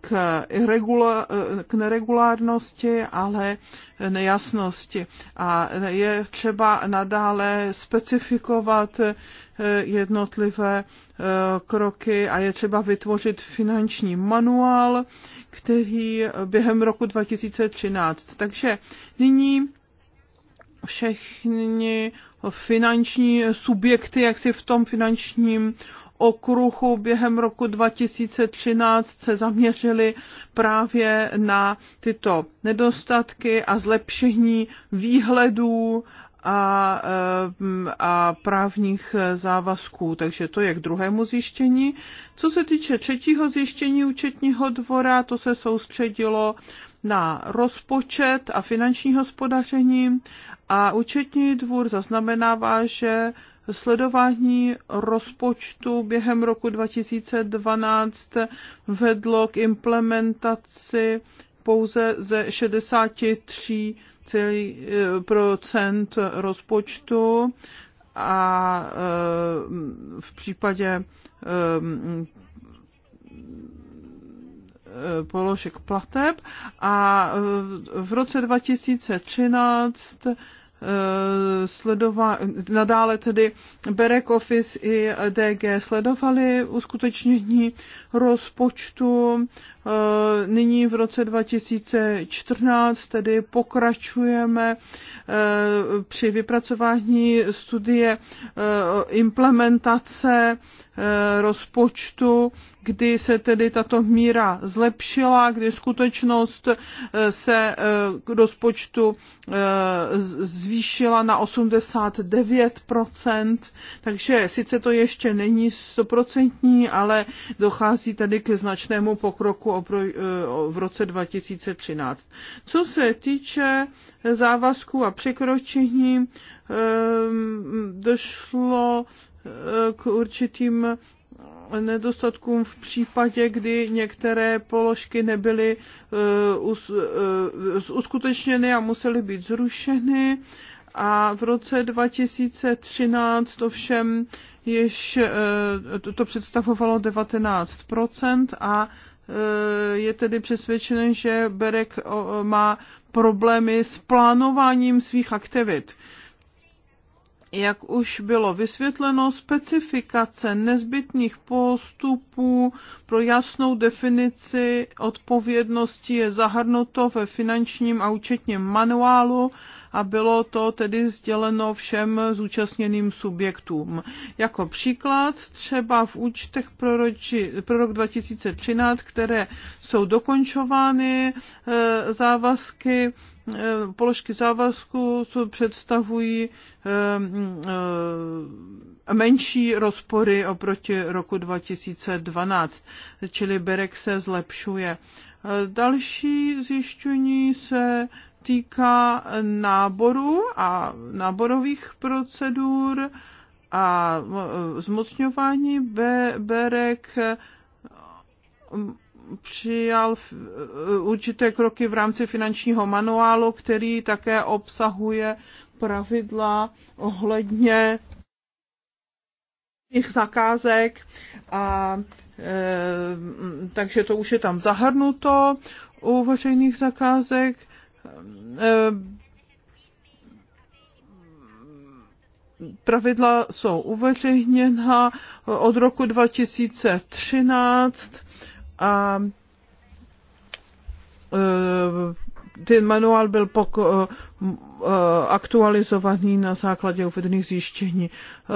k, irregula, k neregulárnosti, ale nejasnosti. A je třeba nadále specifikovat Eh, jednotlivé eh, kroky a je třeba vytvořit finanční manuál, který během roku 2013. Takže nyní všechny finanční subjekty, jak si v tom finančním okruhu během roku 2013 se zaměřili právě na tyto nedostatky a zlepšení výhledů a, eh, a právních závazků. Takže to je k druhému zjištění. Co se týče třetího zjištění účetního dvora, to se soustředilo na rozpočet a finanční hospodaření a účetní dvůr zaznamenává, že sledování rozpočtu během roku 2012 vedlo k implementaci pouze ze 63 celý eh, procent rozpočtu a eh, v případě eh, položek plateb a v roce 2013 sledova, nadále tedy Berek Office i DG sledovali uskutečnění rozpočtu. Eh, nyní v roce 2014 tedy pokračujeme eh, při vypracování studie eh, implementace Eh, rozpočtu, kdy se tedy tato míra zlepšila, kdy skutečnost eh, se eh, k rozpočtu zvýšila na 89%, takže sice to ještě není stoprocentní, ale dochází tady ke značnému pokroku v roce 2013. Co se týče závazků a překročení, ehm, došlo k určitým nedostatkům v případě, kdy některé položky nebyly eh, eh, uskutečněny a musely být zrušeny. A v roce 2013 ovšem již eh, to představovalo 19 a je tedy přesvědčen, že Berek má problémy s plánováním svých aktivit jak už bylo vysvětleno, specifikace nezbytných postupů pro jasnou definici odpovědnosti je zahrnuto ve finančním a účetním manuálu a bylo to tedy sděleno všem zúčastněným subjektům. Jako příklad třeba v účtech pro, roči, pro rok 2013, které jsou dokončovány, e, závazky Eh, položky závazku co představují eh, eh, menší rozpory oproti roku 2012, čili Berek se zlepšuje. Další zjištění se týká náboru a náborových procedur a zmocňování Berek přijal eh, určité kroky v rámci finančního manuálu, který také obsahuje pravidla ohledně těch zakázek a e, takže to už je tam zahrnuto u veřejných zakázek. E, pravidla jsou uveřejněna od roku 2013 a e, ten manuál byl pok- e, e, aktualizovaný na základě uvedených zjištění.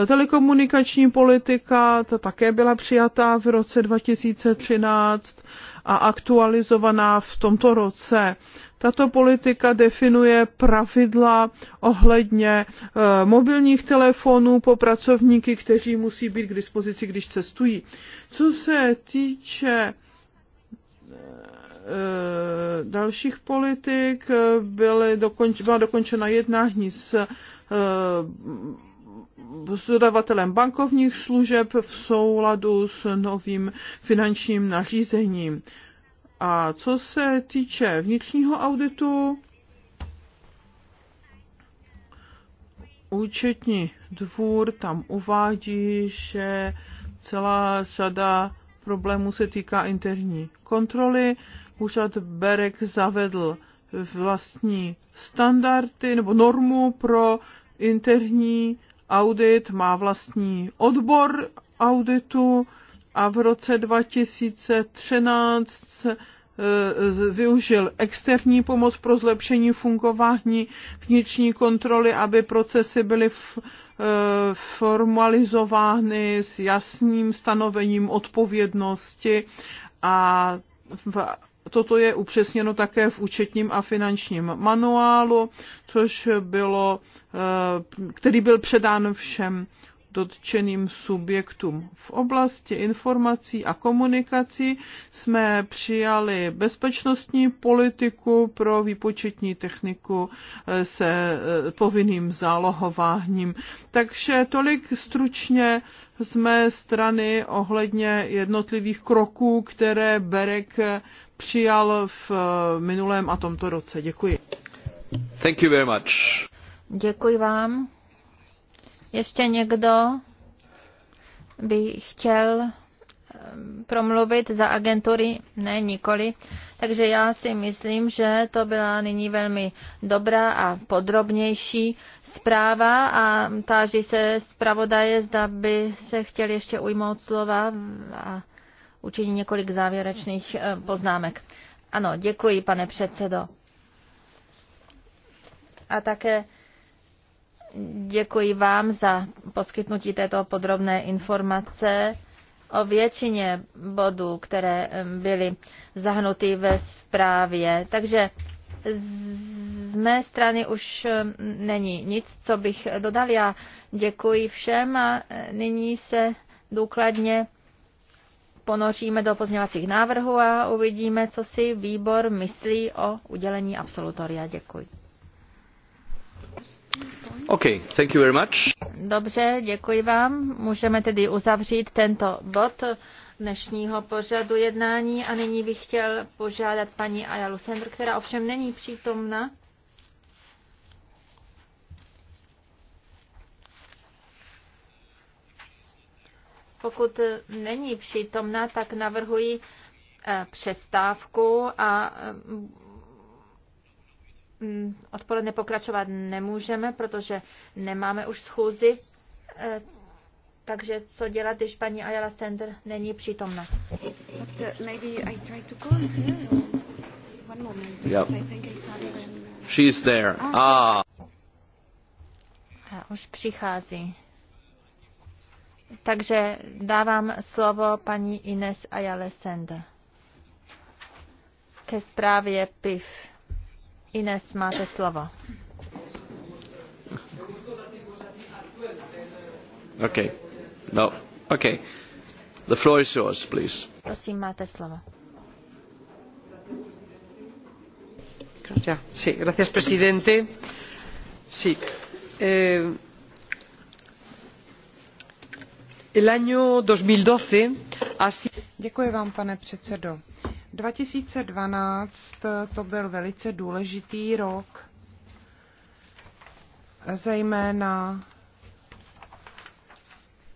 Telekomunikační politika ta také byla přijatá v roce 2013 a aktualizovaná v tomto roce. Tato politika definuje pravidla ohledně mobilních telefonů po pracovníky, kteří musí být k dispozici, když cestují. Co se týče Eh, dalších politik, byly dokonč, byla dokončena jednání s, eh, s dodavatelem bankovních služeb v souladu s novým finančním nařízením. A co se týče vnitřního auditu, účetní dvůr tam uvádí, že celá řada problémů se týká interní kontroly. Úřad Berek zavedl vlastní standardy nebo normu pro interní audit, má vlastní odbor auditu a v roce 2013 E, využil externí pomoc pro zlepšení fungování vnitřní kontroly, aby procesy byly e, formalizovány s jasným stanovením odpovědnosti a v Toto je upřesněno také v účetním a finančním manuálu, což bylo, e, který byl předán všem dotčeným subjektům. V oblasti informací a komunikací jsme přijali bezpečnostní politiku pro výpočetní techniku eh, se eh, povinným zálohováním. Takže tolik stručně z mé strany ohledně jednotlivých kroků, které Berek eh, přijal v minulém a tomto roce. Děkuji. Thank you very much. Děkuji vám. Ještě někdo by chtěl eh, promluvit za agentury? Ne, nikoli. Takže já si myslím, že to byla nyní velmi dobrá a podrobnější zpráva a táží se zpravodaje, zda by se chtěl ještě ujmout slova a učinit několik závěrečných eh, poznámek. Ano, děkuji, pane předsedo. A také Děkuji vám za poskytnutí této podrobné informace o většině bodů, které byly zahnuty ve zprávě. Takže z mé strany už není nic, co bych dodal. Já děkuji všem a e, nyní se důkladně ponoříme do pozměňovacích návrhů a uvidíme, co si výbor myslí o udělení absolutoria. Děkuji. Dobře, děkuji vám. Můžeme tedy uzavřít tento bod dnešního pořadu jednání a nyní bych chtěl požádat paní Ayalu Sender, která ovšem není přítomna. Pokud není přítomna, tak navrhuji eh, přestávku a eh, Mm, odpoledne pokračovat nemůžeme, protože nemáme už schůzi. E, takže co dělat, když paní Ayala Sender není přítomna? Uh, yeah. She's there. Ah, ah. A už přichází. Takže dávám slovo paní Ines Ayala Sender ke zprávě PIF. Ines, máte slovo. OK. No. OK. The floor is yours, please. Prosím, máte slovo. Sí, gracias, presidente. Sí. Eh, el año 2012 ha sido. Děkuji vám, pane předsedo 2012 to byl velice důležitý rok, zejména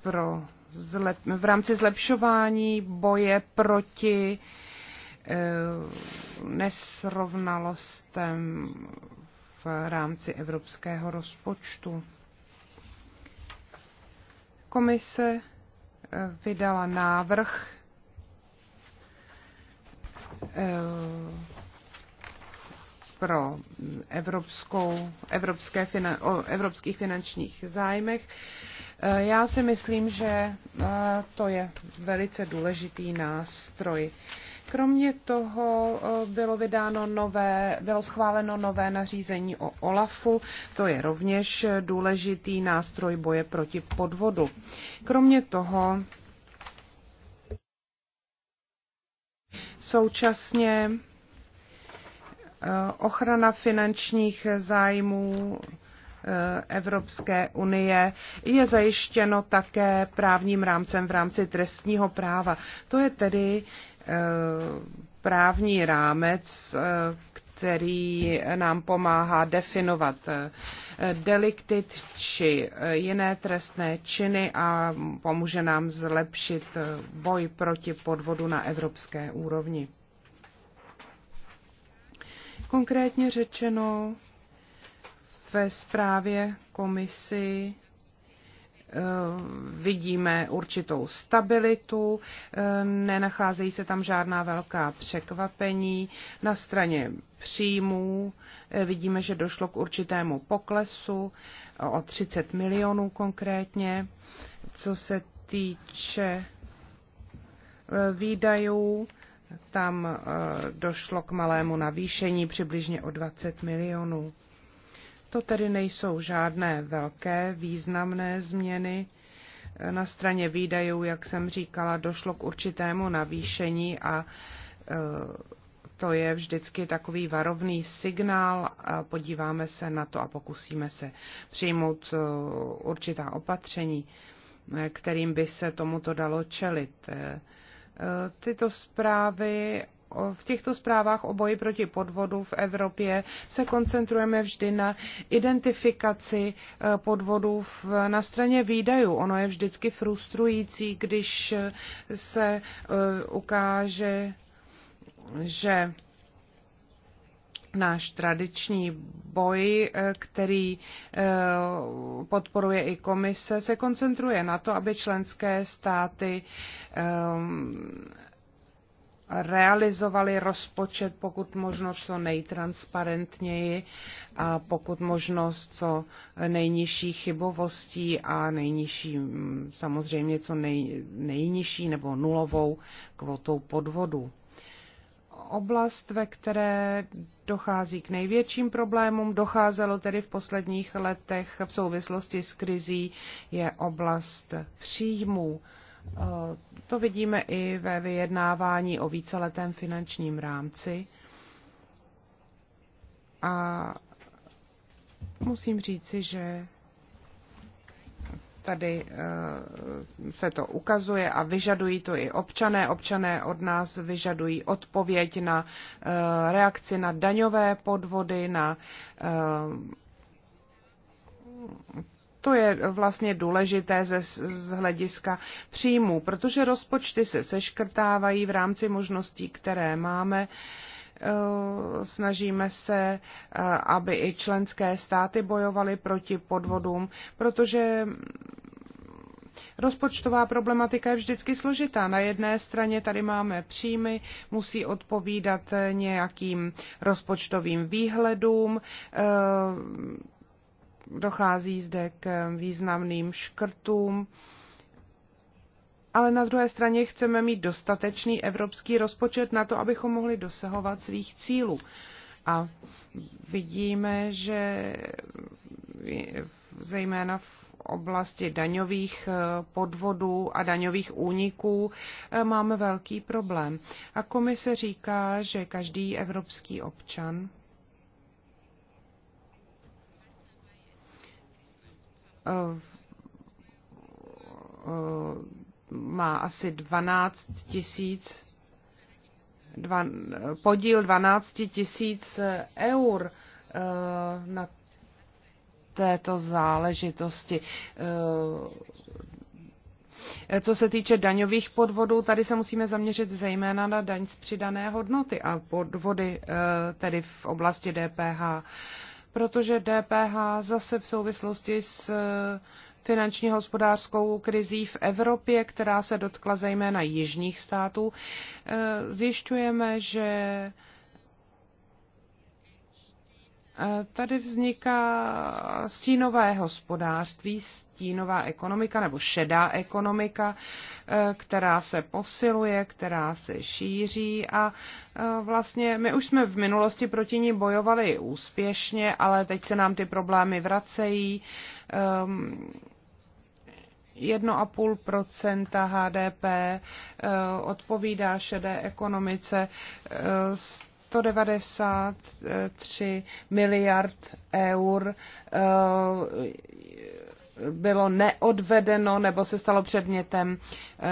pro zlep, v rámci zlepšování boje proti e, nesrovnalostem v rámci evropského rozpočtu. Komise eh, vydala návrh Eh, pro evropskou, evropské o evropských finančních zájmech. Eh, já si myslím, že eh, to je velice důležitý nástroj. Kromě toho bylo vydáno nové, bylo schváleno nové nařízení o OLAFu, to je rovněž důležitý nástroj boje proti podvodu. Kromě toho Současně eh, ochrana finančních zájmů eh, Evropské unie je zajištěno také právním rámcem v rámci trestního práva. To je tedy eh, právní rámec, který nám pomáhá definovat eh, delikty či eh, jiné trestné činy a pomůže nám zlepšit eh, boj proti podvodu na evropské úrovni. Konkrétně řečeno, ve zprávě komisi Eh, vidíme určitou stabilitu, eh, nenacházejí se tam žádná velká překvapení. Na straně příjmů eh, vidíme, že došlo k určitému poklesu o 30 milionů konkrétně. Co se týče výdajů, tam došlo k malému navýšení přibližně o 20 milionů to tedy nejsou žádné velké významné změny. Na straně výdajů, jak jsem říkala, došlo k určitému navýšení a e, to je vždycky takový varovný signál. Podíváme se na to a pokusíme se přijmout e, určitá opatření, e, kterým by se tomuto dalo čelit. Tyto zprávy v těchto zprávách o boji proti podvodu v Evropě se koncentrujeme vždy na identifikaci eh, podvodů na straně výdajů. Ono je vždycky frustrující, když eh, se eh, ukáže, že náš tradiční boj, který podporuje i komise, se koncentruje na to, aby členské státy realizovali rozpočet pokud možno co nejtransparentněji a pokud možno co nejnižší chybovostí a nejnižší, mm, samozřejmě co nej, nejnižší nebo nulovou kvotou podvodu. Oblast, ve které dochází k největším problémům, docházelo tedy v posledních letech v souvislosti s krizí, je oblast příjmů Eh, to vidíme i ve vyjednávání o víceletém finančním rámci. A musím říci, že tady eh, se to ukazuje a vyžadují to i občané. Občané od nás vyžadují odpověď na eh, reakci na daňové podvody, na to je vlastně důležité ze, z hlediska příjmů, protože rozpočty se seškrtávají v rámci možností, které máme eh, snažíme se, eh, aby i členské státy bojovaly proti podvodům, protože Rozpočtová problematika je vždycky složitá. Na jedné straně tady máme příjmy, musí odpovídat nějakým rozpočtovým výhledům, eh, dochází zde k významným škrtům, ale na druhé straně chceme mít dostatečný evropský rozpočet na to, abychom mohli dosahovat svých cílů. A vidíme, že zejména v oblasti daňových eh, podvodů a daňových úniků eh, máme velký problém. A komise říká, že každý evropský občan Eh, má asi 12 tisíc podíl 12 tisíc eur eh, na této záležitosti. Eh, co se týče daňových podvodů, tady se musíme zaměřit zejména na daň z přidané hodnoty a podvody tedy v oblasti DPH protože DPH zase v souvislosti s eh, finanční hospodářskou krizí v Evropě, která se dotkla zejména jižních států, eh, zjišťujeme, že Tady vzniká stínové hospodářství, stínová ekonomika nebo šedá ekonomika, eh, která se posiluje, která se šíří a eh, vlastně my už jsme v minulosti proti ní bojovali úspěšně, ale teď se nám ty problémy vracejí. 1,5 ehm, HDP eh, odpovídá šedé ekonomice 193 miliard eur eh, bylo neodvedeno nebo se stalo předmětem eh,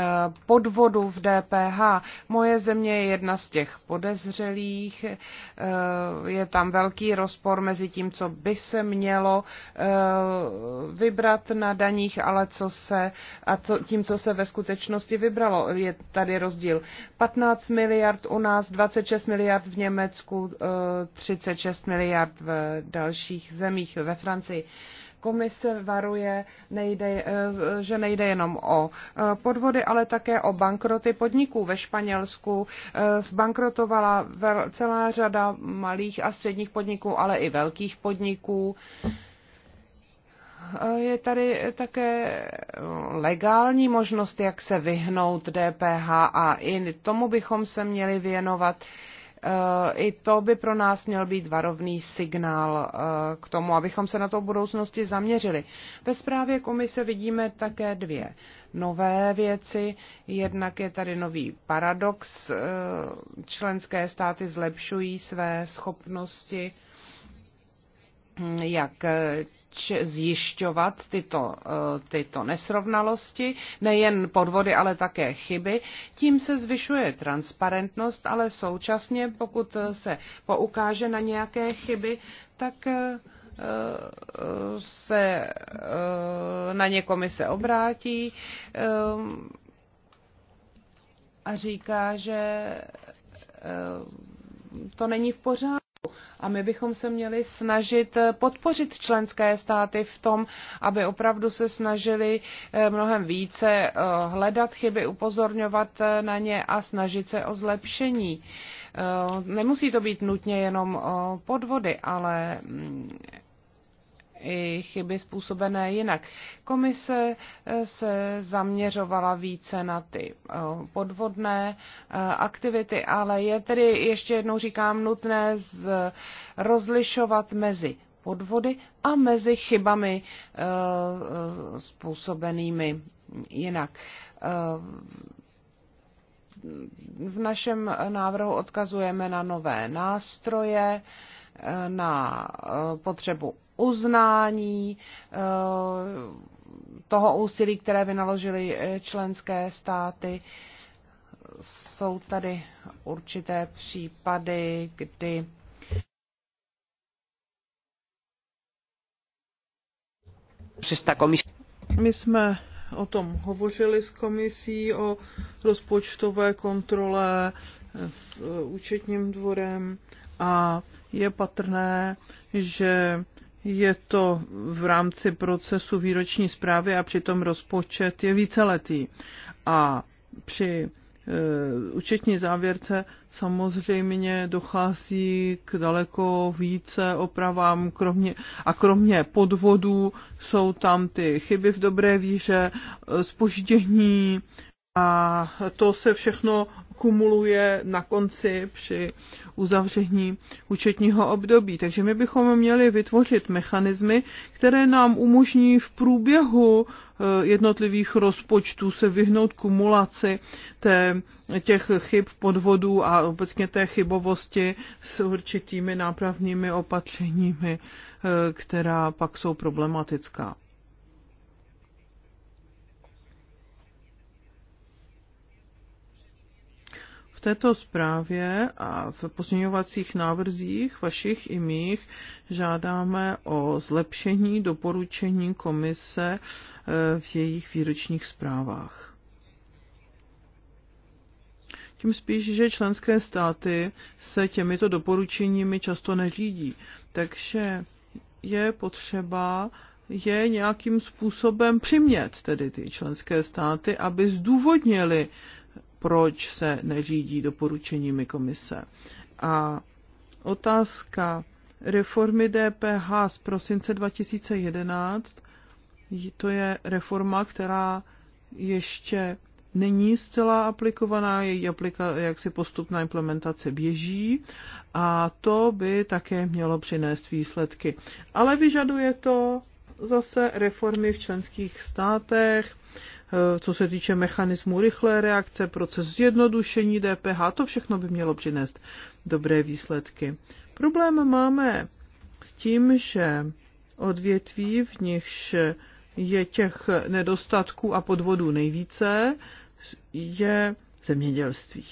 podvodu v DPH. Moje země je jedna z těch podezřelých. Eh, je tam velký rozpor mezi tím, co by se mělo eh, vybrat na daních, ale co se, a tím, co se ve skutečnosti vybralo. Je tady rozdíl 15 miliard u nás, 26 miliard v Německu, 36 miliard v dalších zemích ve Francii komise varuje, nejde, eh, že nejde jenom o eh, podvody, ale také o bankroty podniků ve Španělsku. Eh, zbankrotovala celá řada malých a středních podniků, ale i velkých podniků. Je tady také legální možnost, jak se vyhnout DPH a i tomu bychom se měli věnovat Eh, i to by pro nás měl být varovný signál eh, k tomu, abychom se na to v budoucnosti zaměřili. Ve zprávě komise vidíme také dvě nové věci. Jednak je tady nový paradox. Eh, členské státy zlepšují své schopnosti jak eh, zjišťovat tyto, eh, tyto nesrovnalosti, nejen podvody, ale také chyby. Tím se zvyšuje transparentnost, ale současně, pokud eh, se poukáže na nějaké chyby, tak se na ně komise obrátí a říká, že to není v pořádku a my bychom se měli snažit eh, podpořit členské státy v tom, aby opravdu se snažili eh, mnohem více eh, hledat chyby, upozorňovat na ně a snažit se o zlepšení. Nemusí to být nutně jenom podvody, ale mm, i chyby způsobené jinak. Komise eh, se zaměřovala více na ty eh, podvodné eh, aktivity, ale je tedy ještě jednou říkám nutné rozlišovat mezi podvody a mezi chybami způsobenými jinak v našem návrhu odkazujeme na nové nástroje, na potřebu uznání eh, toho úsilí, které vynaložily eh, členské státy. Jsou tady určité případy, kdy My jsme o tom hovořili s komisí o rozpočtové kontrole s eh, účetním dvorem a je patrné, že je to v rámci procesu výroční zprávy a přitom rozpočet je víceletý. A při e, účetní závěrce samozřejmě dochází k daleko více opravám kromě, a kromě podvodů jsou tam ty chyby v dobré víře, spoždění e, a to se všechno kumuluje na konci při uzavření účetního období. Takže my bychom měli vytvořit mechanismy, které nám umožní v průběhu eh, jednotlivých rozpočtů se vyhnout kumulaci té, těch chyb, podvodů a obecně té chybovosti s určitými nápravnými opatřeními, eh, která pak jsou problematická. této zprávě a v pozměňovacích návrzích vašich i mých žádáme o zlepšení doporučení komise eh, v jejich výročních zprávách. Tím spíš, že členské státy se těmito doporučeními často neřídí. Takže je potřeba je nějakým způsobem přimět tedy ty členské státy, aby zdůvodnili proč se neřídí doporučeními komise. A otázka reformy DPH z prosince 2011, to je reforma, která ještě není zcela aplikovaná, její aplika, si postupná implementace běží a to by také mělo přinést výsledky. Ale vyžaduje to zase reformy v členských státech, Eh, co se týče mechanismu rychlé reakce, proces zjednodušení DPH, to všechno by mělo přinést dobré výsledky. Problém máme s tím, že odvětví, v nichž je těch nedostatků a podvodů nejvíce, je zemědělství.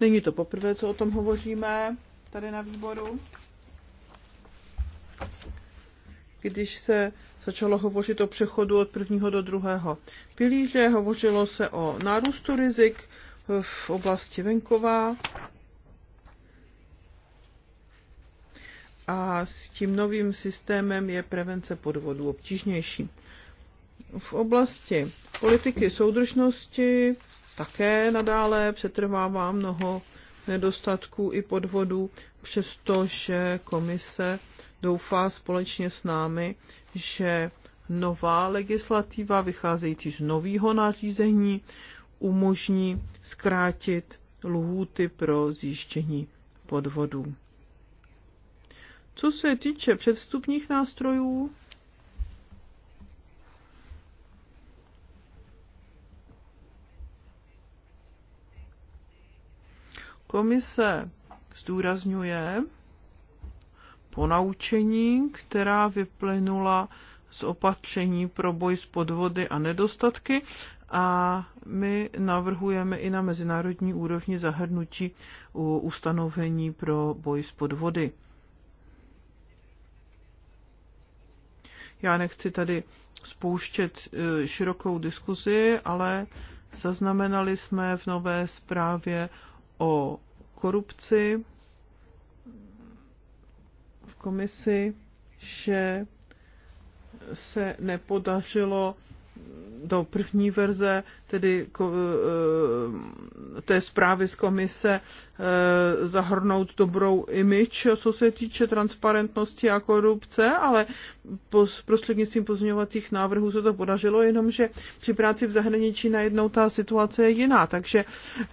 Není to poprvé, co o tom hovoříme tady na výboru když se začalo hovořit o přechodu od prvního do druhého pilíře. Hovořilo se o nárůstu rizik v oblasti venková a s tím novým systémem je prevence podvodů obtížnější. V oblasti politiky soudržnosti také nadále přetrvává mnoho nedostatků i podvodů, přestože komise doufá společně s námi, že nová legislativa vycházející z nového nařízení umožní zkrátit lhůty pro zjištění podvodů. Co se týče předstupních nástrojů, komise zdůrazňuje, ponaučení, která vyplynula z opatření pro boj s podvody a nedostatky a my navrhujeme i na mezinárodní úrovni zahrnutí ustanovení pro boj s podvody. Já nechci tady spouštět e, širokou diskuzi, ale zaznamenali jsme v nové zprávě o korupci komisi, že se nepodařilo do první verze, tedy eh, té zprávy z komise, eh, zahrnout dobrou imič, co se týče transparentnosti a korupce, ale prostřednictvím pozměňovacích návrhů se to podařilo, jenomže při práci v zahraničí najednou ta situace je jiná. Takže eh,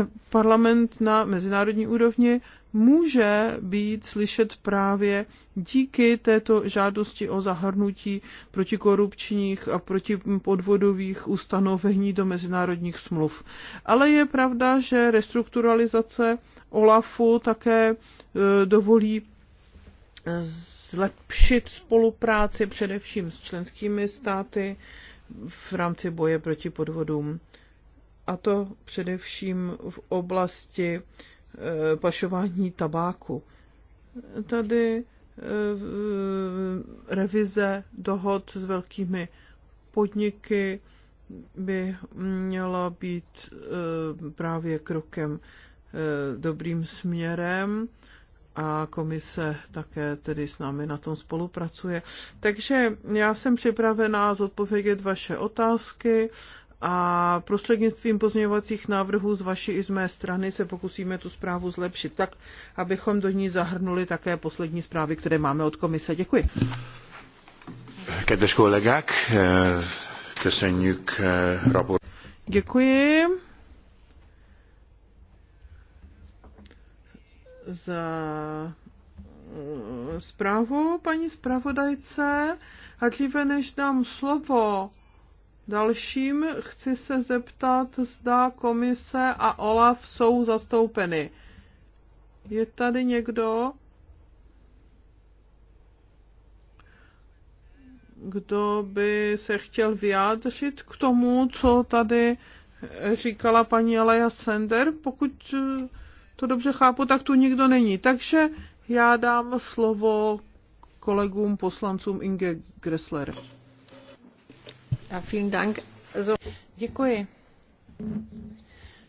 e- parlament na mezinárodní úrovni může být slyšet právě díky této žádosti o zahrnutí protikorupčních a protipodvodových ustanovení do mezinárodních smluv. Ale je pravda, že restrukturalizace OLAFu také e, dovolí e, zlepšit spolupráci především s členskými státy v rámci boje proti podvodům. A to především v oblasti Eh, pašování tabáku. Tady eh, revize dohod s velkými podniky by měla být eh, právě krokem dobrým směrem a komise také tedy s námi na tom spolupracuje. Takže já jsem připravená zodpovědět vaše otázky a prostřednictvím pozměňovacích návrhů z vaší i z mé strany se pokusíme tu zprávu zlepšit tak, abychom do ní zahrnuli také poslední zprávy, které máme od komise. Děkuji. Kedves kollégák, eh, Děkuji za eh, zprávu paní zpravodajce a dříve než dám slovo Dalším chci se zeptat, zda komise a OLAF jsou zastoupeny. Je tady někdo, kdo by se chtěl vyjádřit k tomu, co tady říkala paní Aleja Sender? Pokud to dobře chápu, tak tu nikdo není. Takže já dám slovo kolegům poslancům Inge Gressler. Děkuji.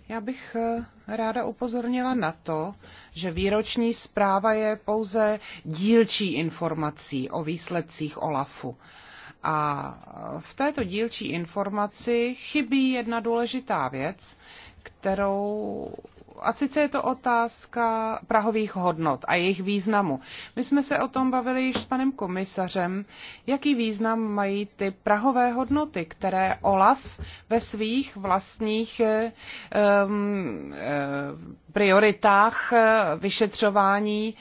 Já bych eh, ráda upozornila na to, že výroční zpráva je pouze dílčí informací o výsledcích OLAFu. A eh, v této dílčí informaci chybí jedna důležitá věc, kterou a sice je to otázka prahových hodnot a jejich významu. My jsme se o tom bavili již s panem komisařem, jaký význam mají ty prahové hodnoty, které OLAF ve svých vlastních um, prioritách eh, vyšetřování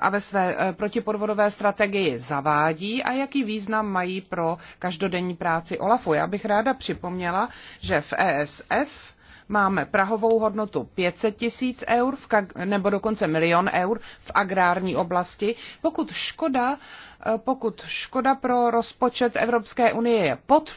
a ve své protipodvodové strategii zavádí a jaký význam mají pro každodenní práci OLAFu. Já bych ráda připomněla, že v ESF Máme prahovou hodnotu 500 tisíc eur nebo dokonce milion eur v agrární oblasti. Pokud škoda, eh, pokud škoda pro rozpočet Evropské unie je pod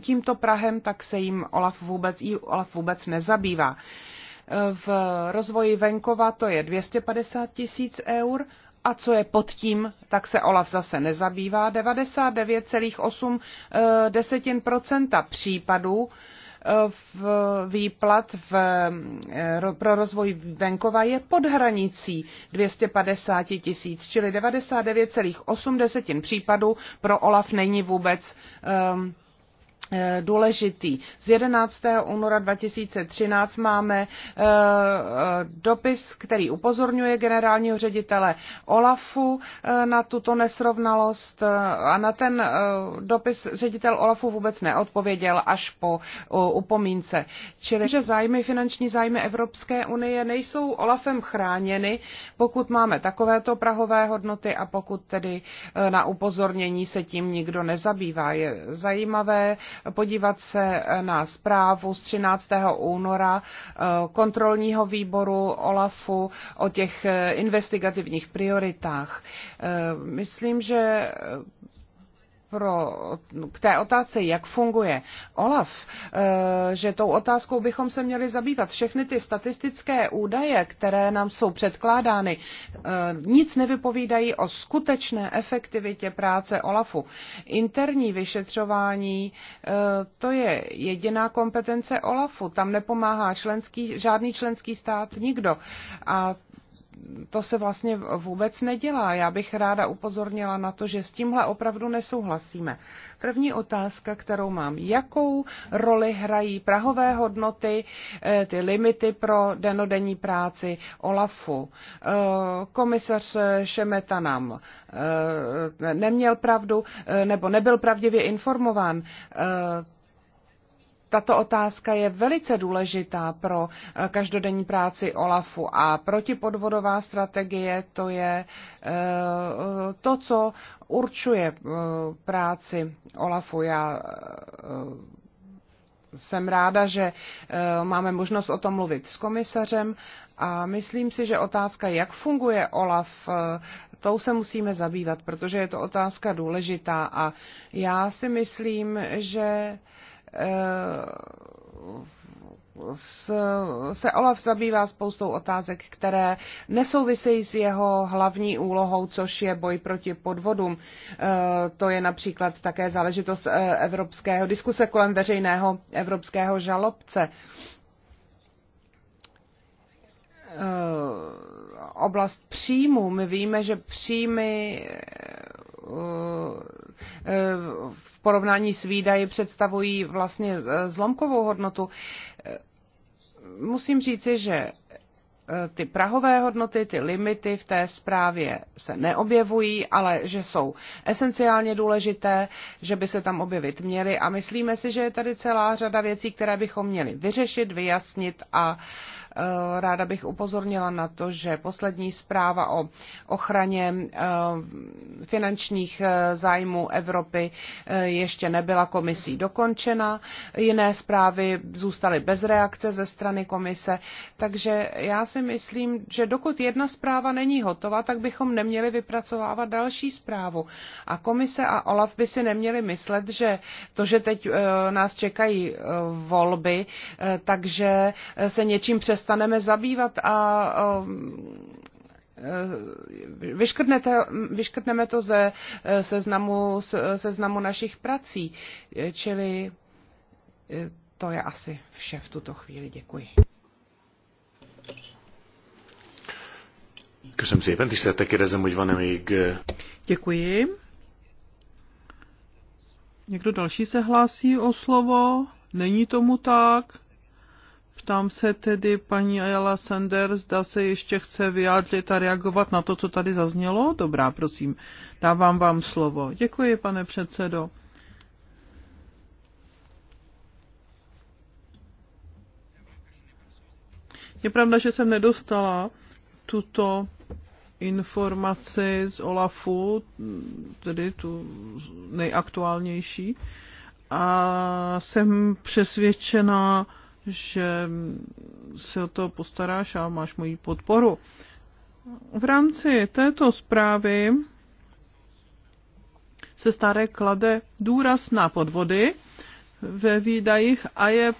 tímto Prahem, tak se jim Olaf vůbec, jí Olaf vůbec nezabývá. Eh, v rozvoji venkova to je 250 tisíc eur a co je pod tím, tak se OLAF zase nezabývá. 99,8 eh, desetin procenta případů v výplat v, eh, pro rozvoj venkova je pod hranicí 250 tisíc, čili 99,8 případů pro OLAF není vůbec um, Eh, důležitý. Z 11. února 2013 máme eh, eh, dopis, který upozorňuje generálního ředitele Olafu na tuto nesrovnalost a na ten dopis ředitel Olafu vůbec neodpověděl až po upomínce. Čili, že zájmy, finanční zájmy Evropské unie nejsou Olafem chráněny, pokud máme takovéto prahové hodnoty a pokud tedy na upozornění se tím nikdo nezabývá. Je zajímavé, podívat se na zprávu z 13. února eh, kontrolního výboru OLAFu o těch eh, investigativních prioritách. Eh, myslím, že pro, k té otázce, jak funguje OLAF, eh, že tou otázkou bychom se měli zabývat. Všechny ty statistické údaje, které nám jsou předkládány, eh, nic nevypovídají o skutečné efektivitě práce OLAFu. Interní vyšetřování, eh, to je jediná kompetence OLAFu. Tam nepomáhá členský, žádný členský stát, nikdo. A to se vlastně vůbec nedělá. Já bych ráda upozornila na to, že s tímhle opravdu nesouhlasíme. První otázka, kterou mám, jakou roli hrají prahové hodnoty, eh, ty limity pro denodenní práci OLAFu? Eh, komisař Šemeta nám eh, neměl pravdu, nebo nebyl pravdivě informován. Tato otázka je velice důležitá pro eh, každodenní práci OLAFu a protipodvodová strategie to je eh, to, co určuje eh, práci OLAFu. Já jsem ráda, že máme možnost o tom mluvit s komisařem a myslím si, že otázka, jak funguje OLAF, tou se musíme zabývat, protože je to otázka důležitá a já si myslím, že Eh, se Olaf zabývá spoustou otázek, které nesouvisejí s jeho hlavní úlohou, což je boj proti podvodům. Eh, to je například také záležitost eh, evropského diskuse kolem veřejného evropského žalobce oblast příjmů. My víme, že příjmy porovnání s výdaji představují vlastně eh, zlomkovou hodnotu. Eh, musím říci, že eh, ty prahové hodnoty, ty limity v té zprávě se neobjevují, ale že jsou esenciálně důležité, že by se tam objevit měly a myslíme si, že je tady celá řada věcí, které bychom měli vyřešit, vyjasnit a uh, Eh, ráda bych upozornila na to, že poslední zpráva o ochraně eh, finančních eh, zájmů Evropy ještě nebyla komisí dokončena. Jiné zprávy zůstaly bez reakce ze strany komise, takže já si myslím, že dokud jedna zpráva není hotová, tak bychom neměli vypracovávat další zprávu. A komise a OLAF by si neměli myslet, že to, že teď nás čekají volby, takže se něčím přes přestaneme zabývat a e, vyškrtneme to ze e, seznamu, seznamu našich prací. E, čili to je asi vše v tuto chvíli. Děkuji. Děkuji. Někdo další se hlásí o slovo? Není tomu tak. Ptám se tedy paní Ayala Sanders, zda se ještě chce vyjádřit a reagovat na to, co tady zaznělo. Dobrá, prosím, dávám vám slovo. Děkuji, pane předsedo. Je pravda, že jsem nedostala tuto informaci z OLAFu, tedy tu nejaktuálnější, a jsem přesvědčena, že se o to postaráš a máš moji podporu. V rámci této zprávy se staré klade důraz na podvody ve výdajích a je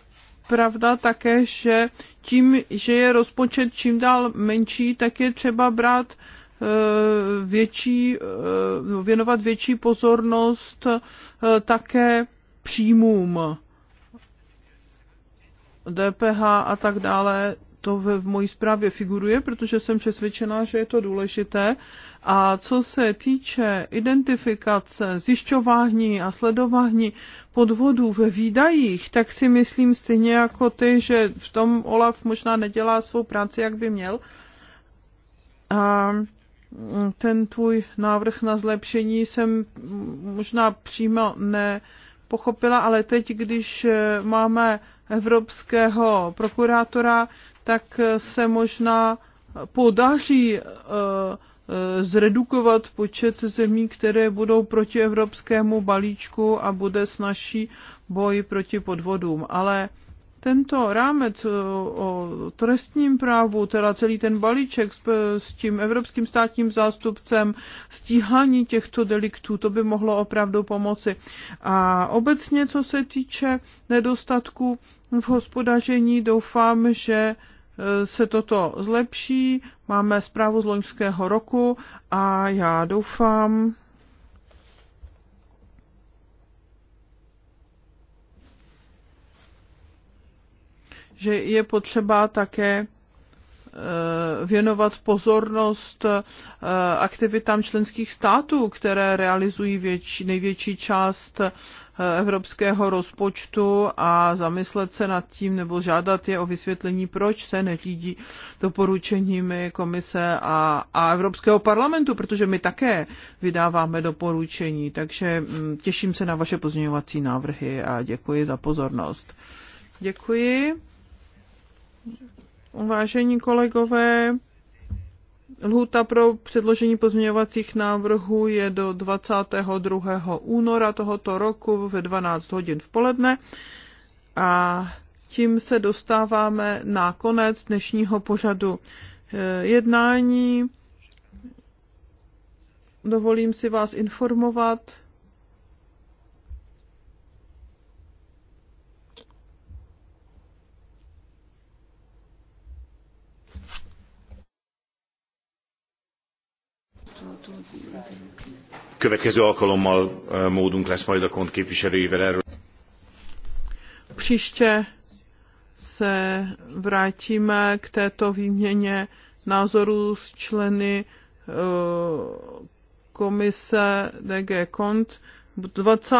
pravda také, že tím, že je rozpočet čím dál menší, tak je třeba brát e, větší, e, no, věnovat větší pozornost e, také příjmům DPH a tak dále, to v, v mojí zprávě figuruje, protože jsem přesvědčená, že je to důležité. A co se týče identifikace, zjišťování a sledování podvodů ve výdajích, tak si myslím stejně jako ty, že v tom Olaf možná nedělá svou práci, jak by měl. A ten tvůj návrh na zlepšení jsem možná přímo ne pochopila, ale teď, když eh, máme evropského prokurátora, tak eh, se možná podaří eh, zredukovat počet zemí, které budou proti evropskému balíčku a bude snažší boj proti podvodům. Ale tento rámec eh, o trestním právu, teda celý ten balíček s, eh, s tím evropským státním zástupcem, stíhání těchto deliktů, to by mohlo opravdu pomoci. A obecně, co se týče nedostatku v hospodaření, doufám, že eh, se toto zlepší. Máme zprávu z loňského roku a já doufám, že je potřeba také eh, věnovat pozornost eh, aktivitám členských států, které realizují větši, největší část eh, evropského rozpočtu a zamyslet se nad tím nebo žádat je o vysvětlení, proč se neřídí doporučeními komise a, a Evropského parlamentu, protože my také vydáváme doporučení. Takže mm, těším se na vaše pozměňovací návrhy a děkuji za pozornost. Děkuji. Vážení kolegové, lhůta pro předložení pozměňovacích návrhů je do 22. února tohoto roku ve 12 hodin v poledne. A tím se dostáváme na konec dnešního pořadu eh, jednání. Dovolím si vás informovat, Következő alkalommal módunk lesz majd a kont képviselőivel erről. Příště se vrátíme k této výměně názorů s členy komise DG Kont 20.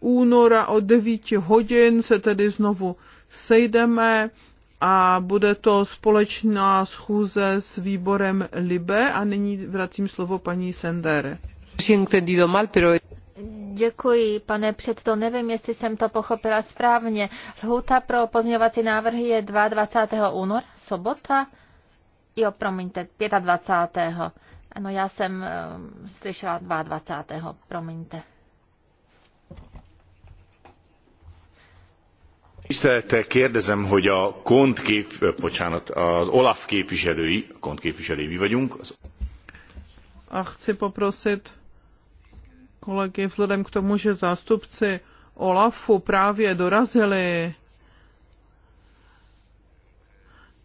února o 9 hodin se tedy znovu sejdeme a bude to společná schůze s výborem Libe a nyní vracím slovo paní Sendere. Děkuji, pane předto. Nevím, jestli jsem to pochopila správně. Lhuta pro pozměňovací návrhy je 22. února, sobota. Jo, promiňte, 25. Ano, já jsem uh, slyšela 22. Promiňte. Tisztelettel kérdezem, hogy a KONT kép, bocsánat, az OLAF képviselői, a KONT képviselői vagyunk. A chci poprosit kolegy, vzhledem k tomu, že zástupci OLAFu právě dorazili,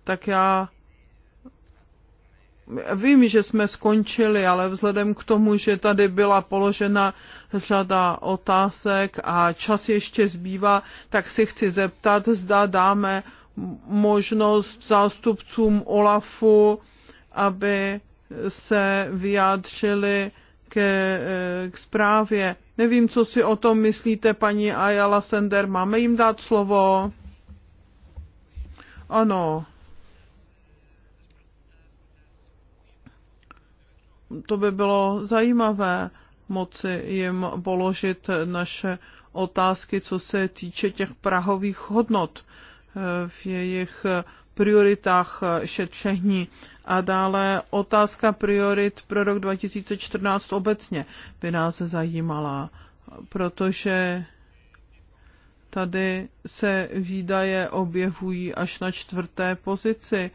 tak já Vím, že jsme skončili, ale vzhledem k tomu, že tady byla položena řada otázek a čas ještě zbývá, tak si chci zeptat, zda dáme možnost zástupcům OLAFu, aby se vyjádřili ke, eh, k zprávě. Nevím, co si o tom myslíte, paní Ayala Sender. Máme jim dát slovo? Ano, to by bylo zajímavé moci jim položit naše otázky, co se týče těch prahových hodnot eh, v jejich prioritách šetření a dále otázka priorit pro rok 2014 obecně by nás zajímala, protože tady se výdaje objevují až na čtvrté pozici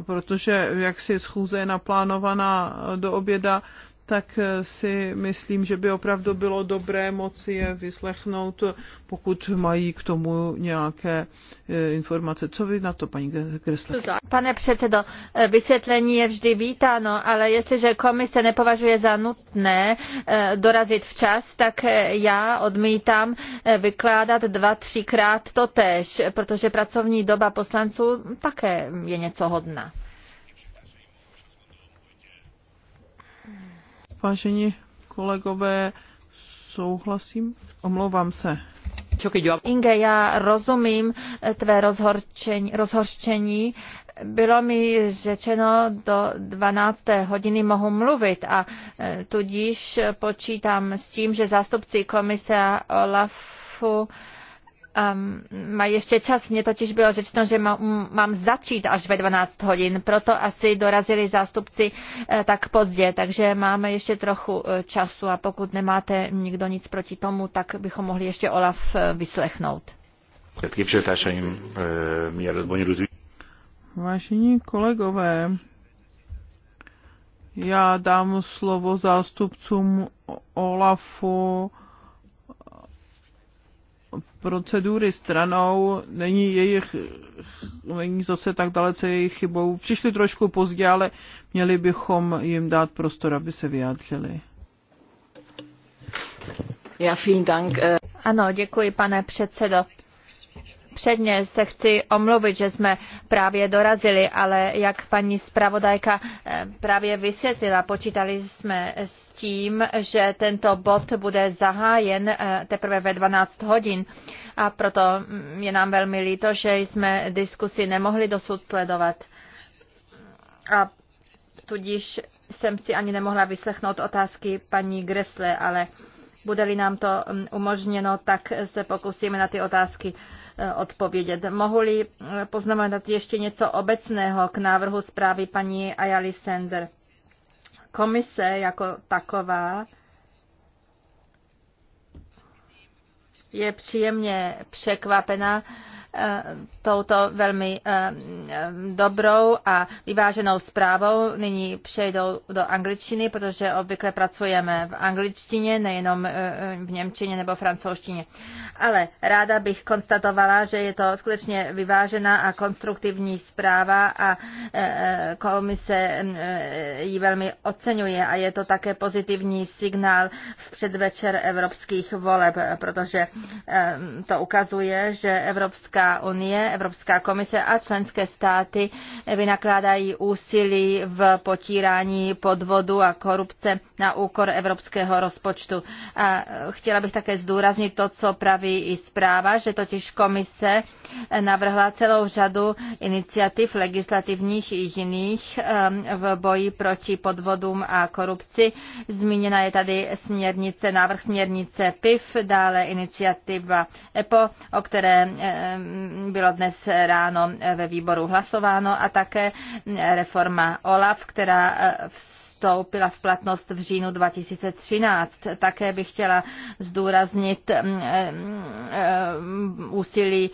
protože jak si schůze je naplánovaná do oběda, tak eh, si myslím, že by opravdu bylo dobré moci je vyslechnout, pokud mají k tomu nějaké eh, informace. Co vy na to, paní Kresle? Pane předsedo, eh, vysvětlení je vždy vítáno, ale jestliže komise nepovažuje za nutné dorazit včas, tak já odmítám vykládat dva, třikrát to tež, protože pracovní doba poslanců také je něco hodná. Vážení kolegové, souhlasím, omlouvám se. Inge, já rozumím eh, tvé rozhorčení, rozhorčení. Bylo mi řečeno, do 12. hodiny mohu mluvit a eh, tudíž počítám s tím, že zástupci komise a OLAFu Um, mají ještě čas. Mně totiž bylo řečeno, že mám začít až ve 12 hodin, proto asi dorazili zástupci eh, tak pozdě, takže máme ještě trochu eh, času a pokud nemáte nikdo nic proti tomu, tak bychom mohli ještě Olaf eh, vyslechnout. Vážení kolegové, já dám slovo zástupcům Olafu procedury stranou, není jejich, není zase tak dalece jejich chybou. Přišli trošku pozdě, ale měli bychom jim dát prostor, aby se vyjádřili. Já vielen Dank. Eh. Ano, děkuji, pane předsedo. Předně se chci omluvit, že jsme právě dorazili, ale jak paní zpravodajka eh, právě vysvětlila, počítali jsme s tím, že tento bod bude zahájen eh, teprve ve 12 hodin a proto je nám velmi líto, že jsme diskusi nemohli dosud sledovat. A tudíž jsem si ani nemohla vyslechnout otázky paní Gresle, ale bude-li nám to mm, umožněno, tak se pokusíme na ty otázky eh, odpovědět. Mohu-li eh, poznamenat ještě něco obecného k návrhu zprávy paní Ayali Sender? komise jako taková je příjemně překvapena Eh, touto velmi eh, dobrou a vyváženou zprávou. Nyní přejdou do angličtiny, protože obvykle pracujeme v angličtině, nejenom eh, v němčině nebo francouzštině. Ale ráda bych konstatovala, že je to skutečně vyvážená a konstruktivní zpráva a komise ji velmi oceňuje a je to také pozitivní signál v předvečer evropských voleb, protože to ukazuje, že Evropská Evropská unie, Evropská komise a členské státy vynakládají úsilí v potírání podvodu a korupce na úkor evropského rozpočtu. A chtěla bych také zdůraznit to, co praví i zpráva, že totiž komise navrhla celou řadu iniciativ legislativních i jiných ehm, v boji proti podvodům a korupci. Zmíněna je tady směrnice, návrh směrnice PIF, dále iniciativa EPO, o které ehm, bylo dnes ráno ve výboru hlasováno a také reforma OLAF, která v vstoupila v platnost v říjnu 2013. Také bych chtěla zdůraznit mm, mm, úsilí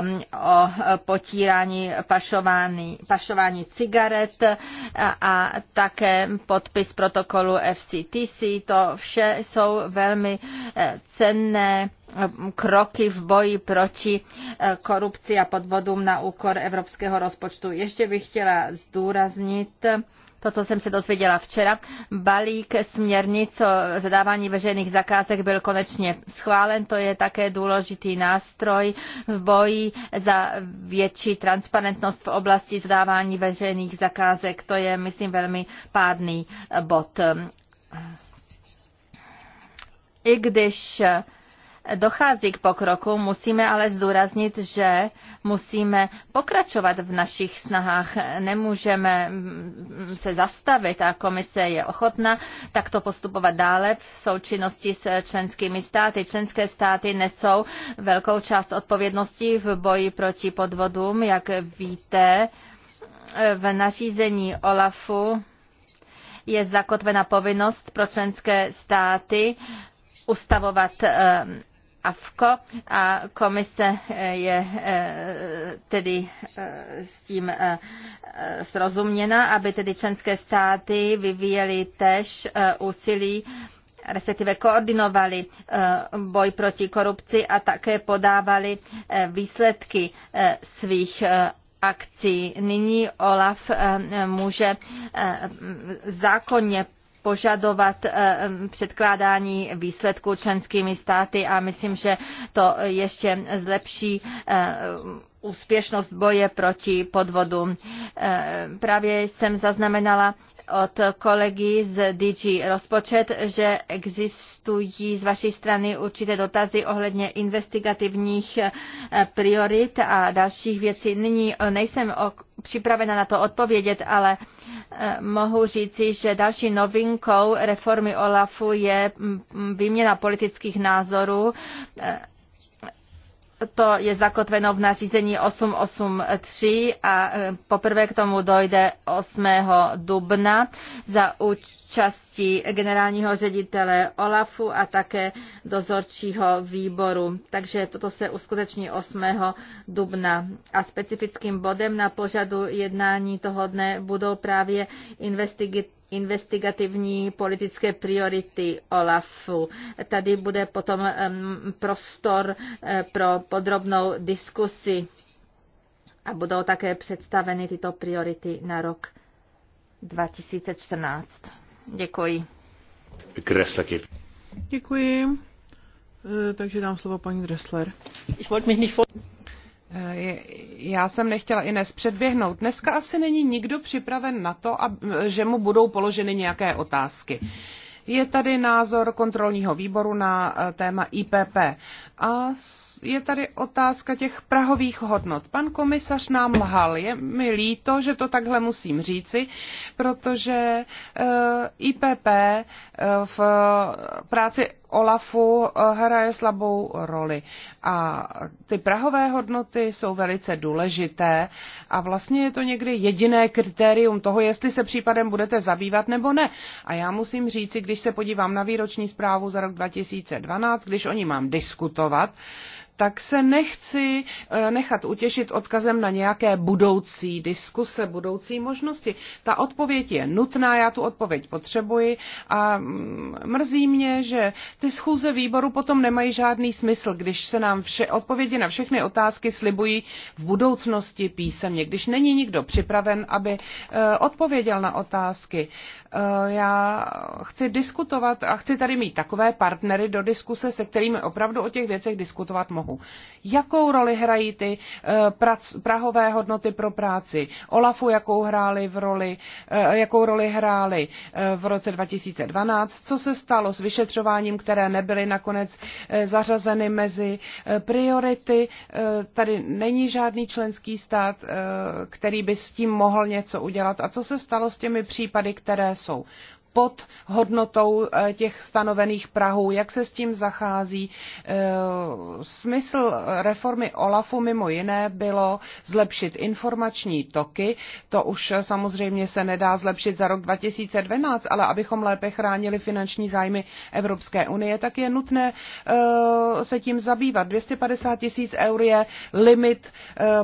mm, o potírání pašování, pašování cigaret a také podpis protokolu FCTC. To vše jsou velmi eh, cenné kroky v boji proti eh, korupci a podvodům na úkor evropského rozpočtu. Ještě bych chtěla zdůraznit, to, co jsem se dozvěděla včera. Balík směrnic o zadávání veřejných zakázek byl konečně schválen. To je také důležitý nástroj v boji za větší transparentnost v oblasti zadávání veřejných zakázek. To je, myslím, velmi pádný bod. I když dochází k pokroku, musíme ale zdůraznit, že musíme pokračovat v našich snahách. Nemůžeme mm, mm, se zastavit a komise je ochotna takto postupovat dále v součinnosti s členskými státy. Členské státy nesou velkou část odpovědnosti v boji proti podvodům, jak víte. V nařízení OLAFu je zakotvena povinnost pro členské státy ustavovat eh, AFCO a komise eh, je eh, tedy eh, s tím srozuměna, aby tedy členské státy vyvíjely tež úsilí respektive koordinovali boj proti korupci a také podávali výsledky svých akcí. Nyní OLAF může zákonně požadovat eh, předkládání výsledků členskými státy a myslím, že to ještě zlepší eh, úspěšnost boje proti podvodům. Eh, právě jsem zaznamenala od kolegy z DG Rozpočet, že existují z vaší strany určité dotazy ohledně investigativních eh, priorit a dalších věcí. Nyní eh, nejsem připravena na to odpovědět, ale eh, mohu říci, že další novinkou reformy OLAFu je mm, mm, výměna politických názorů to je zakotveno v nařízení 883 a e, poprvé k tomu dojde 8. dubna za účasti generálního ředitele OLAFu a také dozorčího výboru. Takže toto se uskuteční 8. dubna. A specifickým bodem na požadu jednání toho dne budou právě investigy investigativní politické priority OLAFu. Tady bude potom prostor eh, pro podrobnou diskusi a budou také představeny tyto priority na rok 2014. Děkuji. Kresleky. Děkuji. Eh, takže dám slovo paní Dressler. Eh, já jsem nechtěla Ines předběhnout. Dneska asi není nikdo připraven na to, že mu budou položeny nějaké otázky. Je tady názor kontrolního výboru na eh, téma IPP. A je tady otázka těch prahových hodnot. Pan komisař nám lhal. Je mi líto, že to takhle musím říci, protože eh, IPP eh, v práci OLAFu eh, hraje slabou roli. A ty prahové hodnoty jsou velice důležité a vlastně je to někdy jediné kritérium toho, jestli se případem budete zabývat nebo ne. A já musím říci, když se podívám na výroční zprávu za rok 2012, když o ní mám diskutovat, tak se nechci eh, nechat utěšit odkazem na nějaké budoucí diskuse, budoucí možnosti. Ta odpověď je nutná, já tu odpověď potřebuji a mm, mrzí mě, že ty schůze výboru potom nemají žádný smysl, když se nám vše, odpovědi na všechny otázky slibují v budoucnosti písemně, když není nikdo připraven, aby eh, odpověděl na otázky. Eh, já chci diskutovat a chci tady mít takové partnery do diskuse, se kterými opravdu o těch věcech diskutovat mohu. Prahu. Jakou roli hrají ty eh, prac, prahové hodnoty pro práci? Olafu, jakou, hráli v roli, eh, jakou roli hráli eh, v roce 2012? Co se stalo s vyšetřováním, které nebyly nakonec zařazeny mezi priority? Tady není žádný členský stát, který by s tím mohl něco udělat. A co se stalo s těmi případy, které jsou pod hodnotou eh, těch stanovených Prahů. Jak se s tím zachází? Eh, smysl reformy OLAFu mimo jiné bylo zlepšit informační toky. To už eh, samozřejmě se nedá zlepšit za rok 2012, ale abychom lépe chránili finanční zájmy Evropské unie, tak je nutné se tím zabývat. 250 tisíc eur je limit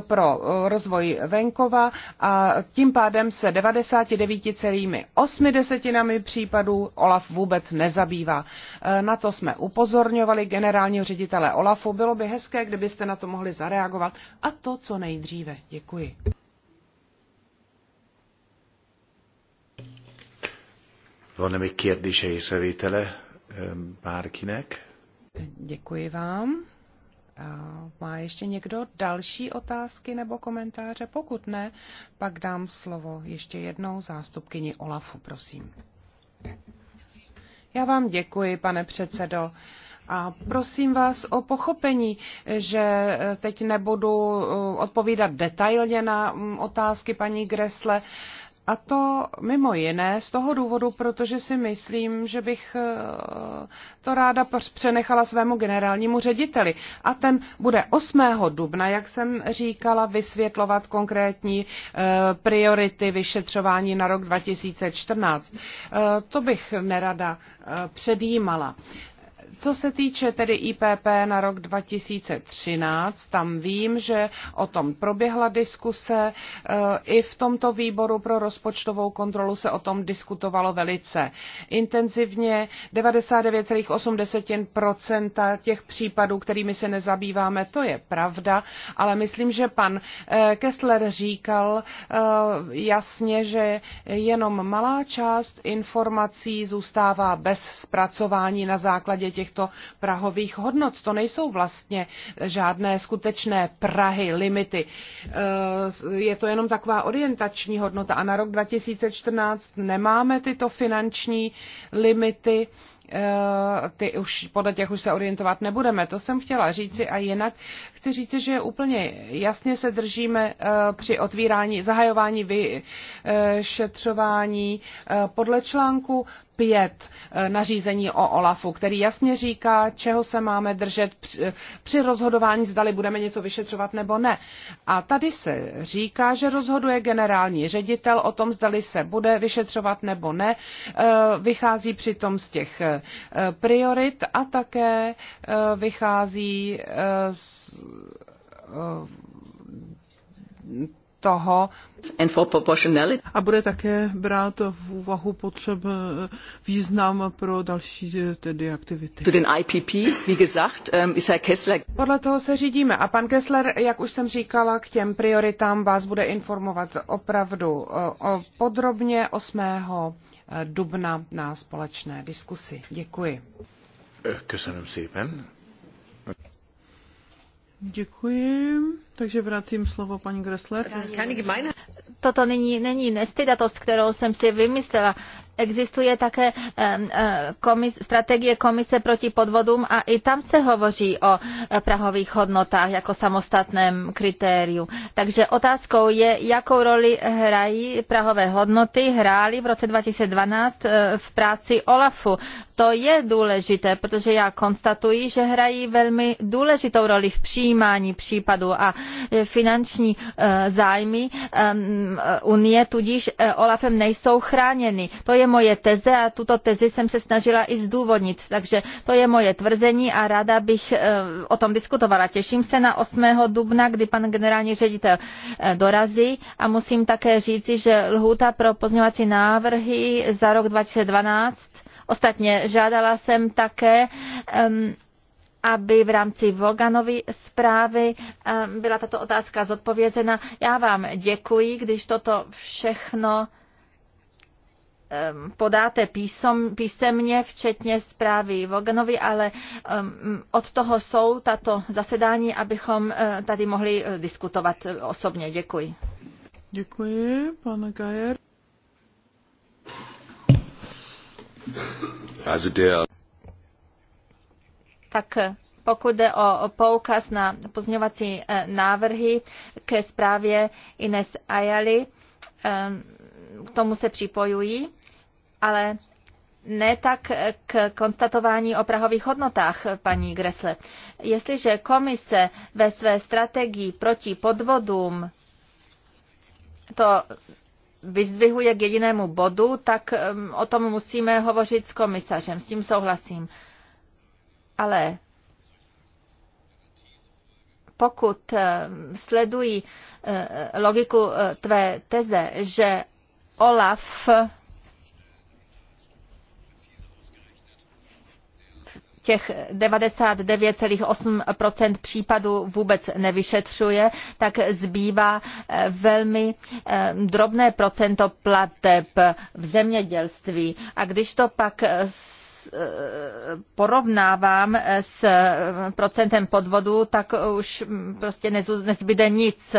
pro rozvoj venkova a tím pádem se 99,8 desetinami právy případů OLAF vůbec nezabývá. E, na to jsme upozorňovali generálního ředitele OLAFu. Bylo by hezké, kdybyste na to mohli zareagovat a to co nejdříve. Děkuji. Van-e még kérdése e, Děkuji vám. Má ještě někdo další otázky nebo komentáře? Pokud ne, pak dám slovo ještě jednou zástupkyni Olafu, prosím. Já vám děkuji, pane předsedo. A prosím vás o pochopení, že eh, teď nebudu eh, odpovídat detailně na mm, otázky paní Gresle. A to mimo jiné z toho důvodu, protože si myslím, že bych eh, to ráda přenechala svému generálnímu řediteli. A ten bude 8. dubna, jak jsem říkala, vysvětlovat konkrétní eh, priority vyšetřování na rok 2014. Eh, to bych nerada předjímala. Co se týče tedy IPP na rok 2013, tam vím, že o tom proběhla diskuse. E, I v tomto výboru pro rozpočtovou kontrolu se o tom diskutovalo velice intenzivně. 99,8% těch případů, kterými se nezabýváme, to je pravda, ale myslím, že pan e, Kessler říkal e, jasně, že jenom malá část informací zůstává bez zpracování na základě těch těchto prahových hodnot. To nejsou vlastně žádné skutečné Prahy, limity. Eh, je to jenom taková orientační hodnota a na rok 2014 nemáme tyto finanční limity eh, ty už podle těch už se orientovat nebudeme. To jsem chtěla říci a jinak chci říci, že úplně jasně se držíme eh, při otvírání, zahajování, vyšetřování podle článku 5 eh, nařízení o OLAFu, který jasně říká, čeho se máme držet eh, při rozhodování, zdali budeme něco vyšetřovat nebo ne. A tady se říká, že rozhoduje generální ředitel o tom, zdali se bude vyšetřovat nebo ne. Eh, vychází přitom z těch priorit a také vychází z toho a bude také brát v úvahu potřeb eh, význam pro další eh, tedy aktivity. To den IPP, wie gesagt, ähm, ist Herr Kessler. Podle toho se řídíme a pan Kessler, jak už jsem říkala, k těm prioritám vás bude informovat opravdu eh, o podrobně 8. dubna na společné diskusi. Děkuji. Köszönöm szépen. Děkuji. Takže vracím slovo paní Gressler. Toto není, není nestydatost, kterou jsem si vymyslela existuje také eh, eh, komis, strategie komise proti podvodům a i tam se hovoří o eh, prahových hodnotách jako samostatném kritériu. Takže otázkou je, jakou roli hrají prahové hodnoty, hrály v roce 2012 v práci OLAFu. To je důležité, protože já konstatuji, že hrají velmi důležitou roli v přijímání případů a finanční zájmy ehm, Unie tudíž OLAFem nejsou chráněny. To je moje teze a tuto tezi jsem se snažila i zdůvodnit. Takže to je moje tvrzení a ráda bych eh, o tom diskutovala. Těším se na 8. dubna, kdy pan generální ředitel eh, dorazí a musím také říci, že lhůta pro pozměňovací návrhy za rok 2012 Ostatně žádala jsem také, aby v rámci Voganovy zprávy byla tato otázka zodpovězena. Já vám děkuji, když toto všechno Um, podáte písom, písemně, včetně zprávy Voganovi, ale um, od toho jsou tato zasedání, abychom uh, tady mohli uh, diskutovat uh, osobně. Děkuji. Děkuji, pane Gajer. Tak pokud jde o poukaz na pozměňovací návrhy ke zprávě Ines Ayali, um, k tomu se připojují, ale ne tak k konstatování o prahových hodnotách, paní Gresle. Jestliže komise ve své strategii proti podvodům to vyzdvihuje k jedinému bodu, tak um, o tom musíme hovořit s komisařem, s tím souhlasím. Ale pokud um, sledují uh, logiku uh, tvé teze, že olaf těch 99,8 případů vůbec nevyšetřuje, tak zbývá eh, velmi eh, drobné procento plateb v zemědělství. A když to pak Eh, porovnávám eh, s eh, procentem podvodu, tak už mm, prostě nezbyde nic.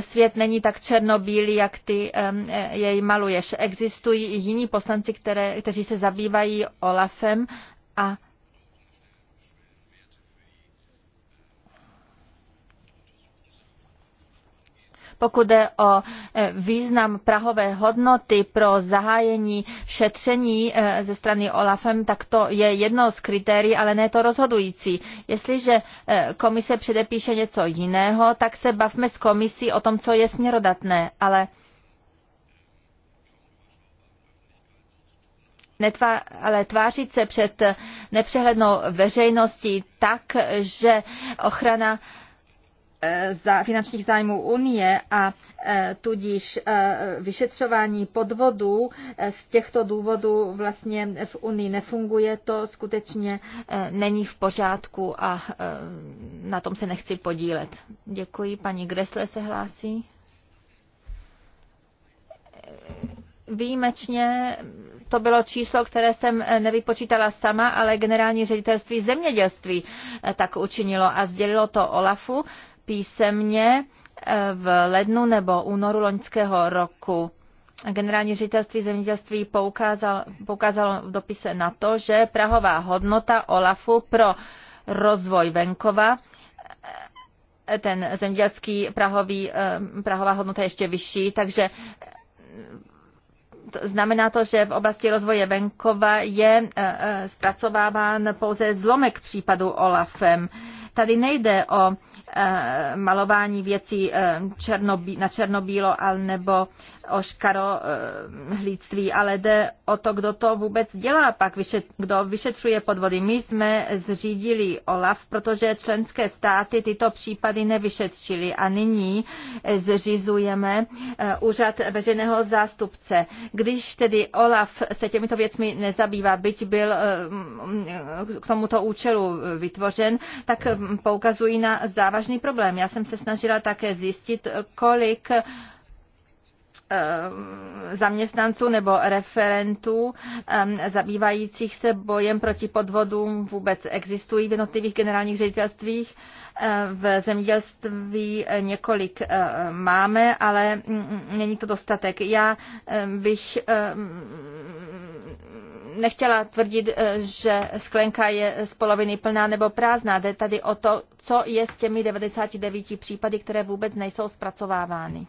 Svět není tak černobílý, jak ty jej maluješ. Existují i jiní poslanci, které, kteří se zabývají Olafem a Pokud jde o e, význam prahové hodnoty pro zahájení šetření e, ze strany OLAFem, tak to je jedno z kritérií, ale ne to rozhodující. Jestliže e, komise předepíše něco jiného, tak se bavme s komisí o tom, co je směrodatné, ale netvá, ale tvářit se před nepřehlednou veřejností tak, že ochrana Eh, za finančních zájmů Unie a eh, tudíž eh, vyšetřování podvodů z těchto důvodů vlastně v Unii nefunguje, to skutečně není v pořádku a na tom se nechci podílet. Děkuji. Paní Gresle se hlásí. Výjimečně to bylo číslo, které jsem nevypočítala sama, ale generální ředitelství zemědělství tak učinilo a sdělilo to Olafu písemně eh, v lednu nebo únoru loňského roku. Generální ředitelství zemědělství poukázalo, poukázalo v dopise na to, že prahová hodnota OLAFu pro rozvoj venkova eh, ten zemědělský prahový, eh, prahová hodnota je ještě vyšší, takže znamená to, že v oblasti rozvoje venkova je zpracováván pouze zlomek případu OLAFem. Tady nejde o Eh, malování věcí eh, černobí, na černobílo nebo o škaro eh, hlídství, ale jde o to, kdo to vůbec dělá pak, vyšet, kdo vyšetřuje podvody. My jsme zřídili OLAF, protože členské státy tyto případy nevyšetřili a nyní zřizujeme úřad veřejného zástupce. Když tedy OLAF se těmito věcmi nezabývá, byť byl mm, k tomuto účelu vytvořen, tak mm, poukazují na závažnost vážný problém. Já jsem se snažila také zjistit, kolik eh, zaměstnanců nebo referentů eh, zabývajících se bojem proti podvodům vůbec existují v jednotlivých generálních ředitelstvích v zemědělství několik eh, máme, ale mm, mm, není to dostatek. Já eh, bych eh, nechtěla tvrdit, že sklenka je z poloviny plná nebo prázdná. Jde tady o to, co je s těmi 99 případy, které vůbec nejsou zpracovávány.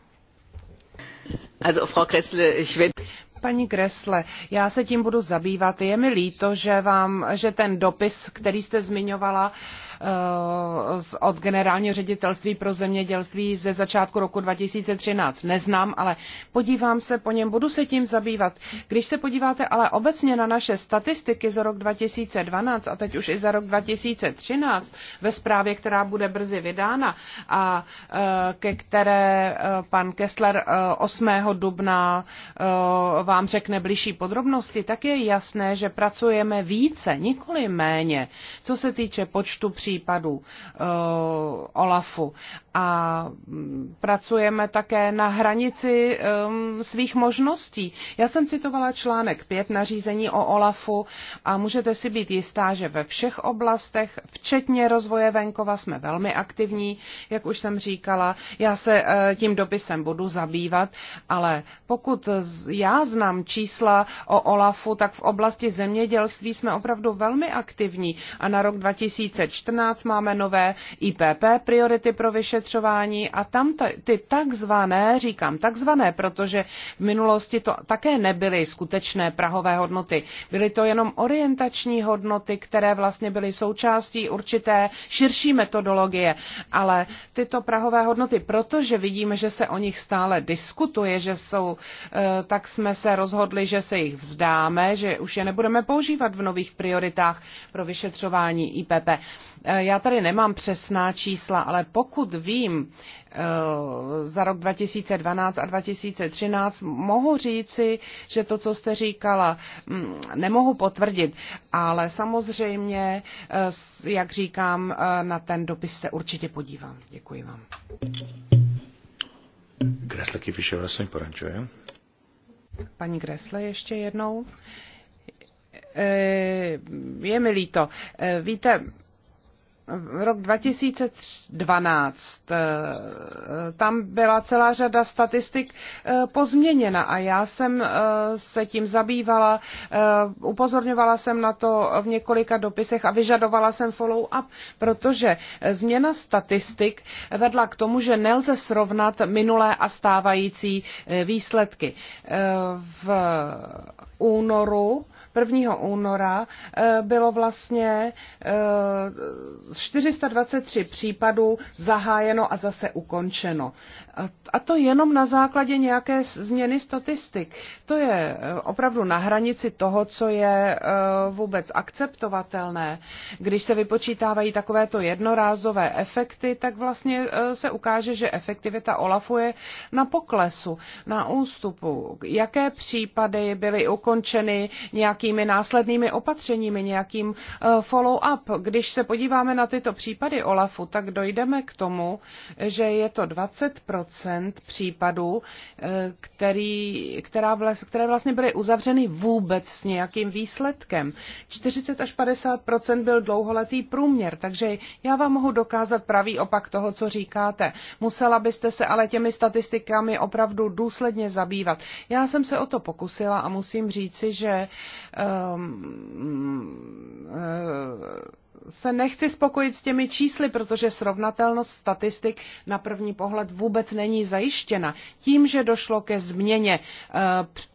Also, Frau Kressle, ich will... Paní Kresle, já se tím budu zabývat. Je mi líto, že, vám, že ten dopis, který jste zmiňovala, od generálního ředitelství pro zemědělství ze začátku roku 2013 neznám, ale podívám se po něm, budu se tím zabývat. Když se podíváte ale obecně na naše statistiky za rok 2012 a teď už i za rok 2013 ve zprávě, která bude brzy vydána a e, ke které e, pan Kessler 8. E, dubna vám řekne bližší podrobnosti, tak je jasné, že pracujeme více, nikoli méně, co se týče počtu příležitostí případů eh, OLAFu. A mm, pracujeme také na hranici ehm, svých možností. Já jsem citovala článek 5 nařízení o OLAFu a můžete si být jistá, že ve všech oblastech, včetně rozvoje venkova, jsme velmi aktivní, jak už jsem říkala. Já se eh, tím dopisem budu zabývat, ale pokud já znám čísla o OLAFu, tak v oblasti zemědělství jsme opravdu velmi aktivní a na rok 2014 2015 máme nové IPP priority pro vyšetřování a tam ty takzvané, říkám takzvané, protože v minulosti to také nebyly skutečné prahové hodnoty. Byly to jenom orientační hodnoty, které vlastně byly součástí určité širší metodologie, ale tyto prahové hodnoty, protože vidíme, že se o nich stále diskutuje, že jsou, eh, tak jsme se rozhodli, že se jich vzdáme, že už je nebudeme používat v nových prioritách pro vyšetřování IPP. Eh, já tady nemám přesná čísla, ale pokud vím, eh, za rok 2012 a 2013 mohu říci, že to, co jste říkala, mm, nemohu potvrdit, ale samozřejmě, eh, jak říkám, na ten dopis se určitě podívám. Děkuji vám. Gressle Kifiševa se porančuje. Paní Gressle ještě jednou. Je mi líto. Víte, rok 2012. Eh, tam byla celá řada statistik eh, pozměněna a já jsem eh, se tím zabývala, upozorňovala jsem na to v několika dopisech a vyžadovala jsem follow-up, protože změna statistik vedla k tomu, že nelze srovnat minulé a stávající výsledky. V únoru 1. února bylo vlastně 423 případů zahájeno a zase ukončeno. A to jenom na základě nějaké změny statistik. To je eh, opravdu na hranici toho, co je eh, vůbec akceptovatelné. Když se vypočítávají takovéto jednorázové efekty, tak vlastně eh, se ukáže, že efektivita OLAFu je na poklesu, na ústupu. Jaké případy byly ukončeny nějakými následnými opatřeními, nějakým follow-up? Když se podíváme na tyto případy OLAFu, tak dojdeme k tomu, že je to 20 případů, eh, který, která vles, které vlastně byly uzavřeny vůbec s nějakým výsledkem. 40 až 50 byl dlouholetý průměr, takže já vám mohu dokázat pravý opak toho, co říkáte. Musela byste se ale těmi statistikami opravdu důsledně zabývat. Já jsem se o to pokusila a musím říci, že um, uh, se nechci spokojit s těmi čísly, protože srovnatelnost statistik na první pohled vůbec není zajištěna. Tím, že došlo ke změně eh,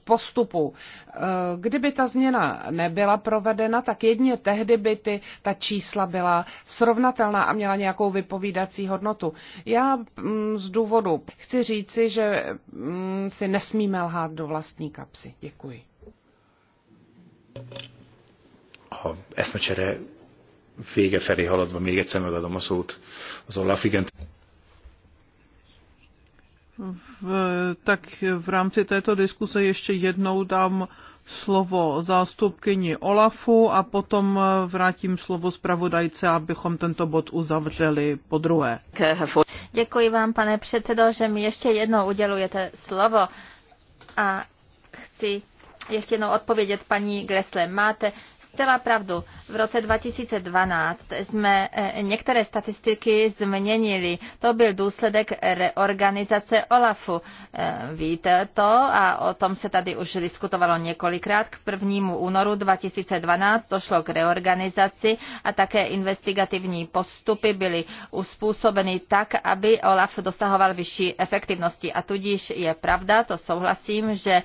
postupu, eh, kdyby ta změna nebyla provedena, tak jedně tehdy by ty, ta čísla byla srovnatelná a měla nějakou vypovídací hodnotu. Já mm, z důvodu chci říci, že mm, si nesmíme lhát do vlastní kapsy. Děkuji. Esmečere vége felé haladva még egyszer megadom a szót az Olaf. Igen. V, tak v rámci této diskuse ještě jednou dám slovo zástupkyni Olafu a potom vrátím slovo zpravodajce, abychom tento bod uzavřeli po druhé. Děkuji vám, pane předsedo, že mi ještě jednou udělujete slovo a chci ještě jednou odpovědět paní Gresle. Máte zcela pravdu. V roce 2012 jsme eh, některé statistiky změnili. To byl důsledek reorganizace OLAFu. Eh, víte to a o tom se tady už diskutovalo několikrát. K 1. únoru 2012 došlo k reorganizaci a také investigativní postupy byly uspůsobeny tak, aby OLAF dosahoval vyšší efektivnosti. A tudíž je pravda, to souhlasím, že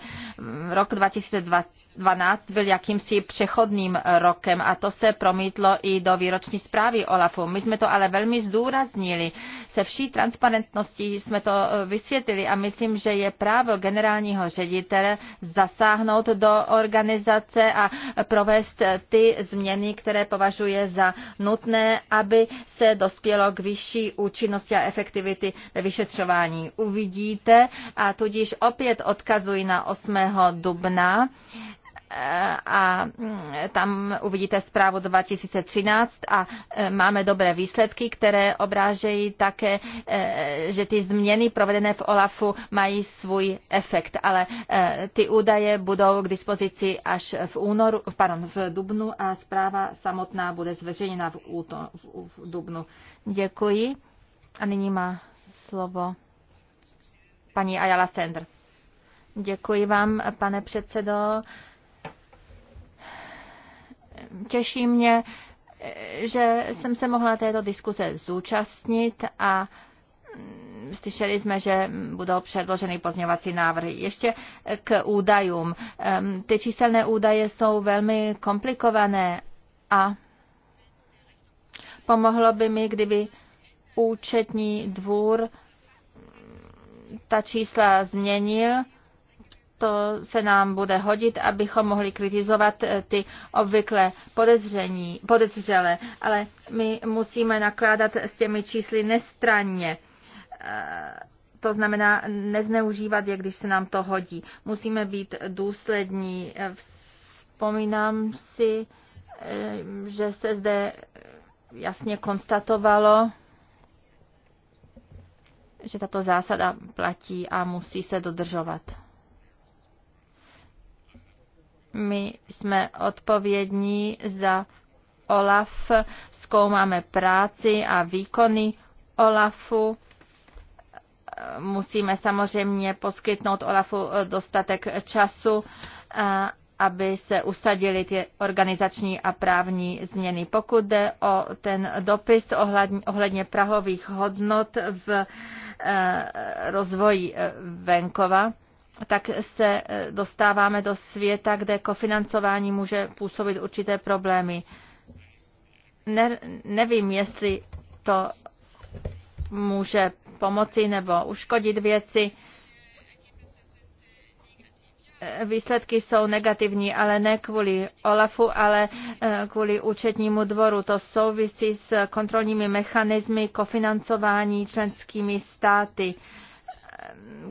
rok 2012 2012 byl jakýmsi přechodným rokem a to se promítlo i do výroční zprávy OLAFu. My jsme to ale velmi zdůraznili. Se vší transparentností jsme to eh, vysvětlili a myslím, že je právo generálního ředitele zasáhnout do organizace a provést ty změny, které považuje za nutné, aby se dospělo k vyšší účinnosti a efektivity ve vyšetřování. Uvidíte a tudíž opět odkazuji na 8. dubna a tam uvidíte zprávu 2013 a e, máme dobré výsledky, které obrážejí také, e, že ty změny provedené v OLAFu mají svůj efekt, ale e, ty údaje budou k dispozici až v, únoru, pardon, v dubnu a zpráva samotná bude zveřejněna v, úto, v dubnu. Děkuji. A nyní má slovo paní Ayala Sender. Děkuji vám, pane předsedo těší mě, že jsem se mohla této diskuze zúčastnit a mm, slyšeli jsme, že budou předloženy pozměňovací návrhy. Ještě k údajům. Ty číselné údaje jsou velmi komplikované a pomohlo by mi, kdyby účetní dvůr ta čísla změnil to se nám bude hodit, abychom mohli kritizovat eh, ty obvykle podezření, podezřele, ale my musíme nakládat s těmi čísly nestranně. Eh, to znamená nezneužívat je, když se nám to hodí. Musíme být důslední. Eh, vzpomínám si, že se zde jasně konstatovalo, že tato zásada platí a musí se dodržovat. My jsme odpovědní za OLAF, zkoumáme práci a výkony OLAFu. Musíme samozřejmě poskytnout OLAFu eh, dostatek času, eh, aby se usadily ty organizační a právní změny. Pokud jde o ten dopis ohledně prahových hodnot v eh, rozvoji venkova, tak se eh, dostáváme do světa, kde kofinancování může působit určité problémy. Ne, nevím, jestli to může pomoci nebo uškodit věci. Eh, výsledky jsou negativní, ale ne kvůli OLAFu, ale eh, kvůli účetnímu dvoru. To souvisí s kontrolními mechanismy kofinancování členskými státy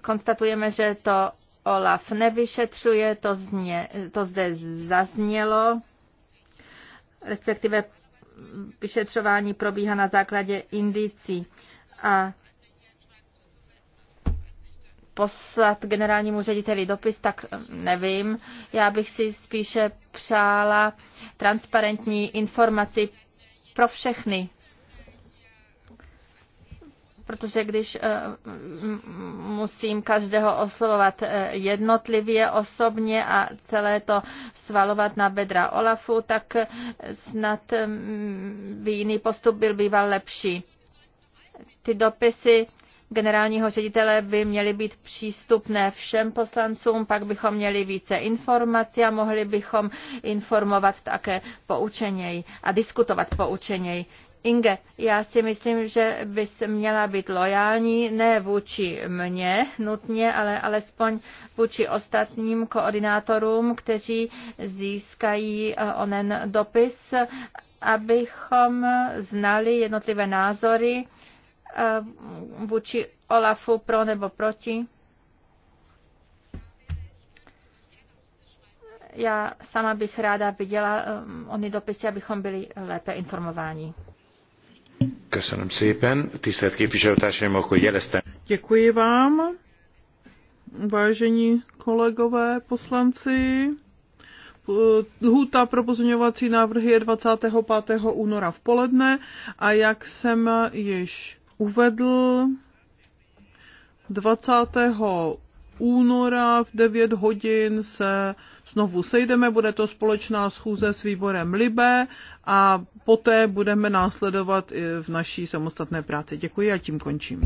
konstatujeme, že to OLAF nevyšetřuje, to, zně, to zde zaznělo, respektive vyšetřování probíhá na základě indicí. A poslat generálnímu řediteli dopis, tak nevím. Já bych si spíše přála transparentní informaci pro všechny protože když eh, musím každého oslovovat eh, jednotlivě, osobně a celé to svalovat na bedra Olafu, tak eh, snad mm, by jiný postup byl býval lepší. Ty dopisy generálního ředitele by měly být přístupné všem poslancům, pak bychom měli více informací a mohli bychom informovat také poučeněji a diskutovat poučeněji. Inge, já si myslím, že bys měla být lojální ne vůči mně nutně, ale alespoň vůči ostatním koordinátorům, kteří získají eh, onen dopis, abychom znali jednotlivé názory eh, vůči Olafu pro nebo proti. já sama bych ráda viděla um, ony dopisy, abychom byli lépe informováni. Děkuji vám, vážení kolegové poslanci. Lhůta pro pozměňovací návrhy je 25. února v poledne a jak jsem již uvedl, 20. února v 9 hodin se znovu sejdeme, bude to společná schůze s výborem Libe a poté budeme následovat i v naší samostatné práci. Děkuji a tím končím.